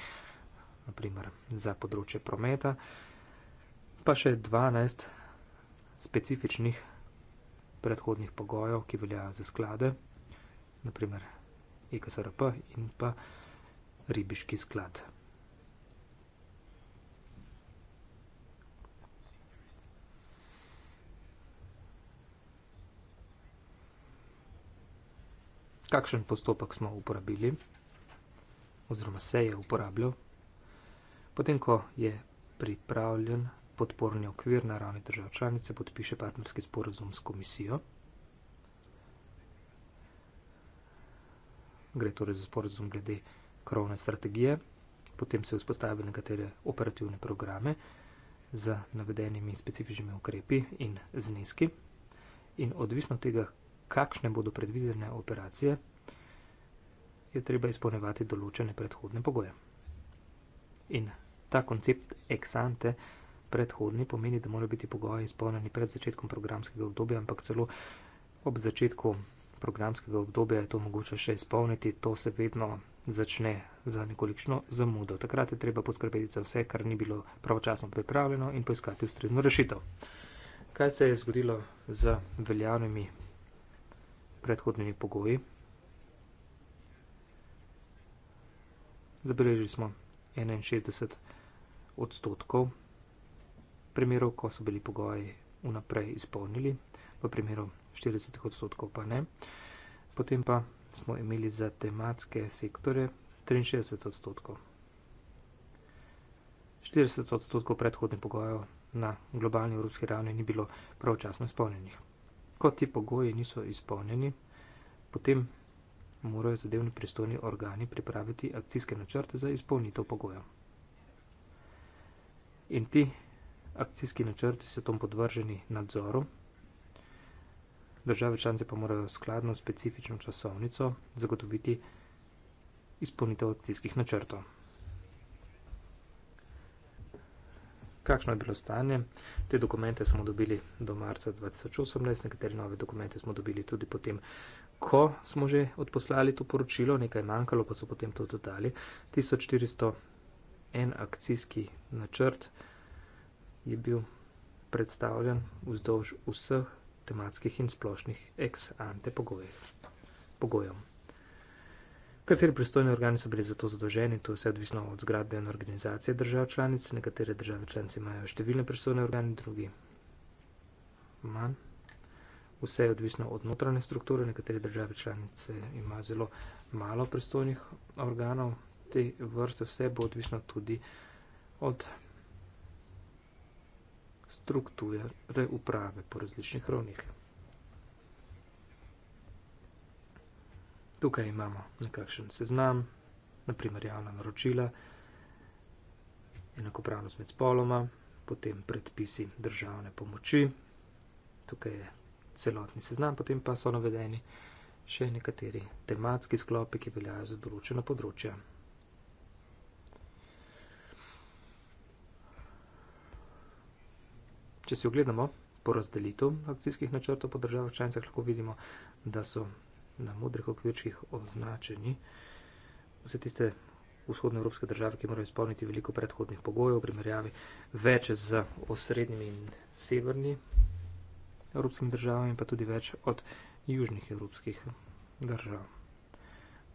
naprimer za področje prometa, pa še 12 specifičnih predhodnih pogojev, ki veljajo za sklade, naprimer EKSRP in pa ribiški sklad. kakšen postopek smo uporabili, oziroma se je uporabljal, potem ko je pripravljen podporni okvir na ravni držav članice, podpiše partnerski sporozum s komisijo. Gre torej za sporozum glede krovne strategije, potem se vzpostavi nekatere operativne programe z navedenimi specifičnimi ukrepi in zneski. In odvisno od tega, kakšne bodo predvidene operacije, je treba izpolnevati določene predhodne pogoje. In ta koncept ex ante predhodni pomeni, da morajo biti pogoji izpolnjeni pred začetkom programskega obdobja, ampak celo ob začetku programskega obdobja je to mogoče še izpolniti, to se vedno začne za nekolikšno zamudo. Takrat je treba poskrbeti za vse, kar ni bilo pravočasno pripravljeno in poiskati ustrezno rešitev. Kaj se je zgodilo z veljavnimi predhodnimi pogoji. Zabeležili smo 61 odstotkov primerov, ko so bili pogoji vnaprej izpolnili, v primeru 40 odstotkov pa ne. Potem pa smo imeli za tematske sektore 63 odstotkov. 40 odstotkov predhodnih pogojev na globalni evropski ravni ni bilo pravočasno izpolnjenih. Ko ti pogoji niso izpolnjeni, potem morajo zadevni pristojni organi pripraviti akcijske načrte za izpolnitev pogojev. In ti akcijski načrti so tam podvrženi nadzoru, države članice pa morajo skladno s specifično časovnico zagotoviti izpolnitev akcijskih načrtov. kakšno je bilo stanje. Te dokumente smo dobili do marca 2018, nekatere nove dokumente smo dobili tudi potem, ko smo že odposlali to poročilo, nekaj manjkalo, pa so potem to dodali. 1401 akcijski načrt je bil predstavljen vzdolž vseh tematskih in splošnih ex ante pogojev. Pogojev. Kateri pristojni organi so bili za to zadolženi, to je vse odvisno od zgradbe in organizacije držav članic. Nekatere države članice imajo številne pristojne organe, drugi manj. Vse je odvisno od notranje strukture. Nekatere države članice imajo zelo malo pristojnih organov te vrste. Vse bo odvisno tudi od strukture uprave po različnih ravnih. Tukaj imamo nekakšen seznam, naprimer javna naročila, enakopravnost med spoloma, potem predpisi državne pomoči, tukaj je celotni seznam, potem pa so navedeni še nekateri tematski sklopi, ki veljajo za določena področja. Če si ogledamo po razdelitu akcijskih načrtov po državah članicah, lahko vidimo, da so na modrih okvirčih označeni. Vse tiste vzhodnoevropske države, ki morajo izpolniti veliko predhodnih pogojev, v primerjavi več z osrednjimi in severnimi evropskimi državami, pa tudi več od južnih evropskih držav.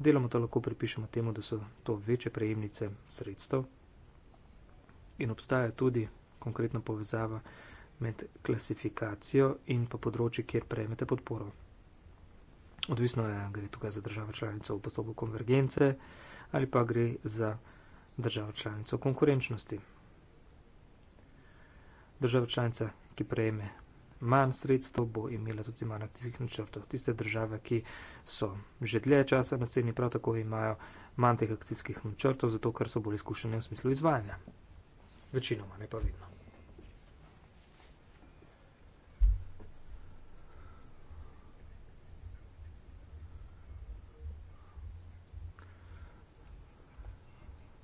Deloma to lahko pripišemo temu, da so to večje prejemnice sredstev in obstaja tudi konkretna povezava med klasifikacijo in pa področji, kjer prejmete podporo. Odvisno je, ja, gre tukaj za državo članico v postopku konvergence ali pa gre za državo članico konkurenčnosti. Država članica, ki prejme manj sredstev, bo imela tudi manj akcijskih načrtov. Tiste države, ki so že dlje časa na ceni, prav tako imajo manj teh akcijskih načrtov, zato ker so bolj izkušene v smislu izvajanja. Večinoma, ne pa vedno.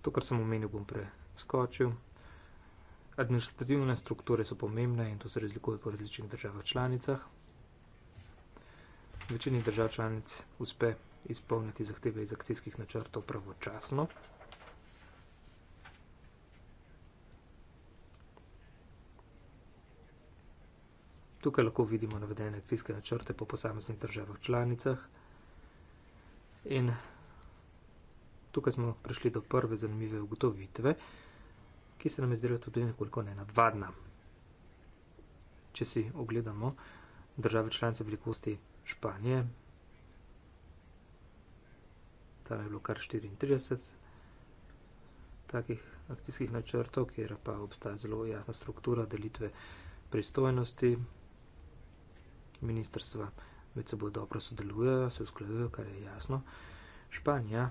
To, kar sem omenil, bom preskočil. Administrativne strukture so pomembne in to se razlikuje po različnih državah članicah. Večini držav članic uspe izpolniti zahteve iz akcijskih načrtov pravočasno. Tukaj lahko vidimo navedene akcijske načrte po posameznih državah članicah in tukaj smo prišli do prve zanimive ugotovitve, ki se nam je zdela tudi nekoliko nenavadna. Če si ogledamo države članice velikosti Španije, tam je bilo kar 34 takih akcijskih načrtov, kjer pa obstaja zelo jasna struktura delitve pristojnosti. Ministrstva med seboj dobro sodelujejo, se usklajujejo, kar je jasno. Španija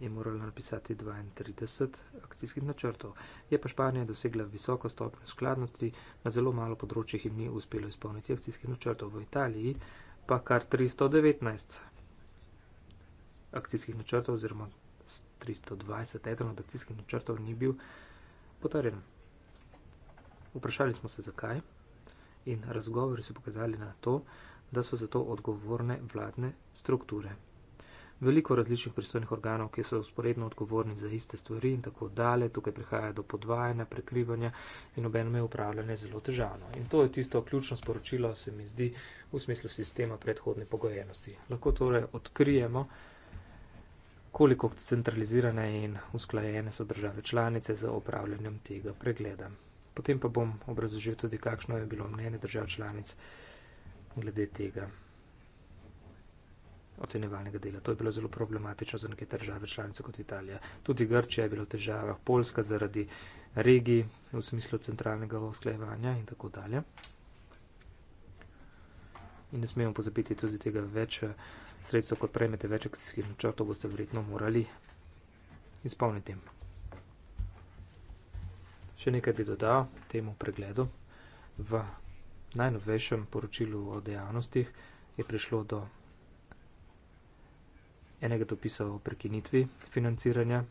je morala napisati 32 akcijskih načrtov. Je pa Španija dosegla visoko stopnjo skladnosti, na zelo malo področjih jim ni uspelo izpolniti akcijskih načrtov. V Italiji pa kar 319 akcijskih načrtov oziroma 320 eden od akcijskih načrtov ni bil potrjen. Vprašali smo se zakaj in razgovori so pokazali na to, da so za to odgovorne vladne strukture veliko različnih pristojnih organov, ki so usporedno odgovorni za iste stvari in tako dalje. Tukaj prihaja do podvajanja, prekrivanja in obenem je upravljanje zelo težavno. In to je tisto ključno sporočilo, se mi zdi, v smislu sistema predhodne pogojenosti. Lahko torej odkrijemo, koliko centralizirane in usklajene so države članice z upravljanjem tega pregleda. Potem pa bom obrazložil tudi, kakšno je bilo mnenje držav članic glede tega ocenevalnega dela. To je bilo zelo problematično za neke države članice kot Italija. Tudi Grčija je bila v težavah, Poljska zaradi regij v smislu centralnega usklajevanja in tako dalje. In ne smemo pozabiti tudi tega več eh, sredstev, kot prejmete več akcijskih načrtov, boste verjetno morali izpolniti. Še nekaj bi dodal temu pregledu. V najnovejšem poročilu o dejavnostih je prišlo do enega dopisa o prekinitvi financiranja.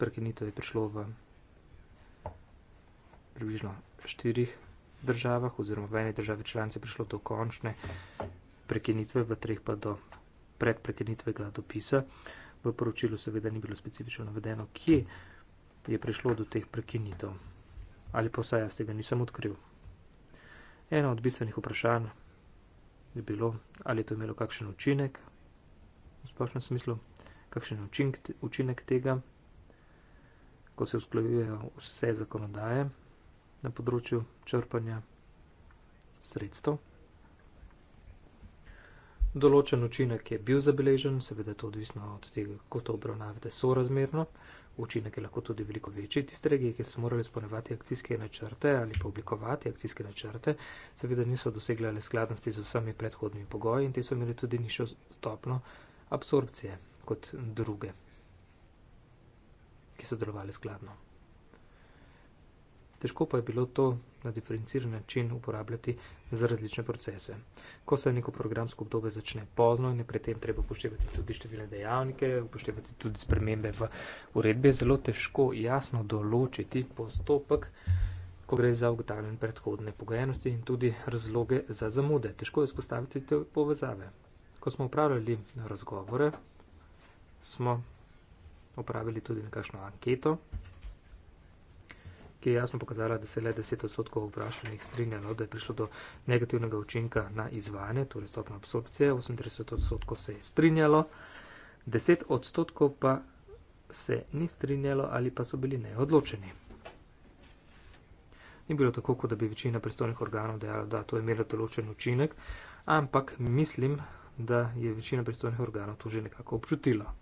Prekinitev je prišlo v približno štirih državah, oziroma v eni državi članici je prišlo do končne prekinitve, v treh pa do predprekinitvega dopisa. V poročilu seveda ni bilo specifično navedeno, kje je prišlo do teh prekinitev. Ali pa vsaj jaz tega nisem odkril. Eno od bistvenih vprašanj je bilo, ali je to imelo kakšen učinek, v splošnem smislu, kakšen učink, učinek tega, ko se usklajujejo vse zakonodaje na področju črpanja sredstev. Določen učinek je bil zabeležen, seveda je to odvisno od tega, kako to obravnavate sorazmerno učinek je lahko tudi veliko večji. Tiste regije, ki so morali spolnevati akcijske načrte ali pa oblikovati akcijske načrte, seveda niso dosegljale skladnosti z vsemi predhodnimi pogoji in te so imeli tudi nišjo stopno absorpcije kot druge, ki so delovali skladno težko pa je bilo to na diferenciran način uporabljati za različne procese. Ko se neko programsko obdobje začne pozno in je pri tem treba upoštevati tudi številne dejavnike, upoštevati tudi spremembe v uredbi, je zelo težko jasno določiti postopek, ko gre za ugotavljanje predhodne pogojenosti in tudi razloge za zamude. Težko je spostaviti te povezave. Ko smo upravljali razgovore, smo upravili tudi nekakšno anketo, ki je jasno pokazala, da se le 10 odstotkov vprašanih strinjalo, no, da je prišlo do negativnega učinka na izvajanje, torej stopno absorpcije, 38 odstotkov se je strinjalo, 10 odstotkov pa se ni strinjalo ali pa so bili neodločeni. Ni bilo tako, kot da bi večina pristojnih organov dejala, da to je imelo določen učinek, ampak mislim, da je večina pristojnih organov to že nekako občutila.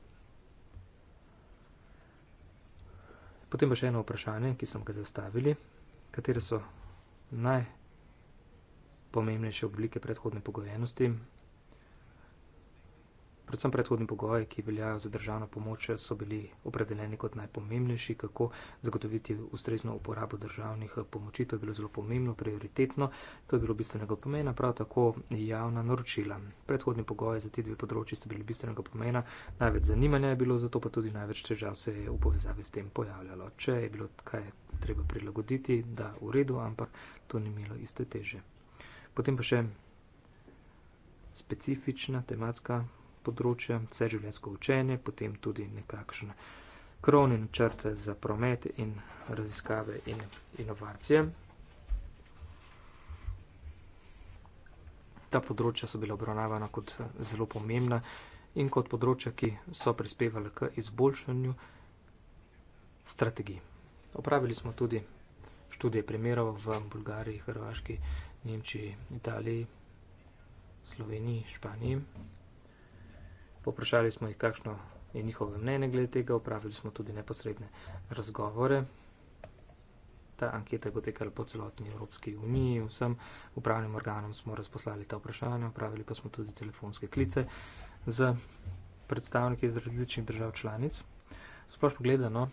Potem pa še eno vprašanje, ki smo ga zastavili, katere so najpomembnejše oblike predhodne pogojenosti, predvsem predhodni pogoji, ki veljajo za državno pomoč, so bili opredeljeni kot najpomembnejši, kako zagotoviti ustrezno uporabo državnih eh, pomoči. To je bilo zelo pomembno, prioritetno, to je bilo bistvenega pomena, prav tako javna naročila. Predhodni pogoji za te dve področji sta bili bistvenega pomena, največ zanimanja je bilo, zato pa tudi največ težav se je v povezavi s tem pojavljalo. Če je bilo kaj treba prilagoditi, da v redu, ampak to ni imelo iste teže. Potem pa še specifična tematska področja, vse življenjsko učenje, potem tudi nekakšne krovne načrte za promet in raziskave in inovacije. Ta področja so bila obravnavana kot zelo pomembna in kot področja, ki so prispevala k izboljšanju strategij. Opravili smo tudi študije primerov v Bulgariji, Hrvaški, Nemčiji, Italiji, Sloveniji, Španiji. Poprašali smo jih, kakšno je njihovo mnenje glede tega, upravili smo tudi neposredne razgovore. Ta anketa je potekala po celotni Evropski uniji, vsem upravnim organom smo razposlali ta vprašanja, upravili pa smo tudi telefonske klice z predstavniki iz različnih držav članic. Splošno gledano,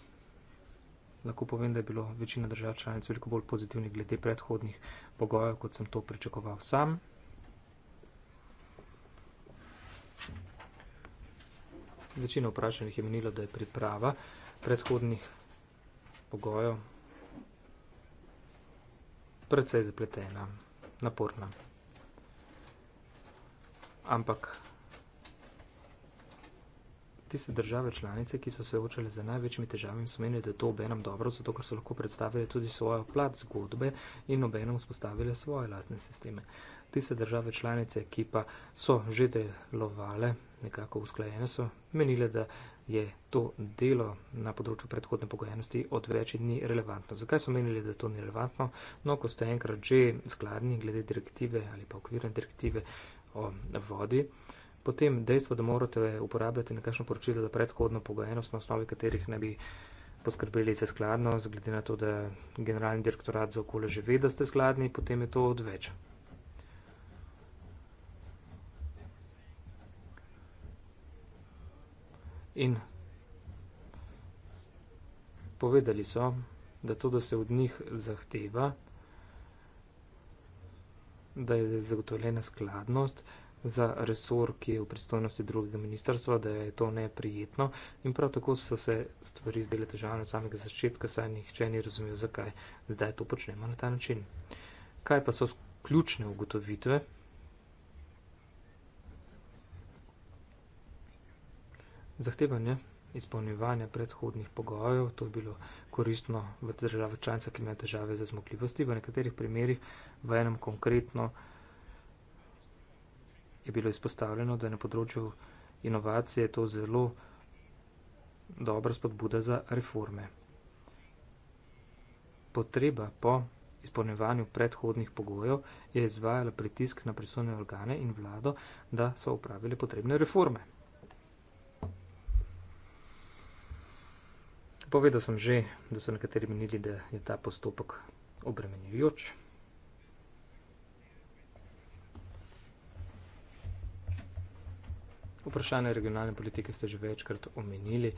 lahko povem, da je bilo večina držav članic veliko bolj pozitivnih glede predhodnih pogojev, kot sem to pričakoval sam. Večina vprašanih je menila, da je priprava predhodnih pogojev precej zapletena, naporna. Ampak tiste države članice, ki so se očele za največjimi težavami, so menili, da je to obenem dobro, zato ker so lahko predstavili tudi svojo plat zgodbe in obenem vzpostavili svoje lastne sisteme. Tiste države članice, ki pa so že delovale nekako usklajene so, menile, da je to delo na področju predhodne pogojenosti odveč in ni relevantno. Zakaj so menili, da to ni relevantno? No, ko ste enkrat že skladni glede direktive ali pa okvirne direktive o vodi, potem dejstvo, da morate uporabljati nekakšno poročilo za predhodno pogojenost, na osnovi katerih ne bi poskrbeli za skladnost, glede na to, da generalni direktorat za okolje že ve, da ste skladni, potem je to odveč. In povedali so, da to, da se od njih zahteva, da je zagotovljena skladnost za resor, ki je v pristojnosti drugega ministrstva, da je to neprijetno. In prav tako so se stvari zdele težavne od samega začetka, saj nihče ni razumel, zakaj zdaj to počnemo na ta način. Kaj pa so ključne ugotovitve? zahtevanje izpolnjevanja predhodnih pogojev. To je bilo koristno v državah članica, ki imajo težave za zmogljivosti. V nekaterih primerjih, v enem konkretno, je bilo izpostavljeno, da je na področju inovacije to zelo dobra spodbuda za reforme. Potreba po izpolnjevanju predhodnih pogojev je izvajala pritisk na prisotne organe in vlado, da so upravili potrebne reforme. povedal sem že, da so nekateri menili, da je ta postopek obremenjujoč. Vprašanje regionalne politike ste že večkrat omenili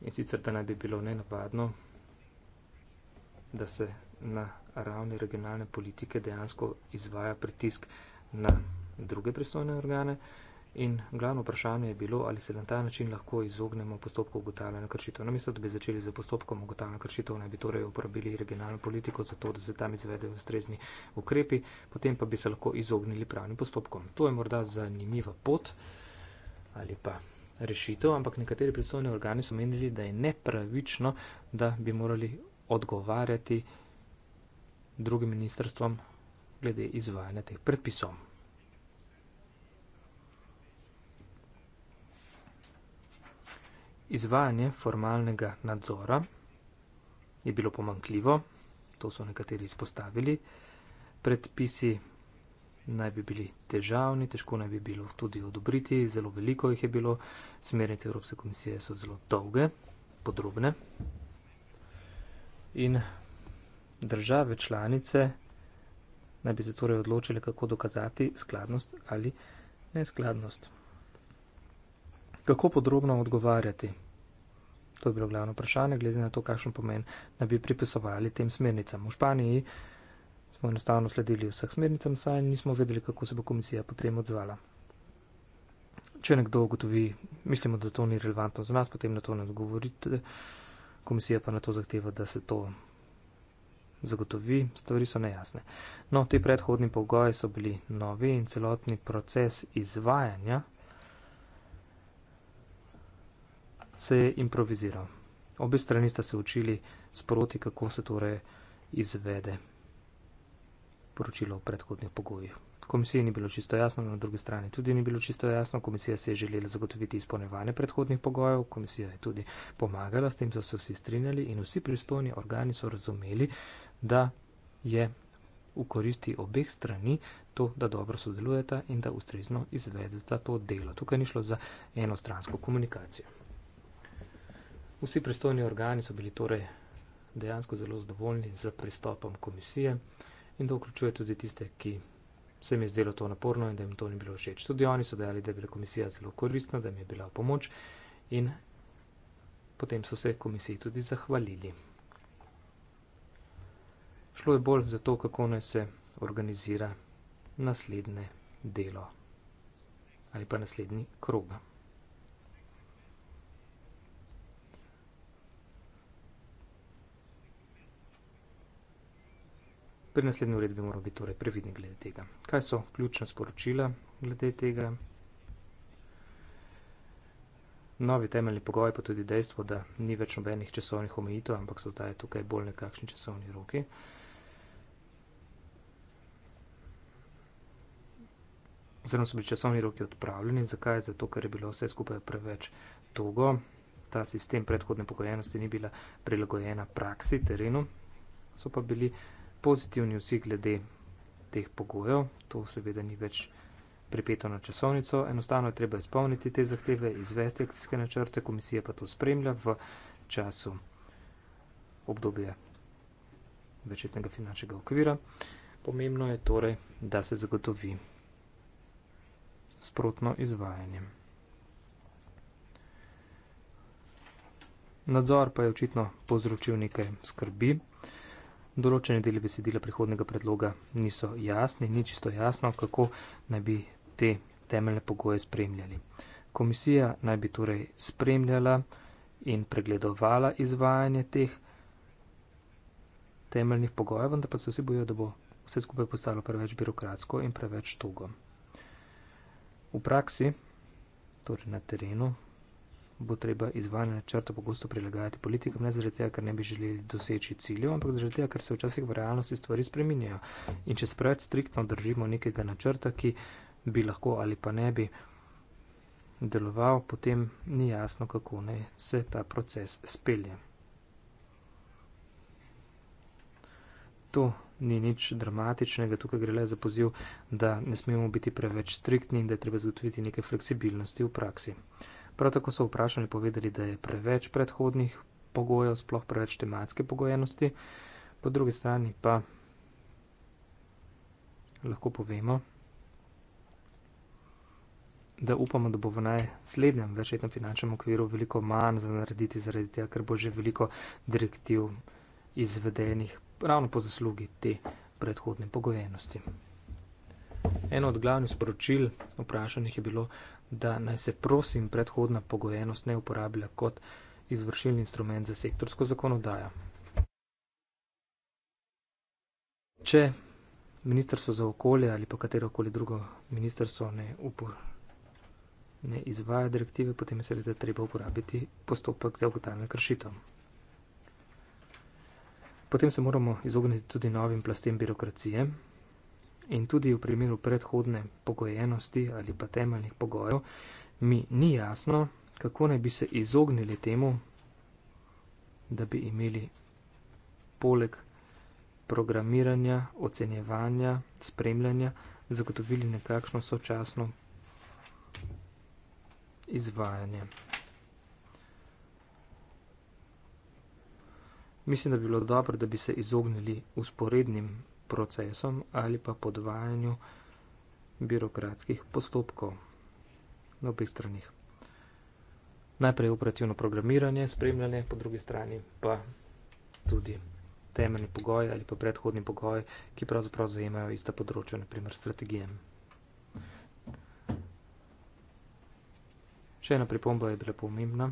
in sicer, da naj bi bilo nenavadno, da se na ravni regionalne politike dejansko izvaja pritisk na druge pristojne organe. In glavno vprašanje je bilo, ali se na ta način lahko izognemo postopku ugotavljanja kršitev. Namesto, da bi začeli z postopkom ugotavljanja kršitev, naj bi torej uporabili regionalno politiko za to, da se tam izvedejo ustrezni ukrepi, potem pa bi se lahko izognili pravnim postopkom. To je morda zanimiva pot ali pa rešitev, ampak nekateri pristojni organi so menili, da je nepravično, da bi morali odgovarjati drugim ministrstvom glede izvajanja teh predpisov. Izvajanje formalnega nadzora je bilo pomankljivo, to so nekateri izpostavili. Predpisi naj bi bili težavni, težko naj bi bilo tudi odobriti, zelo veliko jih je bilo. Smernice Evropske komisije so zelo dolge, podrobne. In države članice naj bi se torej odločile, kako dokazati skladnost ali neskladnost. Kako podrobno odgovarjati To je bilo glavno vprašanje, glede na to, kakšen pomen naj bi pripisovali tem smernicam. V Španiji smo enostavno sledili vseh smernicam, saj nismo vedeli, kako se bo komisija potem odzvala. Če nekdo ugotovi, mislimo, da to ni relevantno za nas, potem na to ne odgovorite, komisija pa na to zahteva, da se to zagotovi, stvari so nejasne. No, ti predhodni pogoji so bili novi in celotni proces izvajanja se je improviziral. Obe strani sta se učili sproti, kako se torej izvede poročilo v predhodnih pogojih. Komisiji ni bilo čisto jasno, na drugi strani tudi ni bilo čisto jasno, komisija se je želela zagotoviti izpolnevanje predhodnih pogojev, komisija je tudi pomagala, s tem so se vsi strinjali in vsi pristojni organi so razumeli, da je v koristi obeh strani to, da dobro sodelujeta in da ustrezno izvedeta to delo. Tukaj ni šlo za enostransko komunikacijo. Vsi pristojni organi so bili torej dejansko zelo zadovoljni z pristopom komisije in da vključuje tudi tiste, ki se jim je zdelo to naporno in da jim to ni bilo všeč. Tudi oni so dejali, da je bila komisija zelo koristna, da jim je bila pomoč in potem so se komisiji tudi zahvalili. Šlo je bolj za to, kako naj se organizira naslednje delo ali pa naslednji krog. Pri naslednji uredbi moramo biti torej previdni glede tega. Kaj so ključna sporočila glede tega? Novi temeljni pogoj pa tudi dejstvo, da ni več nobenih časovnih omejitev, ampak so zdaj tukaj bolj nekakšni časovni roki. Oziroma so bili časovni roki odpravljeni. Zakaj? Zato, ker je bilo vse skupaj preveč togo. Ta sistem predhodne pogojenosti ni bila prilagojena praksi, terenu. So pa bili pozitivni vsi glede teh pogojev, to seveda ni več pripeto na časovnico, enostavno je treba izpolniti te zahteve, izvesti akcijske načrte, komisija pa to spremlja v času obdobja večetnega finančnega okvira. Pomembno je torej, da se zagotovi sprotno izvajanje. Nadzor pa je očitno povzročil nekaj skrbi. Določene dele besedila prihodnega predloga niso jasne, ni čisto jasno, kako naj bi te temeljne pogoje spremljali. Komisija naj bi torej spremljala in pregledovala izvajanje teh temeljnih pogojev, vendar pa se vsi bojijo, da bo vse skupaj postalo preveč birokratsko in preveč togo. V praksi, torej na terenu, bo treba izvajanje načrta pogosto prilagajati politikom, ne zaradi tega, ker ne bi želeli doseči ciljev, ampak zaradi tega, ker se včasih v realnosti stvari spreminjajo. In če spred striktno držimo nekega načrta, ki bi lahko ali pa ne bi deloval, potem ni jasno, kako naj se ta proces spelje. To ni nič dramatičnega, tukaj gre le za poziv, da ne smemo biti preveč striktni in da je treba zagotoviti nekaj fleksibilnosti v praksi. Prav tako so vprašanje povedali, da je preveč predhodnih pogojev, sploh preveč tematske pogojenosti, po drugi strani pa lahko povemo, da upamo, da bo v najslednjem večletnem finančnem okviru veliko manj za narediti, zaradi tega, ker bo že veliko direktiv izvedenih ravno po zaslugi te predhodne pogojenosti. Eno od glavnih sporočil vprašanih je bilo, da naj se prosim predhodna pogojenost ne uporablja kot izvršilni instrument za sektorsko zakonodajo. Če Ministrstvo za okolje ali pa katerokoli drugo ministrstvo ne, upor, ne izvaja direktive, potem je seveda treba uporabiti postopek za ugotavljanje kršitev. Potem se moramo izogniti tudi novim plastem birokracije, in tudi v primeru predhodne pogojenosti ali pa temeljnih pogojev, mi ni jasno, kako naj bi se izognili temu, da bi imeli poleg programiranja, ocenjevanja, spremljanja, zagotovili nekakšno sočasno izvajanje. Mislim, da bi bilo dobro, da bi se izognili usporednim procesom ali pa podvajanju birokratskih postopkov na obih stranih. Najprej operativno programiranje, spremljanje, po drugi strani pa tudi temeljni pogoji ali pa predhodni pogoji, ki pravzaprav zajemajo ista področja, naprimer strategije. Še ena pripomba je bila pomembna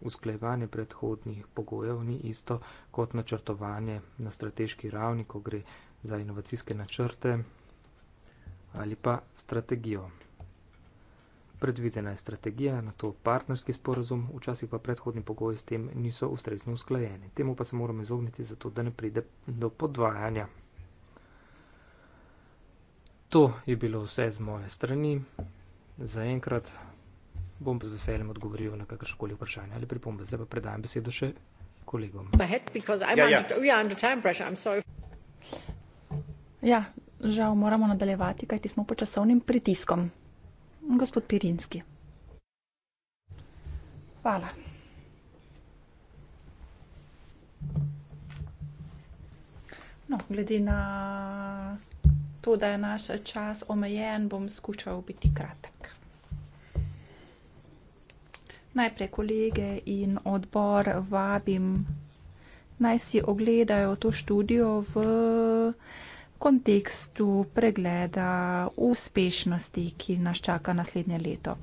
usklajevanje predhodnih pogojev ni isto kot načrtovanje na strateški ravni, ko gre za inovacijske načrte ali pa strategijo. Predvidena je strategija, na to partnerski sporazum, včasih pa predhodni pogoji s tem niso ustrezno usklajeni. Temu pa se moramo izogniti, zato da ne pride do podvajanja. To je bilo vse z moje strani. Zaenkrat bom z veseljem odgovoril na kakršnokoli vprašanje ali pripombe. Zdaj pa predajam besedo še kolegom. Ja, ja. ja, žal moramo nadaljevati, kajti smo pod časovnim pritiskom. Gospod Pirinski. Hvala. No, glede na to, da je naš čas omejen, bom skušal biti kratek najprej kolege in odbor vabim, naj si ogledajo to študijo v kontekstu pregleda uspešnosti, ki nas čaka naslednje leto.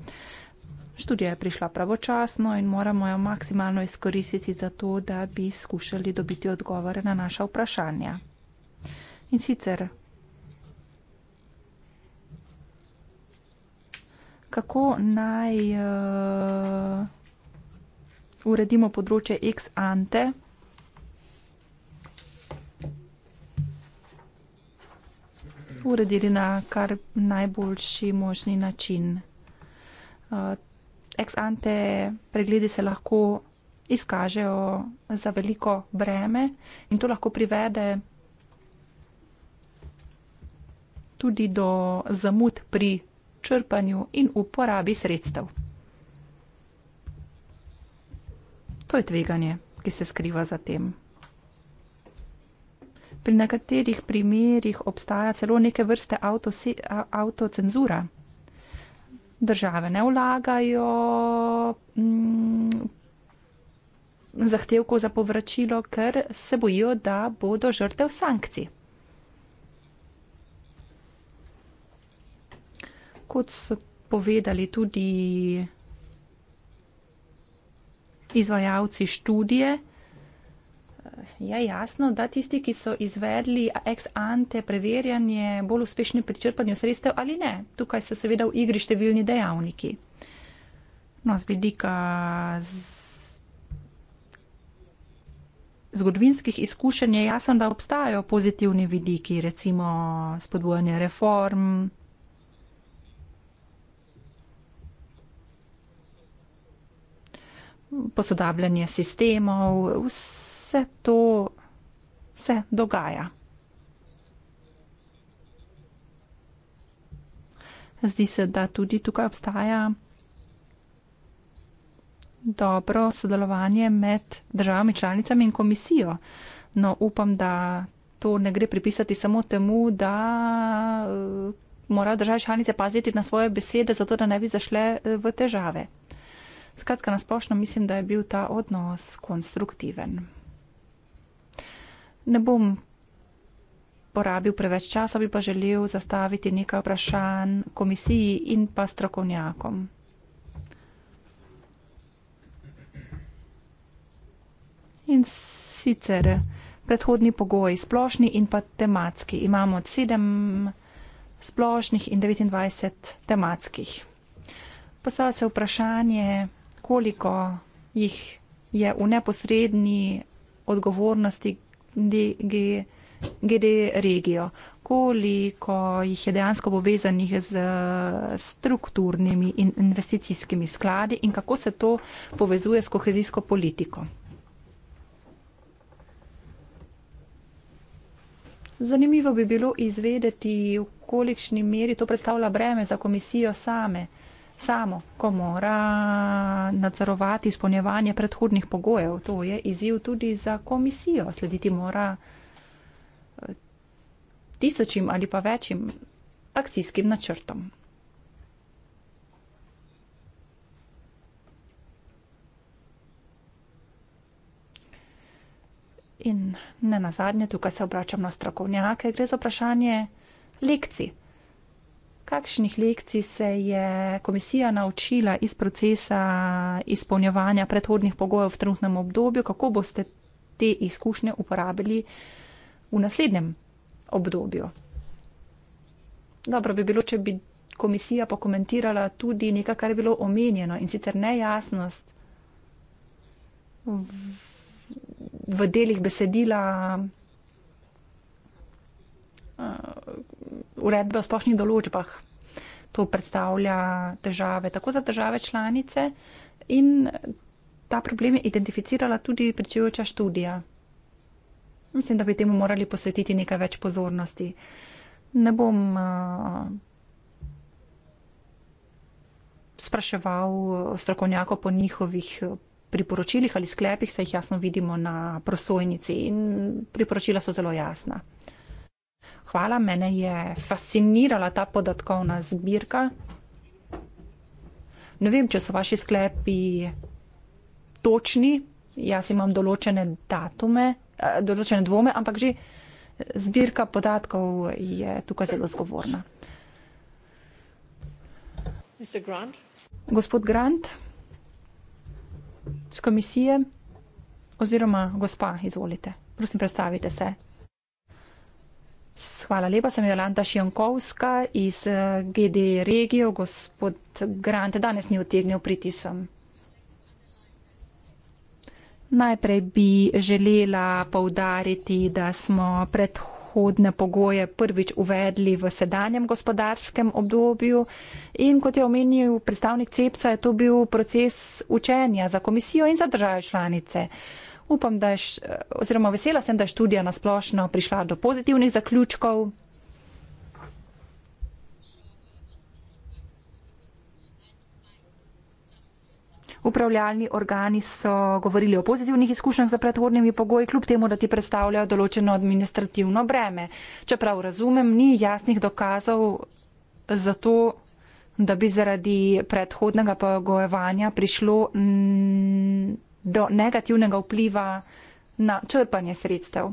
Študija je prišla pravočasno in moramo jo maksimalno izkoristiti za to, da bi skušali dobiti odgovore na naša vprašanja. In sicer kako naj uh, uredimo področje ex ante. Uredili na kar najboljši možni način. Uh, ex ante pregledi se lahko izkažejo za veliko breme in to lahko privede tudi do zamud pri črpanju in uporabi sredstev. To je tveganje, ki se skriva za tem. Pri nekaterih primerjih obstaja celo neke vrste avtocenzura. Države ne vlagajo mm, zahtevkov za povračilo, ker se bojijo, da bodo žrtev sankcij. kot so povedali tudi izvajalci študije, je jasno, da tisti, ki so izvedli ex ante preverjanje, bolj uspešni pri črpanju sredstev ali ne. Tukaj so seveda v igri številni dejavniki. No, z vidika zgodovinskih izkušenj je jasno, da obstajajo pozitivni vidiki, recimo spodbujanje reform, posodabljanje sistemov, vse to se dogaja. Zdi se, da tudi tukaj obstaja dobro sodelovanje med državami članicami in komisijo. No, upam, da to ne gre pripisati samo temu, da eh, morajo države članice paziti na svoje besede, zato da ne bi zašle eh, v težave. Skratka, na splošno mislim, da je bil ta odnos konstruktiven. Ne bom porabil preveč časa, bi pa želel zastaviti nekaj vprašanj komisiji in pa strokovnjakom. In sicer predhodni pogoji, splošni in pa tematski. Imamo od sedem splošnih in 29 tematskih. Postavlja se vprašanje, koliko jih je v neposredni odgovornosti glede regijo, koliko jih je dejansko povezanih z eh, strukturnimi in investicijskimi skladi in kako se to povezuje s kohezijsko politiko. Zanimivo bi bilo izvedeti, v kolikšni meri to predstavlja breme za komisijo same samo ko mora nadzorovati izpolnjevanje predhodnih pogojev. To je izziv tudi za komisijo. Slediti mora eh, tisočim ali pa večjim akcijskim načrtom. In ne nazadnje, tukaj se obračam na strokovnjake, gre za vprašanje lekcij. Kakšnih lekcij se je komisija naučila iz procesa izpolnjevanja predhodnih pogojev v trenutnem obdobju, kako boste te izkušnje uporabili v naslednjem obdobju? Dobro bi bilo, če bi komisija pokomentirala tudi nekaj, kar je bilo omenjeno in sicer nejasnost v, v delih besedila Eh, uredbe o splošnih določbah. To predstavlja težave tako za države članice in ta problem je identificirala tudi pričujoča študija. Mislim, da bi temu morali posvetiti nekaj več pozornosti. Ne bom uh, spraševal strokovnjako po njihovih eh, priporočilih ali sklepih, saj jih jasno vidimo na prosojnici in priporočila so zelo jasna hvala, mene je fascinirala ta podatkovna zbirka. Ne vem, če so vaši sklepi točni, jaz imam določene datume, eh, določene dvome, ampak že zbirka podatkov je tukaj zelo zgovorna. Grant. Gospod Grant z komisije oziroma gospa, izvolite. Prosim, predstavite se. Hvala lepa, sem Jolanta Šionkovska iz eh, GD regijo. Gospod Grant danes ni utegnil priti sem. Najprej bi želela povdariti, da smo predhodne pogoje prvič uvedli v sedanjem gospodarskem obdobju in kot je omenil predstavnik CEPSA, je to bil proces učenja za komisijo in za države članice. Uh, upam, da je, oziroma vesela sem, da je študija nasplošno prišla do pozitivnih zaključkov. Upravljalni organi so govorili o pozitivnih izkušnjah za predhodnimi pogoji, kljub temu, da ti predstavljajo določeno administrativno breme. Čeprav razumem, ni jasnih dokazov za to, da bi zaradi predhodnega pogojevanja prišlo. Mm, do negativnega vpliva na črpanje sredstev?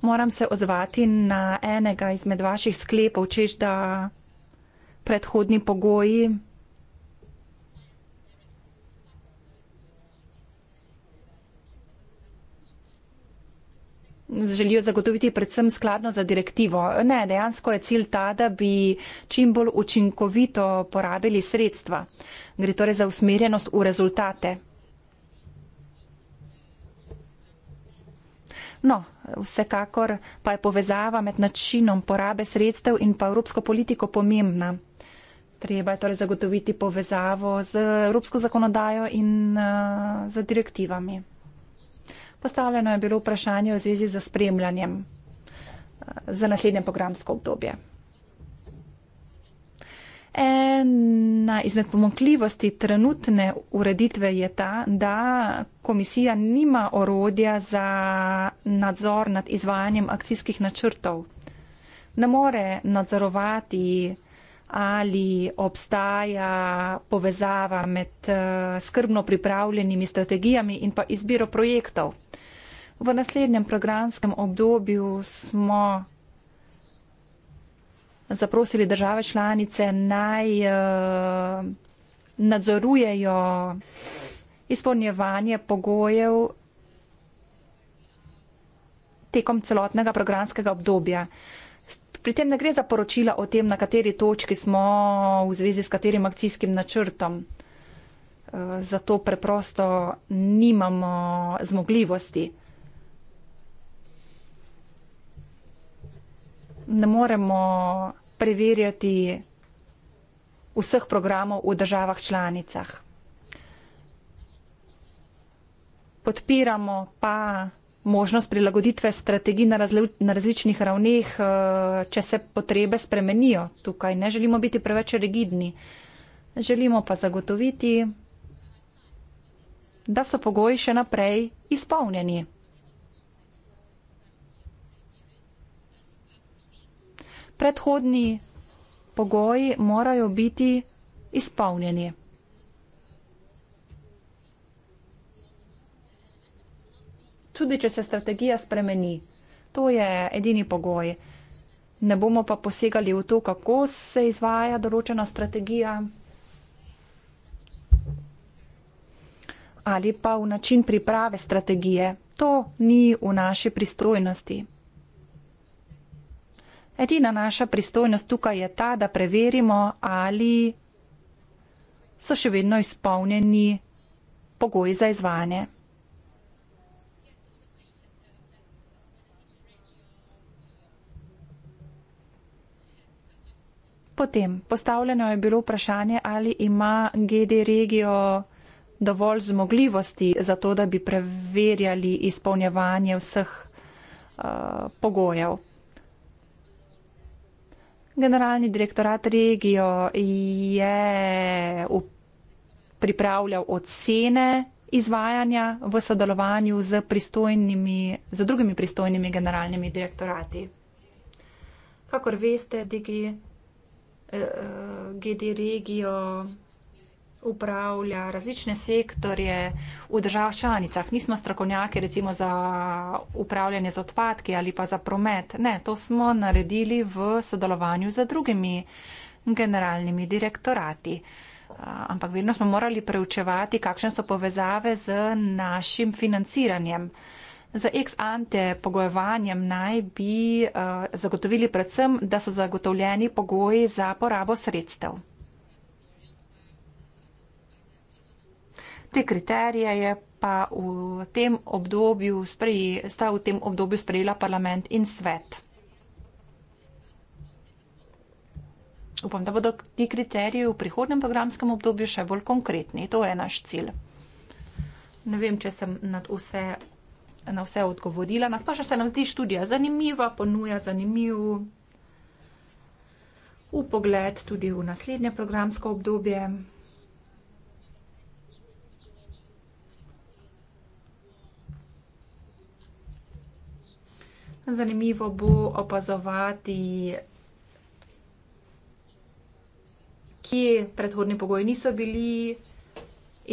Moram se odzvati na enega izmed vaših sklepov, češ da predhodni pogoji želijo zagotoviti predvsem skladno za direktivo. Ne, dejansko je cilj ta, da bi čim bolj učinkovito porabili sredstva. Gre torej za usmerjenost v rezultate. No, vsekakor pa je povezava med načinom porabe sredstev in pa evropsko politiko pomembna. Treba je torej zagotoviti povezavo z evropsko zakonodajo in uh, z direktivami. Postavljeno je bilo vprašanje v zvezi z spremljanjem eh, za naslednje programsko obdobje. Ena izmed pomankljivosti trenutne ureditve je ta, da komisija nima orodja za nadzor nad izvajanjem akcijskih načrtov. Ne more nadzorovati ali obstaja povezava med eh, skrbno pripravljenimi strategijami in pa izbiro projektov. V naslednjem programskem obdobju smo zaprosili države članice naj eh, nadzorujejo izpolnjevanje pogojev tekom celotnega programskega obdobja. Pri tem ne gre za poročila o tem, na kateri točki smo v zvezi s katerim akcijskim načrtom. Eh, zato preprosto nimamo zmogljivosti. Ne moremo preverjati vseh programov v državah članicah. Podpiramo pa možnost prilagoditve strategij na, razli na različnih ravneh, eh, če se potrebe spremenijo tukaj. Ne želimo biti preveč rigidni, želimo pa zagotoviti, da so pogoji še naprej izpolnjeni. Predhodni pogoji morajo biti izpolnjeni. tudi če se strategija spremeni. To je edini pogoj. Ne bomo pa posegali v to, kako se izvaja določena strategija ali pa v način priprave strategije. To ni v naši pristojnosti. Edina naša pristojnost tukaj je ta, da preverimo, ali so še vedno izpolnjeni pogoji za izvajanje. potem postavljeno je bilo vprašanje, ali ima GD regijo dovolj zmogljivosti za to, da bi preverjali izpolnjevanje vseh uh, pogojev. Generalni direktorat regijo je pripravljal ocene izvajanja v sodelovanju z, z drugimi pristojnimi generalnimi direktorati. Kakor veste, DG Eh, GD regijo upravlja različne sektorje v državah članicah. Nismo strokovnjaki recimo za upravljanje z odpadki ali pa za promet. Ne, to smo naredili v sodelovanju z drugimi generalnimi direktorati. Eh, ampak vedno smo morali preučevati, kakšne so povezave z našim financiranjem. Z ex ante pogojevanjem naj bi uh, zagotovili predvsem, da so zagotovljeni pogoji za porabo sredstev. Te kriterije je pa v tem obdobju, sprej, sta v tem obdobju sprejela parlament in svet. Upam, da bodo ti kriteriji v prihodnem programskem obdobju še bolj konkretni. To je naš cilj. Ne vem, če sem nad vse na vse odgovorila. Nas pa še se nam zdi študija zanimiva, ponuja zanimiv upogled tudi v naslednje programsko obdobje. Zanimivo bo opazovati, kje predhodni pogoji niso bili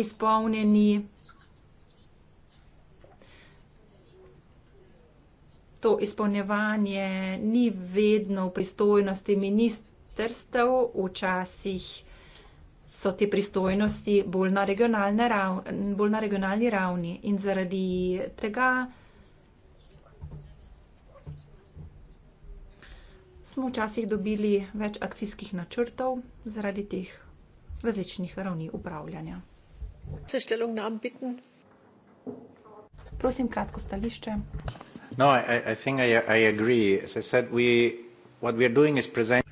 izpolnjeni. to izpolnjevanje ni vedno v pristojnosti ministrstev, včasih so te pristojnosti bolj na, ravni, bolj na regionalni ravni in zaradi tega smo včasih dobili več akcijskih načrtov zaradi teh različnih ravni upravljanja. Prosim, kratko stališče. No, I, I think I, I agree. As I said, we, what we are doing is present.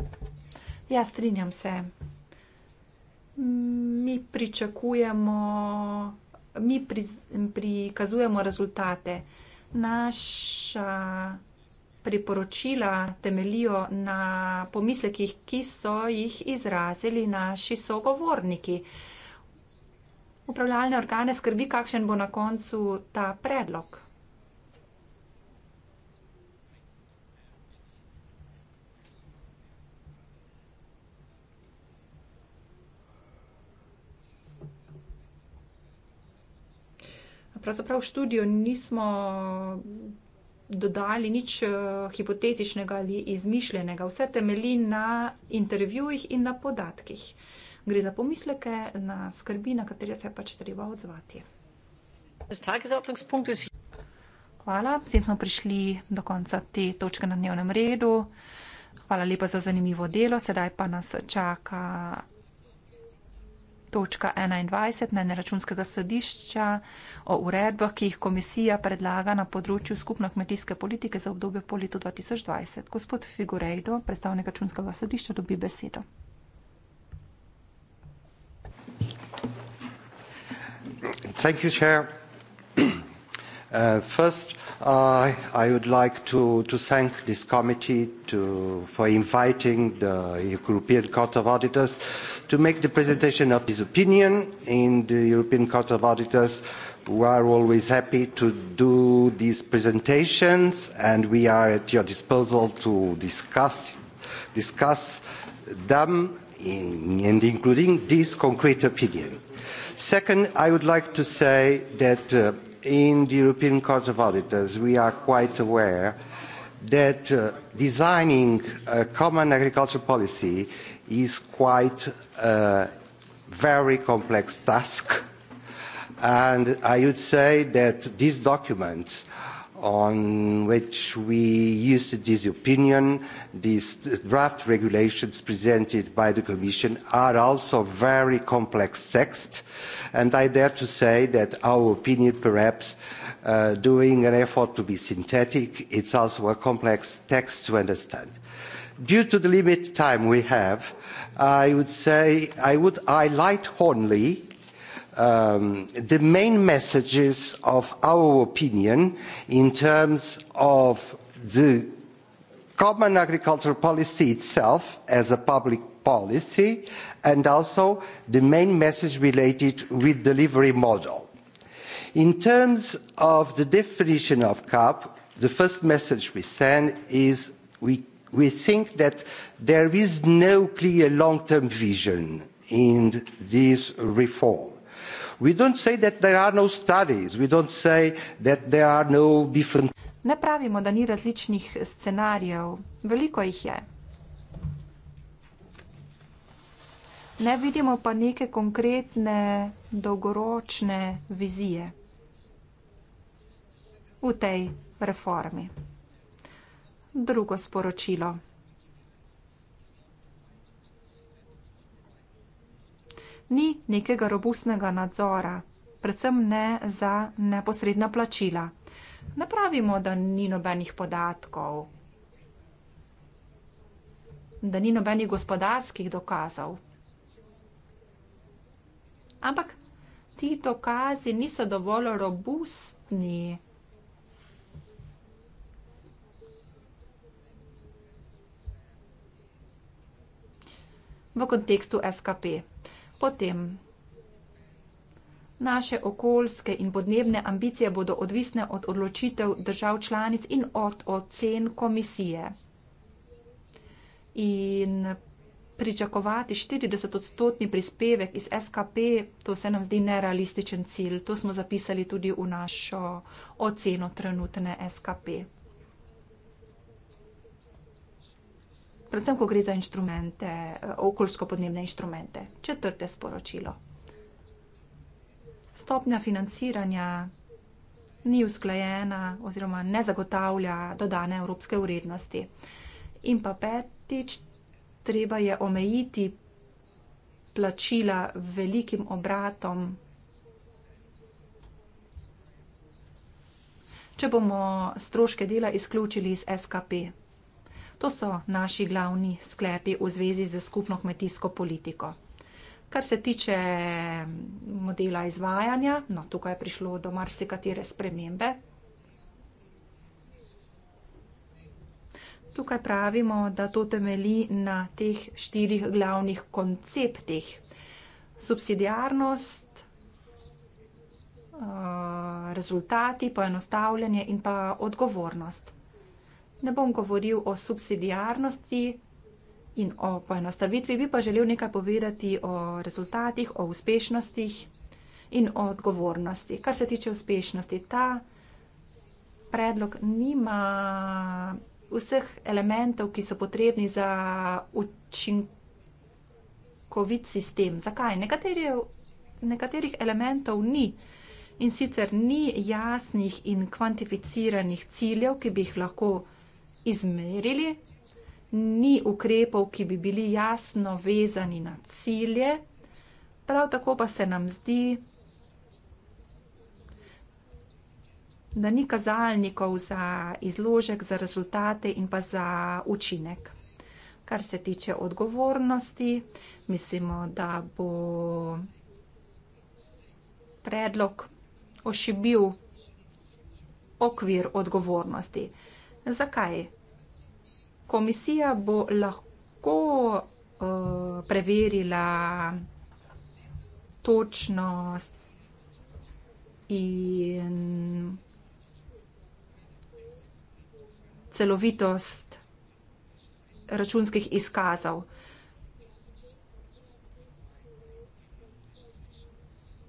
Ja, strinjam se. Mi pričakujemo, mi pri, prikazujemo rezultate. Naša priporočila temelijo na pomislekih, ki so jih izrazili naši sogovorniki. Upravljalne organe skrbi, kakšen bo na koncu ta predlog. pravzaprav v študijo nismo dodali nič eh, hipotetičnega ali izmišljenega. Vse temeli na intervjujih in na podatkih. Gre za pomisleke, na skrbi, na katere se pač treba odzvati. Hvala, s tem smo prišli do konca te točke na dnevnem redu. Hvala lepa za zanimivo delo, sedaj pa nas čaka točka 21 mene računskega sodišča o uredbah, ki jih komisija predlaga na področju skupno kmetijske politike za obdobje po letu 2020. Gospod Figurejdo, predstavnik računskega sodišča, dobi besedo. Thank you, Chair. Uh, first, uh, Uh, I would like to, to thank this committee to, for inviting the European Court of Auditors to make the presentation of this opinion in the European Court of Auditors. We are always happy to do these presentations and we are at your disposal to discuss, discuss them in, and including this concrete opinion. Second, I would like to say that uh, in the European Court of Auditors, we are quite aware that uh, designing a common agricultural policy is quite a very complex task. And I would say that these documents uh, on which we used this opinion. These draft regulations presented by the Commission are also very complex texts, and I dare to say that our opinion perhaps uh, doing an effort to be synthetic, it's also a complex text to understand. Due to the limited time we have, I would say I would highlight only um, the main messages of our opinion in terms of the common agricultural policy itself as a public policy and also the main message related with delivery model. In terms of the definition of CAP, the first message we send is we, we think that there is no clear long-term vision in this reform. We don't say that there are no studies. We don't say that there are no different. Ne pravimo, da ni različnih scenarijev. Veliko jih je. Ne vidimo pa neke konkretne dolgoročne vizije v tej reformi. Drugo sporočilo. ni nekega robustnega nadzora, predvsem ne za neposredna plačila. Ne pravimo, da ni nobenih podatkov, da ni nobenih gospodarskih dokazov. Ampak ti dokazi niso dovolj robustni. V kontekstu SKP potem. Naše okoljske in podnebne ambicije bodo odvisne od odločitev držav članic in od ocen komisije. In pričakovati 40 odstotni prispevek iz SKP, to se nam zdi nerealističen cilj. To smo zapisali tudi v našo oceno trenutne SKP. predvsem, ko gre za inštrumente, eh, okoljsko-podnebne inštrumente. Četrte sporočilo. Stopnja financiranja ni usklajena oziroma ne zagotavlja dodane evropske urednosti. In pa petič, treba je omejiti plačila velikim obratom. Če bomo stroške dela izključili iz SKP. To so naši glavni sklepi v zvezi z skupno kmetijsko politiko. Kar se tiče modela izvajanja, no, tukaj je prišlo do marsikatere spremembe. Tukaj pravimo, da to temeli na teh štirih glavnih konceptih. Subsidijarnost, eh, rezultati, poenostavljanje in pa odgovornost ne bom govoril o subsidijarnosti in o poenostavitvi, bi pa želel nekaj povedati o rezultatih, o uspešnostih in o odgovornosti. Kar se tiče uspešnosti, ta predlog nima vseh elementov, ki so potrebni za učinkovit sistem. Zakaj? Nekateri, nekaterih elementov ni. In sicer ni jasnih in kvantificiranih ciljev, ki bi jih lahko izmerili, ni ukrepov, ki bi bili jasno vezani na cilje, prav tako pa se nam zdi, da ni kazalnikov za izložek, za rezultate in pa za učinek. Kar se tiče odgovornosti, mislimo, da bo predlog ošibil okvir odgovornosti. Zakaj? Komisija bo lahko uh, preverila točnost in celovitost računskih izkazov.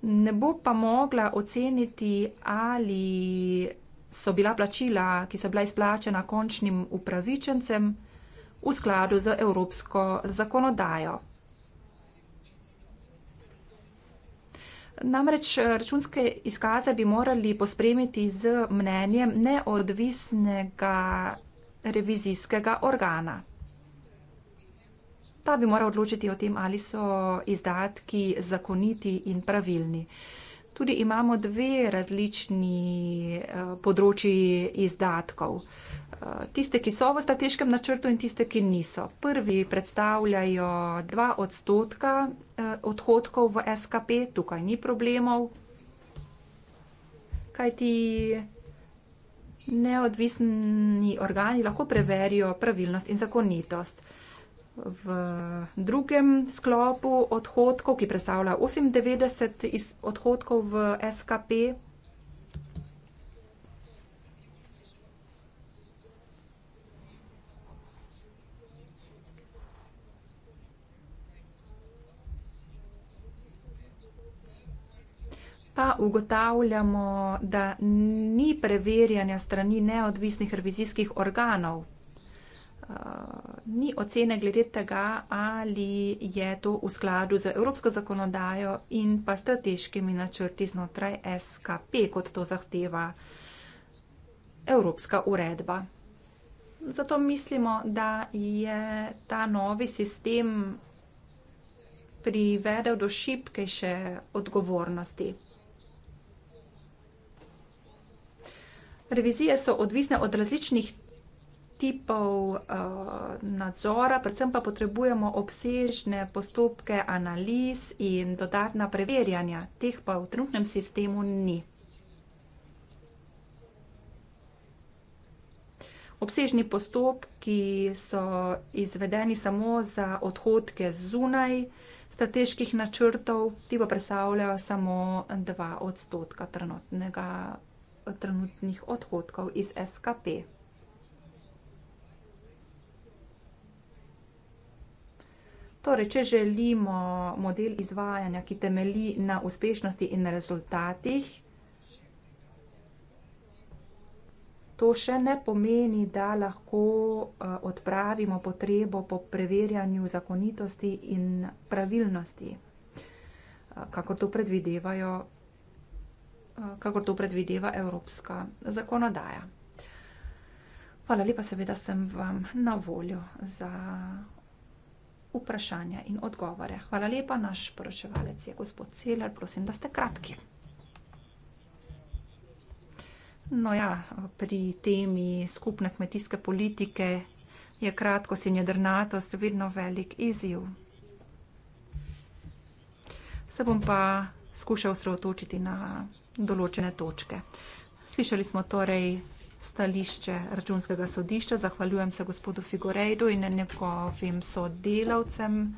Ne bo pa mogla oceniti, ali so bila plačila, ki so bila izplačena končnim upravičencem, v skladu z evropsko zakonodajo. Namreč računske izkaze bi morali pospremiti z mnenjem neodvisnega revizijskega organa. Ta bi moral odločiti o tem, ali so izdatki zakoniti in pravilni tudi imamo dve različni eh, področji izdatkov. Eh, tiste, ki so v strateškem načrtu in tiste, ki niso. Prvi predstavljajo dva odstotka eh, odhodkov v SKP, tukaj ni problemov, kaj ti neodvisni organi lahko preverijo pravilnost in zakonitost v drugem sklopu odhodkov, ki predstavlja 98 odhodkov v SKP. Pa ugotavljamo, da ni preverjanja strani neodvisnih revizijskih organov Eh, ni ocene glede tega, ali je to v skladu z evropsko zakonodajo in pa strateškimi načrti znotraj SKP, kot to zahteva evropska uredba. Zato mislimo, da je ta novi sistem privedel do šipkejše odgovornosti. Revizije so odvisne od različnih tipov eh, nadzora, predvsem pa potrebujemo obsežne postopke analiz in dodatna preverjanja, teh pa v trenutnem sistemu ni. Obsežni postopki so izvedeni samo za odhodke zunaj strateških načrtov, ti pa predstavljajo samo 2 odstotka trenutnih odhodkov iz SKP. Torej, če želimo model izvajanja, ki temelji na uspešnosti in rezultatih, to še ne pomeni, da lahko eh, odpravimo potrebo po preverjanju zakonitosti in pravilnosti, eh, kako to predvidevajo eh, kakor to predvideva evropska zakonodaja. Hvala lepa, seveda sem vam na voljo za vprašanja in odgovore. Hvala lepa, naš poročevalec je gospod Celer, prosim, da ste kratki. No ja, pri temi skupne kmetijske politike je kratkost in jedrnatost vedno velik izziv. Se bom pa skušal osredotočiti na določene točke. Slišali smo torej stališče računskega sodišča. Zahvaljujem se gospodu Figorejdu in njegovim sodelavcem.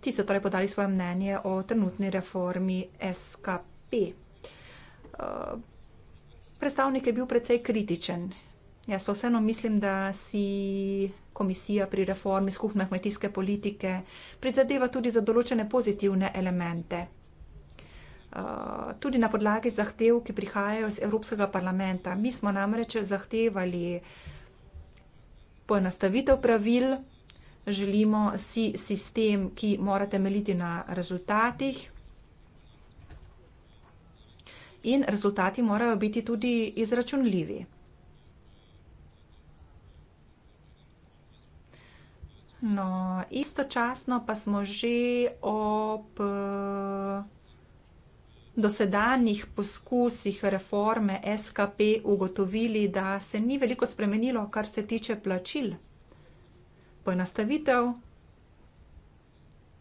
Ti so torej podali svoje mnenje o trenutni reformi SKP. Predstavnik je bil precej kritičen. Jaz pa vseeno mislim, da si komisija pri reformi skupne kmetijske politike prizadeva tudi za določene pozitivne elemente. Uh, tudi na podlagi zahtev, ki prihajajo iz Evropskega parlamenta. Mi smo namreč zahtevali poenostavitev pravil, želimo si sistem, ki mora temeljiti na rezultatih. In rezultati morajo biti tudi izračunljivi. No, istočasno pa smo že ob eh, dosedanjih poskusih reforme SKP ugotovili, da se ni veliko spremenilo, kar se tiče plačil. Poenostavitev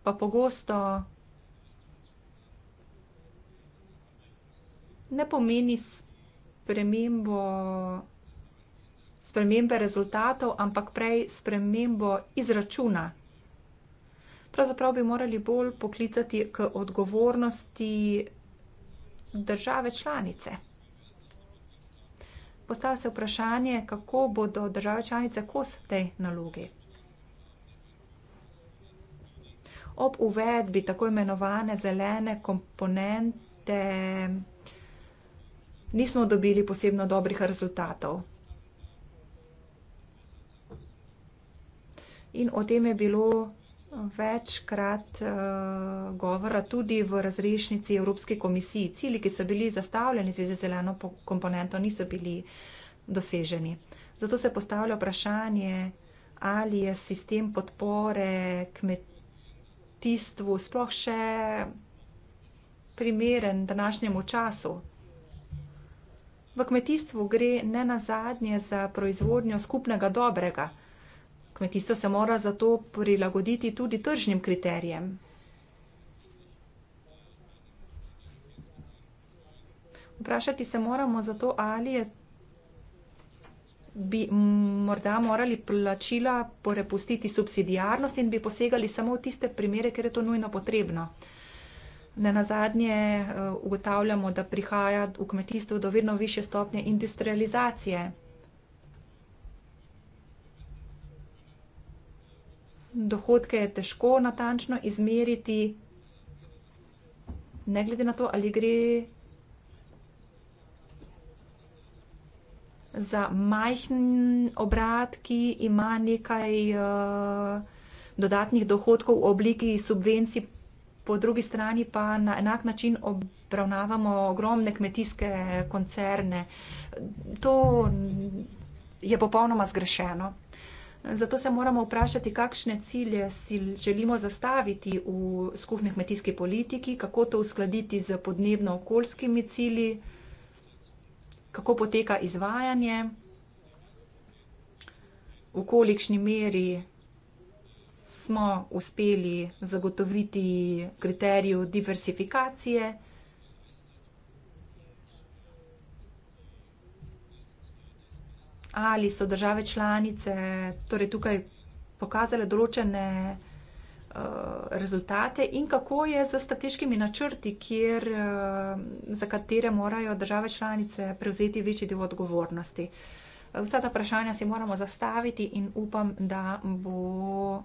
pa pogosto ne pomeni spremembo spremembe rezultatov, ampak prej spremembo izračuna. Pravzaprav bi morali bolj poklicati k odgovornosti države članice. Postavlja se vprašanje, kako bodo države članice kos tej nalogi. Ob uvedbi tako imenovane zelene komponente nismo dobili posebno dobrih rezultatov. In o tem je bilo večkrat uh, govora tudi v razrešnici Evropske komisije. Cili, ki so bili zastavljeni v zvezi z zeleno komponento, niso bili doseženi. Zato se postavlja vprašanje, ali je sistem podpore kmetijstvu sploh še primeren današnjemu času. V kmetijstvu gre ne nazadnje za proizvodnjo skupnega dobrega. Kmetijstvo se mora zato prilagoditi tudi tržnim kriterijem. Vprašati se moramo zato, ali je, bi morda morali plačila prepustiti subsidijarnost in bi posegali samo v tiste primere, kjer je to nujno potrebno. Ne na zadnje eh, ugotavljamo, da prihaja v kmetijstvo do vedno više stopnje industrializacije. dohodke je težko natančno izmeriti, ne glede na to, ali gre za majhen obrat, ki ima nekaj uh, dodatnih dohodkov v obliki subvencij, po drugi strani pa na enak način obravnavamo ogromne kmetijske koncerne. To je popolnoma zgrešeno. Zato se moramo vprašati, kakšne cilje si želimo zastaviti v skupni kmetijski politiki, kako to uskladiti z podnebno-okoljskimi cilji, kako poteka izvajanje, v kolikšni meri smo uspeli zagotoviti kriterij diversifikacije. ali so države članice torej tukaj pokazale določene eh, rezultate in kako je z strateškimi načrti, kjer, eh, za katere morajo države članice prevzeti večji del odgovornosti. Eh, vsa ta vprašanja si moramo zastaviti in upam, da bo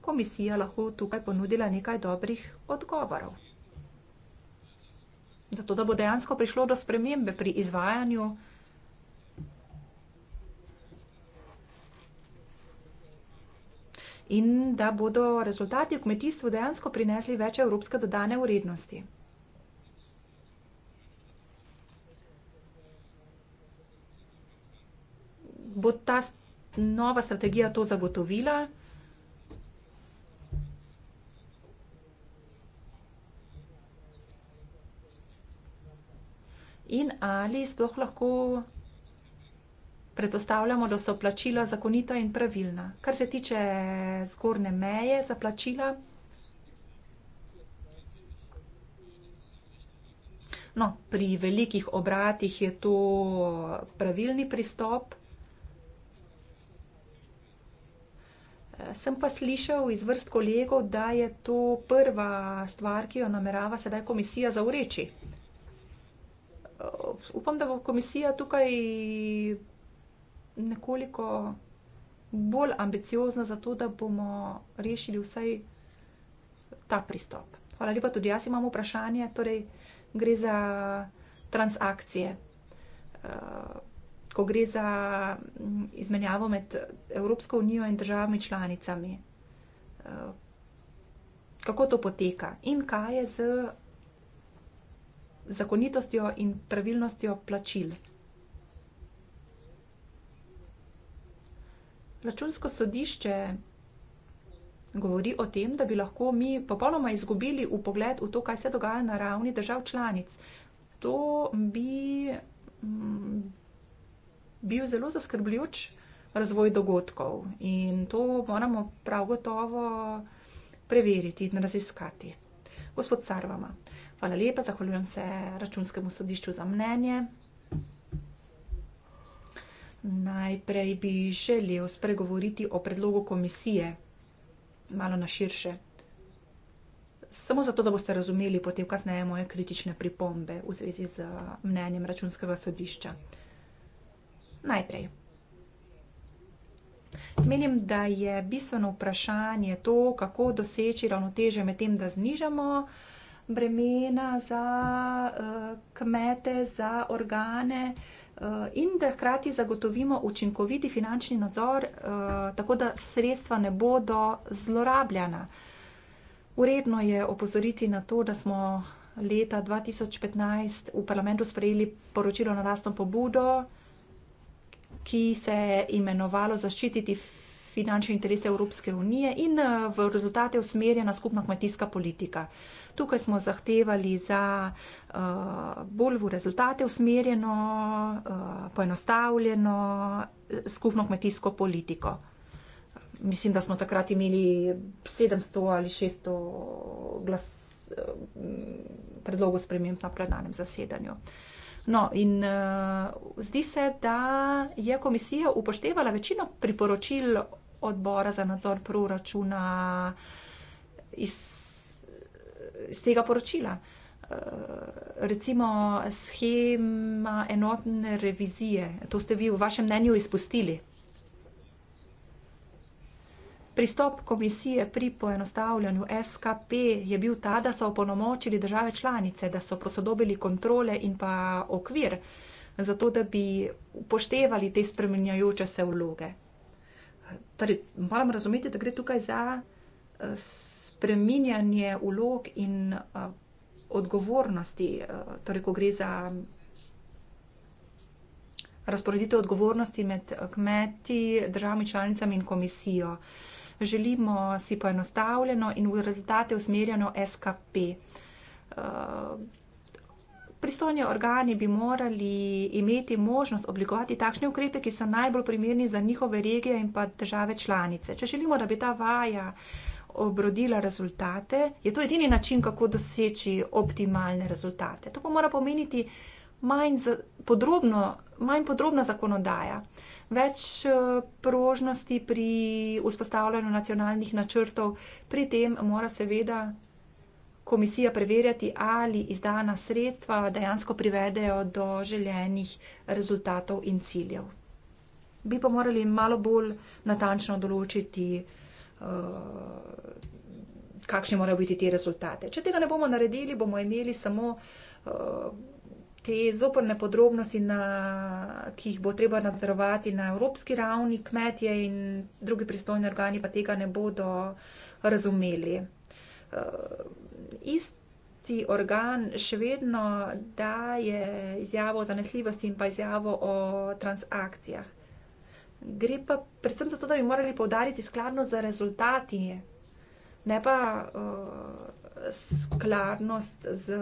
komisija lahko tukaj ponudila nekaj dobrih odgovorov zato da bo dejansko prišlo do spremembe pri izvajanju. In da bodo rezultati v kmetijstvu dejansko prinesli več evropske dodane vrednosti. Bo ta nova strategija to zagotovila? In ali sploh lahko predpostavljamo, da so plačila zakonita in pravilna. Kar se tiče zgornje meje za plačila. No, pri velikih obratih je to pravilni pristop. Sem pa slišal iz vrst kolegov, da je to prva stvar, ki jo namerava sedaj komisija zaureči upam, da bo komisija tukaj nekoliko bolj ambiciozna, zato da bomo rešili vsaj ta pristop. Hvala lepa, tudi jaz imam vprašanje, torej gre za transakcije. Ko gre za izmenjavo med Evropsko unijo in državami članicami, kako to poteka in kaj je z zakonitostjo in pravilnostjo plačil. Računsko sodišče govori o tem, da bi lahko mi popolnoma izgubili v pogled v to, kaj se dogaja na ravni držav članic. To bi mm, bil zelo zaskrbljujoč razvoj dogodkov in to moramo prav gotovo preveriti in raziskati. Gospod Sarvama, Hvala lepa, zahvaljujem se računskemu sodišču za mnenje. Najprej bi želel spregovoriti o predlogu komisije malo na širše. Samo zato, da boste razumeli potem kasneje moje kritične pripombe v zvezi z uh, mnenjem računskega sodišča. Najprej. Menim, da je bistveno vprašanje to, kako doseči ravnoteže med tem, da znižamo uh, bremena za eh, kmete, za organe eh, in da hkrati zagotovimo učinkoviti finančni nadzor, eh, tako da sredstva ne bodo zlorabljena. Uredno je opozoriti na to, da smo leta 2015 v parlamentu sprejeli poročilo na lastno pobudo, ki se je imenovalo zaščititi finančne interese Evropske unije in v rezultate usmerjena skupna kmetijska politika. Tukaj smo zahtevali za uh, bolj v rezultate usmerjeno, uh, poenostavljeno eh, skupno kmetijsko politiko. Mislim, da smo takrat imeli 700 ali 600 glas, predlogov sprememb na plenarnem zasedanju. No, in uh, zdi se, da je komisija upoštevala večino priporočil odbora za nadzor proračuna iz iz tega poročila. Eh, recimo schema enotne revizije, to ste vi v vašem mnenju izpustili. Pristop komisije pri poenostavljanju SKP je bil ta, da so opolnomočili države članice, da so posodobili kontrole in pa okvir, zato da bi upoštevali te spremenjajoče se vloge. Torej, moram razumeti, da gre tukaj za eh, spreminjanje ulog in uh, odgovornosti, uh, torej, ko gre za razporeditev odgovornosti med kmeti, državami članicami in komisijo. Želimo si poenostavljeno in v rezultate usmerjeno SKP. Pristojni organi bi morali imeti možnost oblikovati takšne ukrepe, ki so najbolj primerni za njihove regije in pa države članice. Če želimo, da bi ta vaja obrodila rezultate, je to edini način, kako doseči optimalne rezultate. To pa mora pomeniti manj podrobno. Manj podrobna zakonodaja, več eh, prožnosti pri vzpostavljanju nacionalnih načrtov, pri tem mora seveda komisija preverjati, ali izdana sredstva dejansko privedejo do željenih rezultatov in ciljev. Bi pa morali malo bolj natančno določiti uh, kakšni morajo biti ti rezultate. Če tega ne bomo naredili, bomo imeli samo uh, te zoporne podrobnosti, na, ki jih bo treba nadzorovati na evropski ravni, kmetje in drugi pristojni organi pa tega ne bodo razumeli. Uh, eh, ist, organ še vedno daje izjavo o zanesljivosti in pa izjavo o transakcijah. Gre pa predvsem zato, da bi morali povdariti skladno z rezultati, ne pa uh, skladnost z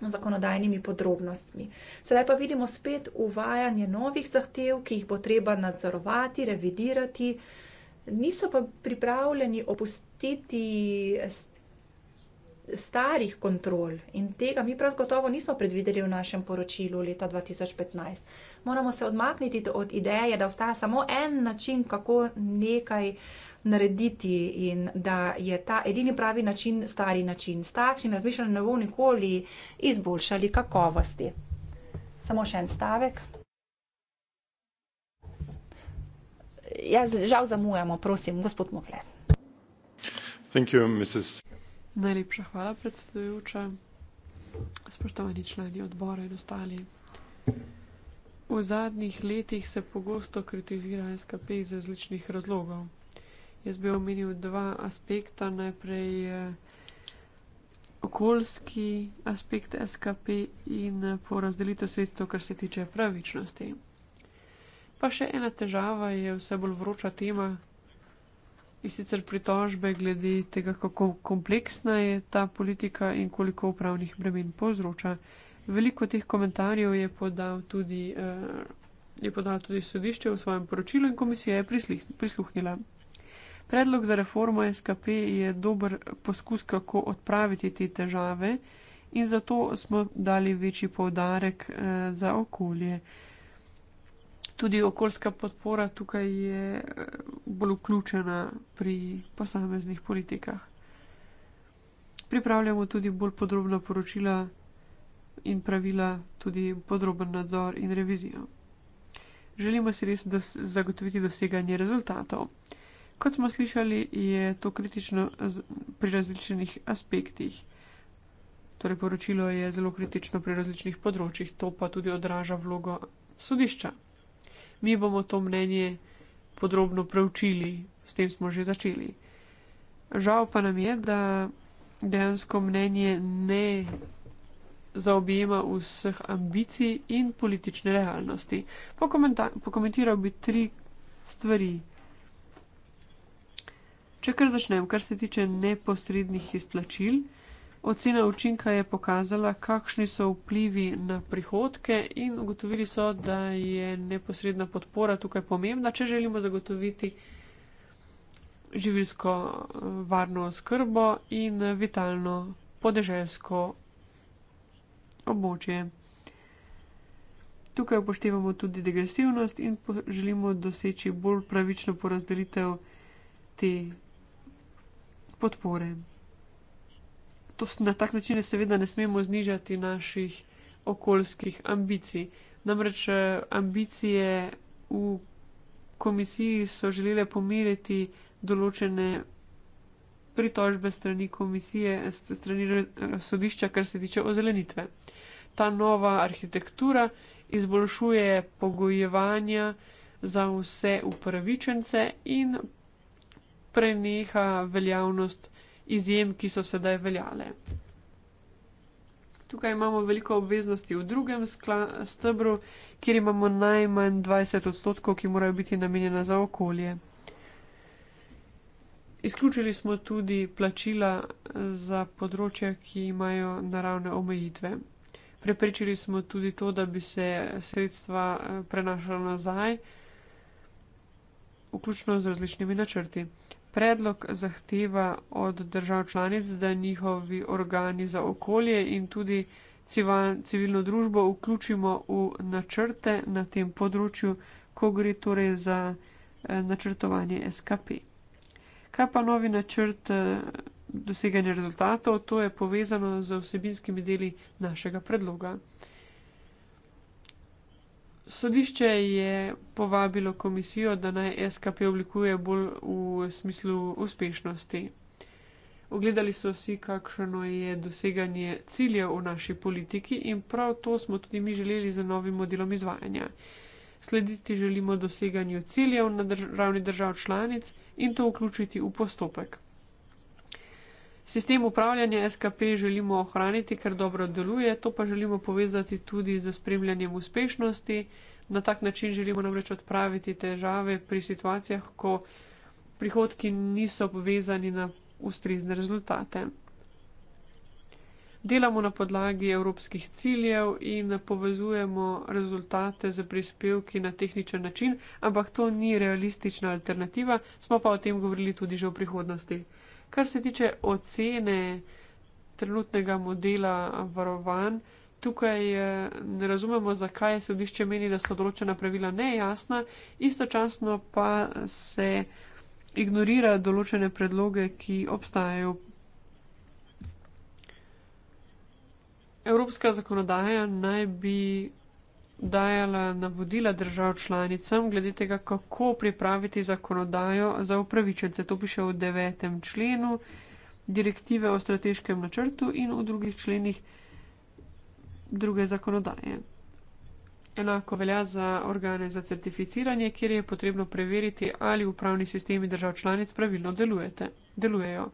zakonodajnimi podrobnostmi. Sedaj pa vidimo spet uvajanje novih zahtev, ki jih bo treba nadzorovati, revidirati, niso pa pripravljeni opustiti starih kontrol in tega mi prav gotovo nismo predvideli v našem poročilu leta 2015 moramo se odmakniti od ideje, da obstaja samo en način, kako nekaj narediti in da je ta edini pravi način stari način. S takšnim razmišljanjem ne bomo nikoli izboljšali kakovosti. Samo še en stavek. Ja, žal zamujamo, prosim, gospod Mogle. You, Najlepša hvala, predsedujoča. Spoštovani člani odbora in ostali. V zadnjih letih se pogosto kritizira SKP iz različnih razlogov. Jaz bi omenil dva aspekta. Najprej eh, okoljski aspekt SKP in eh, porazdelitev sredstev, kar se tiče pravičnosti. Pa še ena težava je vse bolj vroča tema in sicer pritožbe glede tega, kako kompleksna je ta politika in koliko upravnih bremen povzroča. Veliko teh komentarjev je podal tudi. Uh, Je podala tudi sodišče v svojem poročilu in komisija je prislih, prisluhnila. Predlog za reformo SKP je dober poskus, kako odpraviti te težave in zato smo dali večji povdarek eh, za okolje. Tudi okoljska podpora tukaj je eh, bolj vključena pri posameznih politikah. Pripravljamo tudi bolj podrobna poročila in pravila, tudi podroben nadzor in revizijo. Želimo si res dos zagotoviti doseganje rezultatov. Kot smo slišali, je to kritično pri različnih aspektih. Torej, poročilo je zelo kritično pri različnih področjih, to pa tudi odraža vlogo sodišča. Mi bomo to mnenje podrobno preučili, s tem smo že začeli. Žal pa nam je, da dejansko mnenje ne zaobjema vseh ambicij in politične realnosti. Pokomentiral bi tri stvari. Če kar začnem, kar se tiče neposrednih izplačil, ocena učinka je pokazala, kakšni so vplivi na prihodke in ugotovili so, da je neposredna podpora tukaj pomembna, če želimo zagotoviti živilsko varno oskrbo in vitalno podeželsko območje. Tukaj upoštevamo tudi degresivnost in želimo doseči bolj pravično porazdelitev te podpore. To, na tak način seveda ne smemo znižati naših okoljskih ambicij. Namreč eh, ambicije v komisiji so želele pomiriti določene pritožbe strani komisije, strani sodišča, kar se tiče ozelenitve. Ta nova arhitektura izboljšuje pogojevanja za vse upravičence in preneha veljavnost izjem, ki so sedaj veljale. Tukaj imamo veliko obveznosti v drugem stebru, kjer imamo najmanj 20 odstotkov, ki morajo biti namenjena za okolje. Izključili smo tudi plačila za področja, ki imajo naravne omejitve. Preprečili smo tudi to, da bi se sredstva eh, prenašala nazaj, vključno z različnimi načrti. Predlog zahteva od držav članic, da njihovi organi za okolje in tudi civilno družbo vključimo v načrte na tem področju, ko gre torej za eh, načrtovanje SKP. Kaj pa novi načrt eh, doseganja rezultatov? To je povezano z vsebinskimi deli našega predloga. Sodišče je povabilo komisijo, da naj SKP oblikuje bolj v smislu uspešnosti. Ogledali so si, kakšno je doseganje ciljev v naši politiki in prav to smo tudi mi želeli z novim modelom izvajanja. Uh, slediti želimo doseganju ciljev na drž ravni držav članic in to vključiti v postopek. Sistem upravljanja SKP želimo ohraniti, ker dobro deluje, to pa želimo povezati tudi z spremljanjem uspešnosti. Na tak način želimo namreč odpraviti težave pri situacijah, ko prihodki niso povezani na ustrezne rezultate delamo na podlagi evropskih ciljev in povezujemo rezultate z prispevki na tehničen način, ampak to ni realistična alternativa, smo pa o tem govorili tudi že v prihodnosti. Kar se tiče ocene trenutnega modela varovan, tukaj eh, ne razumemo, zakaj se odišče meni, da so določena pravila nejasna, istočasno pa se ignorira določene predloge, ki obstajajo Evropska zakonodaja naj bi dajala navodila držav članicam glede tega, kako pripraviti zakonodajo za upravičence. To piše v devetem členu direktive o strateškem načrtu in v drugih členih druge zakonodaje. Enako velja za organe za certificiranje, kjer je potrebno preveriti, ali upravni sistemi držav članic pravilno delujejo.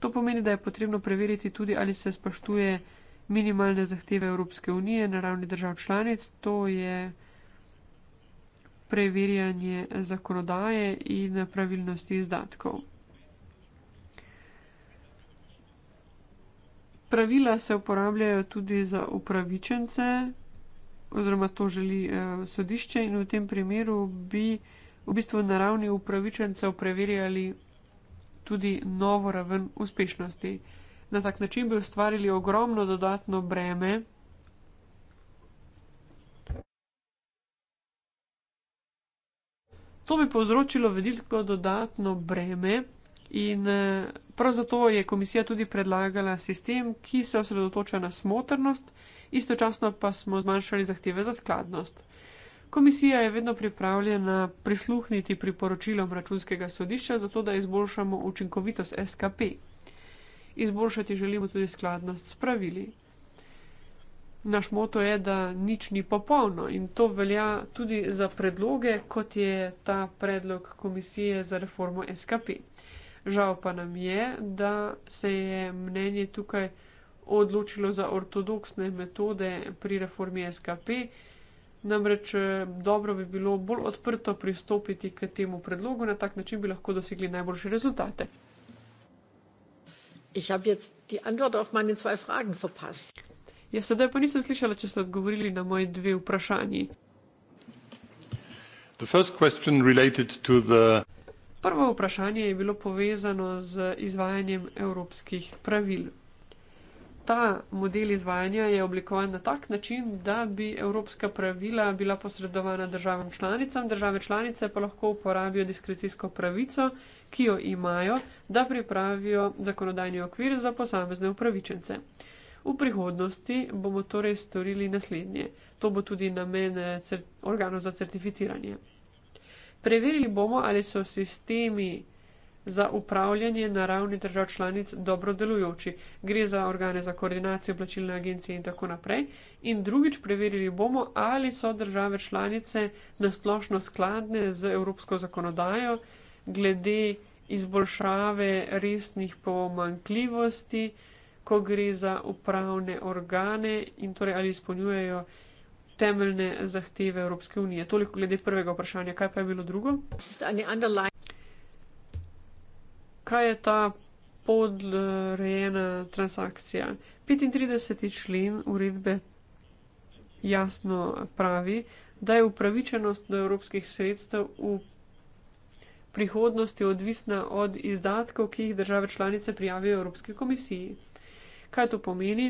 To pomeni, da je potrebno preveriti tudi, ali se spoštuje minimalne zahteve Evropske unije na ravni držav članic, to je preverjanje zakonodaje in pravilnosti izdatkov. Pravila se uporabljajo tudi za upravičence, oziroma to želi eh, sodišče, in v tem primeru bi v bistvu na ravni upravičencev preverjali tudi novo raven uspešnosti. Eh, na tak način bi ustvarili ogromno dodatno breme. To bi povzročilo veliko dodatno breme. In eh, prav zato je komisija tudi predlagala sistem, ki se osredotoča na smotrnost, istočasno pa smo zmanjšali zahteve za skladnost. Komisija je vedno pripravljena prisluhniti priporočilom računskega sodišča, zato da izboljšamo učinkovitost SKP, izboljšati želimo tudi skladnost s pravili. Naš moto je, da nič ni popolno in to velja tudi za predloge, kot je ta predlog komisije za reformo SKP. Žal pa nam je, da se je mnenje tukaj odločilo za ortodoksne metode pri reformi SKP, namreč eh, dobro bi bilo bolj odprto pristopiti k temu predlogu, na tak način bi lahko dosegli najboljše rezultate. Ich habe jetzt die Antwort auf meine zwei Fragen verpasst. Ja, sedaj pa nisem slišala, če ste odgovorili na moje dve vprašanji. The first question related to the Prvo vprašanje je bilo povezano z izvajanjem evropskih pravil ta model izvajanja je oblikovan na tak način, da bi evropska pravila bila posredovana državam članicam, države članice pa lahko uporabijo diskrecijsko pravico, ki jo imajo, da pripravijo zakonodajni okvir za posamezne upravičence. V prihodnosti bomo torej storili naslednje. To bo tudi namen eh, organov za certificiranje. Preverili bomo, ali so sistemi za upravljanje na ravni držav članic dobro delujoči. Gre za organe za koordinacijo, plačilne agencije in tako naprej. In drugič preverili bomo, ali so države članice nasplošno skladne z evropsko zakonodajo glede izboljšave resnih pomankljivosti, ko gre za upravne organe in torej ali izpolnjujejo temeljne zahteve Evropske unije. Toliko glede prvega vprašanja, kaj pa je bilo drugo? kaj je ta podrejena transakcija. 35. člen uredbe jasno pravi, da je upravičenost do evropskih sredstev v prihodnosti odvisna od izdatkov, ki jih države članice prijavijo Evropski komisiji. Kaj to pomeni?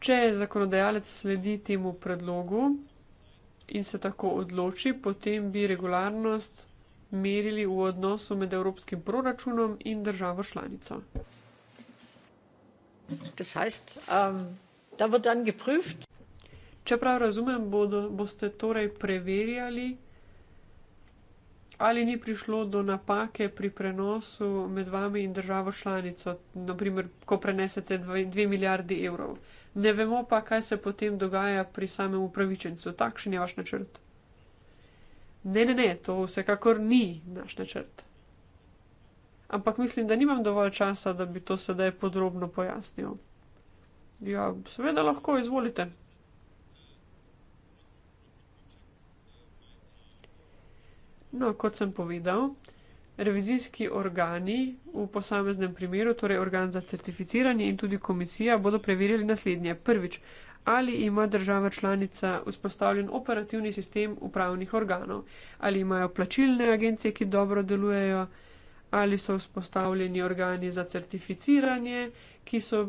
Če zakonodajalec sledi temu predlogu in se tako odloči, potem bi regularnost merili v odnosu med evropskim proračunom in državo članico. Das heißt, um, da bo dan geprüft. Če prav razumem, bodo, boste torej preverjali, ali ni prišlo do napake pri prenosu med vami in državo članico, naprimer, ko prenesete 2 milijardi evrov. Ne vemo pa, kaj se potem dogaja pri samem upravičencu. Takšen je vaš načrt. Ne, ne, ne, to vsekakor ni naš načrt. Ampak mislim, da nimam dovolj časa, da bi to sedaj podrobno pojasnil. Ja, seveda lahko izvolite. No, kot sem povedal, revizijski organi v posameznem primeru, torej organ za certificiranje in tudi komisija, bodo preverili naslednje. Prvič, ali ima država članica vzpostavljen operativni sistem upravnih organov, ali imajo plačilne agencije, ki dobro delujejo, ali so vzpostavljeni organi za certificiranje, ki so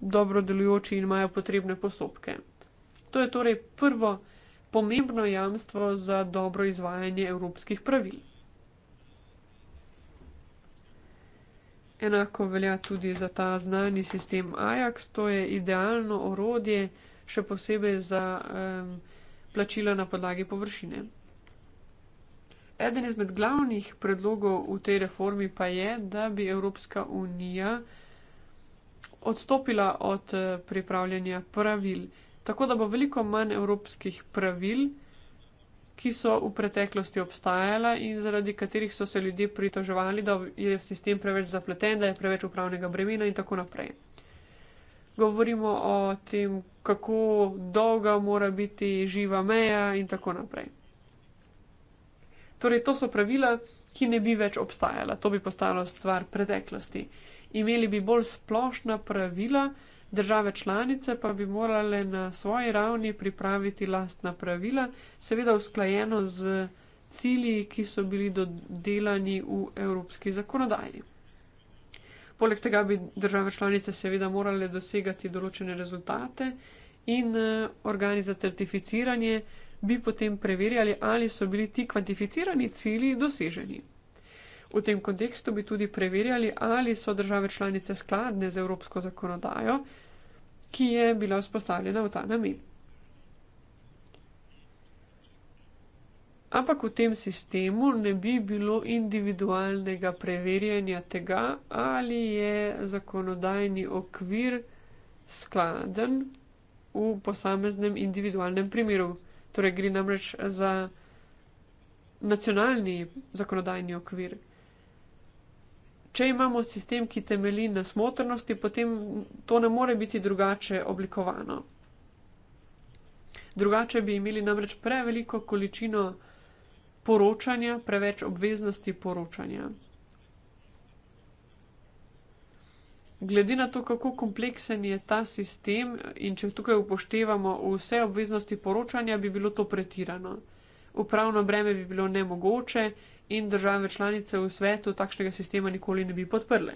dobro delujoči in imajo potrebne postopke. To je torej prvo pomembno jamstvo za dobro izvajanje evropskih pravil. Enako velja tudi za ta znani sistem Ajax, to je idealno orodje, še posebej za um, plačila na podlagi površine. Eden izmed glavnih predlogov v tej reformi pa je, da bi Evropska unija odstopila od eh, pripravljanja pravil, tako da bo veliko manj evropskih pravil ki so v preteklosti obstajala in zaradi katerih so se ljudje pritoževali, da je sistem preveč zapleten, da je preveč upravnega bremena in tako naprej. Govorimo o tem, kako dolga mora biti živa meja in tako naprej. Torej, to so pravila, ki ne bi več obstajala, to bi postalo stvar preteklosti. Imeli bi bolj splošna pravila, Države članice pa bi morale na svoji ravni pripraviti lastna pravila, seveda usklajeno z cilji, ki so bili dodelani v evropski zakonodaji. Poleg tega bi države članice seveda morale dosegati določene rezultate in organi za certificiranje bi potem preverjali, ali so bili ti kvantificirani cilji doseženi. V tem kontekstu bi tudi preverjali, ali so države članice skladne z evropsko zakonodajo, ki je bila vzpostavljena v ta namen. Ampak v tem sistemu ne bi bilo individualnega preverjanja tega, ali je zakonodajni okvir skladen v posameznem individualnem primeru. Torej, gre namreč za nacionalni zakonodajni okvir če imamo sistem, ki temelji na smotrnosti, potem to ne more biti drugače oblikovano. Drugače bi imeli namreč preveliko količino poročanja, preveč obveznosti poročanja. Glede na to, kako kompleksen je ta sistem in če tukaj upoštevamo vse obveznosti poročanja, bi bilo to pretirano. Upravno breme bi bilo nemogoče in države članice v svetu takšnega sistema nikoli ne bi podprle.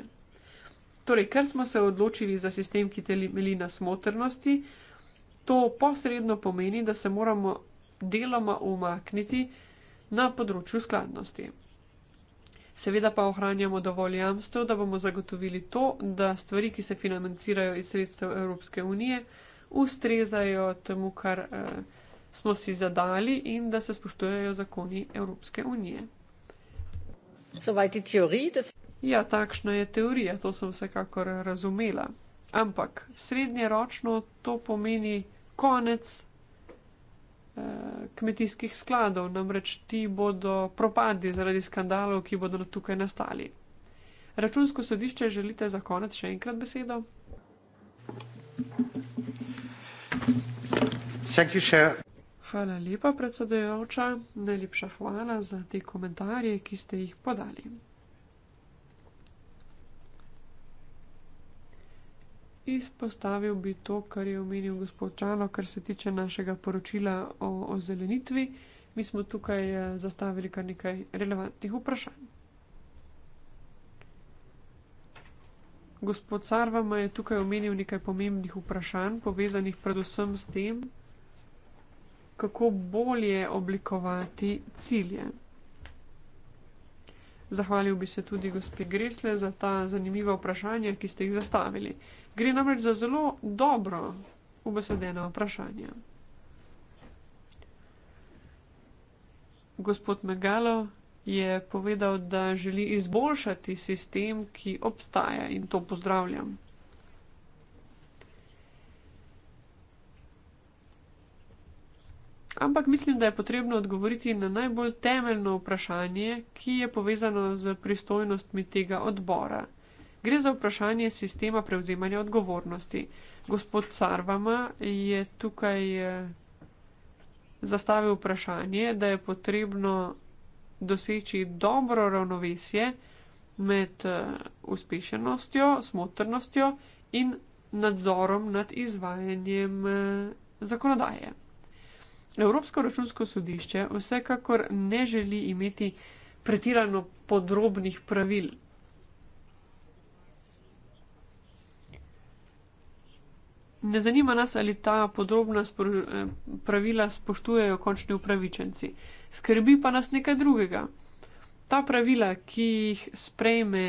Torej, ker smo se odločili za sistem, ki temelji na smotrnosti, to posredno pomeni, da se moramo deloma umakniti na področju skladnosti. Seveda pa ohranjamo dovolj jamstev, da bomo zagotovili to, da stvari, ki se financirajo iz sredstev Evropske unije, ustrezajo temu, kar eh, smo si zadali in da se spoštujejo zakoni Evropske unije. Ja, takšna je teorija, to sem vsekakor razumela. Ampak srednjeročno to pomeni konec eh, kmetijskih skladov, namreč ti bodo propadli zaradi skandalov, ki bodo tukaj nastali. Računsko sodišče želite za konec še enkrat besedo? Thank you, Sheriff. Hvala lepa, predsedujoča. Najlepša hvala za te komentarje, ki ste jih podali. Izpostavil bi to, kar je omenil gospod Čalo, kar se tiče našega poročila o ozelenitvi. Mi smo tukaj eh, zastavili kar nekaj relevantnih vprašanj. Gospod Sarva me je tukaj omenil nekaj pomembnih vprašanj, povezanih predvsem s tem, kako bolje oblikovati cilje. Zahvalil bi se tudi gospe Gresle za ta zanimiva vprašanja, ki ste jih zastavili. Gre namreč za zelo dobro ubesedena vprašanja. Gospod Megalo je povedal, da želi izboljšati sistem, ki obstaja in to pozdravljam. Ampak mislim, da je potrebno odgovoriti na najbolj temeljno vprašanje, ki je povezano z pristojnostmi tega odbora. Gre za vprašanje sistema prevzemanja odgovornosti. Gospod Sarvama je tukaj eh, zastavil vprašanje, da je potrebno doseči dobro ravnovesje med eh, uspešenostjo, smotrnostjo in nadzorom nad izvajanjem eh, zakonodaje. Evropsko računsko sodišče vsekakor ne želi imeti pretirano podrobnih pravil. Ne zanima nas, ali ta podrobna eh, pravila spoštujejo končni upravičenci. Skrbi pa nas nekaj drugega. Ta pravila, ki jih sprejme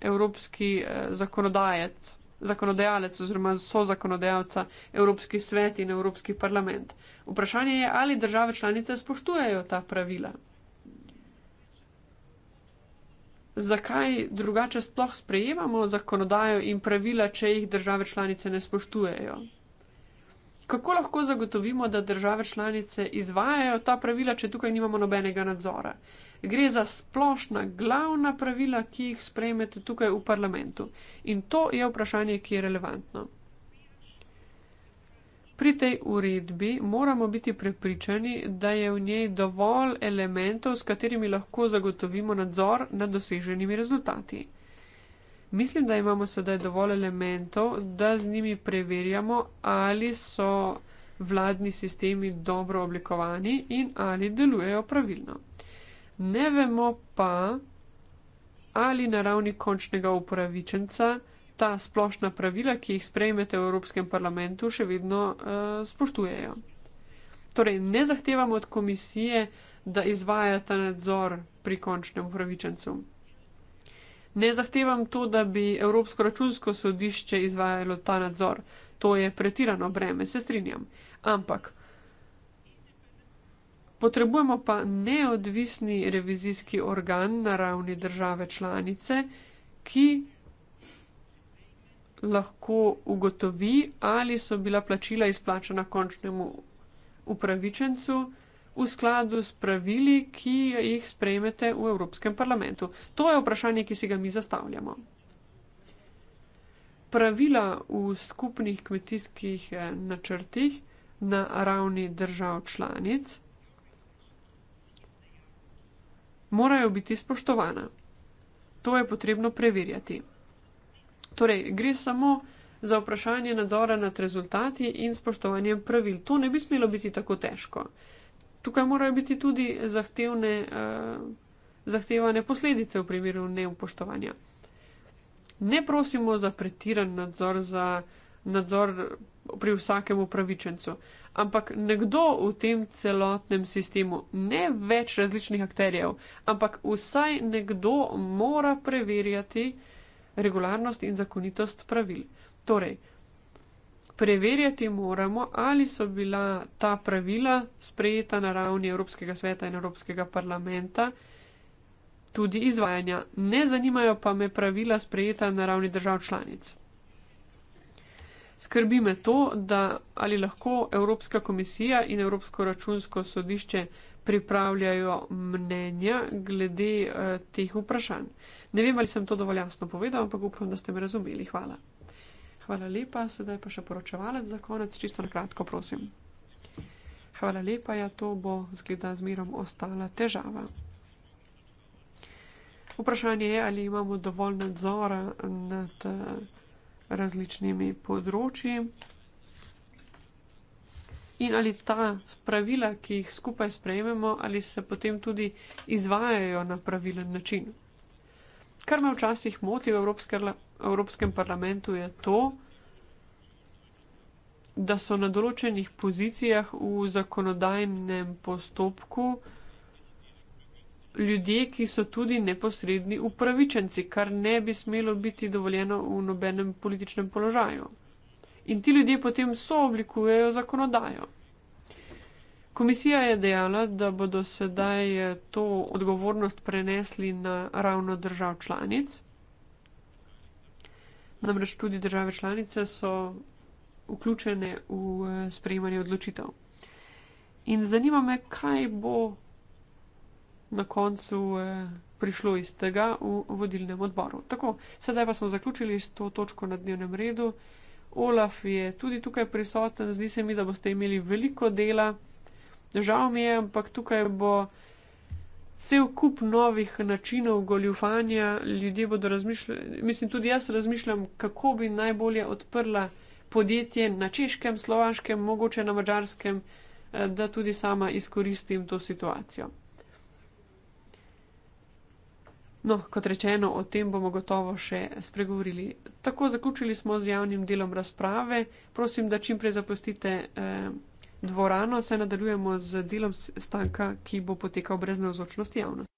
evropski eh, zakonodajec, zakonodajalec oziroma so zakonodajalca Evropski svet in Evropski parlament. Vprašanje je, ali države članice spoštujejo ta pravila. Zakaj drugače sploh sprejemamo zakonodajo in pravila, če jih države članice ne spoštujejo? Kako lahko zagotovimo, da države članice izvajajo ta pravila, če tukaj nimamo nobenega nadzora? Gre za splošna, glavna pravila, ki jih sprejmete tukaj v parlamentu. In to je vprašanje, ki je relevantno. Pri tej uredbi moramo biti prepričani, da je v njej dovolj elementov, s katerimi lahko zagotovimo nadzor nad doseženimi rezultati. Mislim, da imamo sedaj dovolj elementov, da z njimi preverjamo, ali so vladni sistemi dobro oblikovani in ali delujejo pravilno. Ne vemo pa, ali na ravni končnega upravičenca ta splošna pravila, ki jih sprejmete v Evropskem parlamentu, še vedno uh, spoštujejo. Torej, ne zahtevamo od komisije, da izvajata nadzor pri končnem upravičencu. Ne zahtevam to, da bi Evropsko računsko sodišče izvajalo ta nadzor. To je pretirano breme, se strinjam. Ampak potrebujemo pa neodvisni revizijski organ na ravni države članice, ki lahko ugotovi, ali so bila plačila izplačena končnemu upravičencu v skladu s pravili, ki jih sprejmete v Evropskem parlamentu? To je vprašanje, ki si ga mi zastavljamo. Pravila v skupnih kmetijskih eh, načrtih na ravni držav članic morajo biti spoštovana. To je potrebno preverjati. Torej, gre samo za vprašanje nadzora nad rezultati in spoštovanjem pravil. To ne bi smelo biti tako težko tukaj morajo biti tudi zahtevne, uh, zahtevane posledice v primeru neupoštovanja. Ne prosimo za pretiran nadzor, za nadzor pri vsakem upravičencu, ampak nekdo v tem celotnem sistemu, ne več različnih akterjev, ampak vsaj nekdo mora preverjati regularnost in zakonitost pravil. Torej, Preverjati moramo, ali so bila ta pravila sprejeta na ravni Evropskega sveta in Evropskega parlamenta, tudi izvajanja. Ne zanimajo pa me pravila sprejeta na ravni držav članic. Skrbi me to, da ali lahko Evropska komisija in Evropsko računsko sodišče pripravljajo mnenja glede eh, teh vprašanj. Ne vem, ali sem to dovolj jasno povedal, ampak upam, da ste me razumeli. Hvala. Hvala lepa, sedaj pa še poročevalec za konec, čisto na kratko, prosim. Hvala lepa, ja, to bo zgleda zmerom ostala težava. Vprašanje je, ali imamo dovolj nadzora nad različnimi področji in ali ta pravila, ki jih skupaj sprejmemo, ali se potem tudi izvajajo na pravilen način. Kar me včasih moti v Evropskem parlamentu, je to, da so na določenih pozicijah v zakonodajnem postopku ljudje, ki so tudi neposredni upravičenci, kar ne bi smelo biti dovoljeno v nobenem političnem položaju. In ti ljudje potem sooblikujejo zakonodajo. Komisija je dejala, da bodo sedaj eh, to odgovornost prenesli na ravno držav članic. Namreč tudi države članice so vključene v eh, sprejemanje odločitev. In zanima me, kaj bo na koncu eh, prišlo iz tega v vodilnem odboru. Tako, sedaj pa smo zaključili s to točko na dnevnem redu. Olaf je tudi tukaj prisoten, zdi se mi, da boste imeli veliko dela. Žal mi je, ampak tukaj bo cel kup novih načinov goljufanja, ljudje bodo razmišljali, mislim, tudi jaz razmišljam, kako bi najbolje odprla podjetje na češkem, slovaškem, mogoče na mačarskem, eh, da tudi sama izkoristim to situacijo. No, kot rečeno, o tem bomo gotovo še spregovorili. Tako zaključili smo z javnim delom razprave. Prosim, da čimprej zapustite. Eh, dvorano, saj nadaljujemo z delom stanka, ki bo potekal brez navzočnosti javnosti.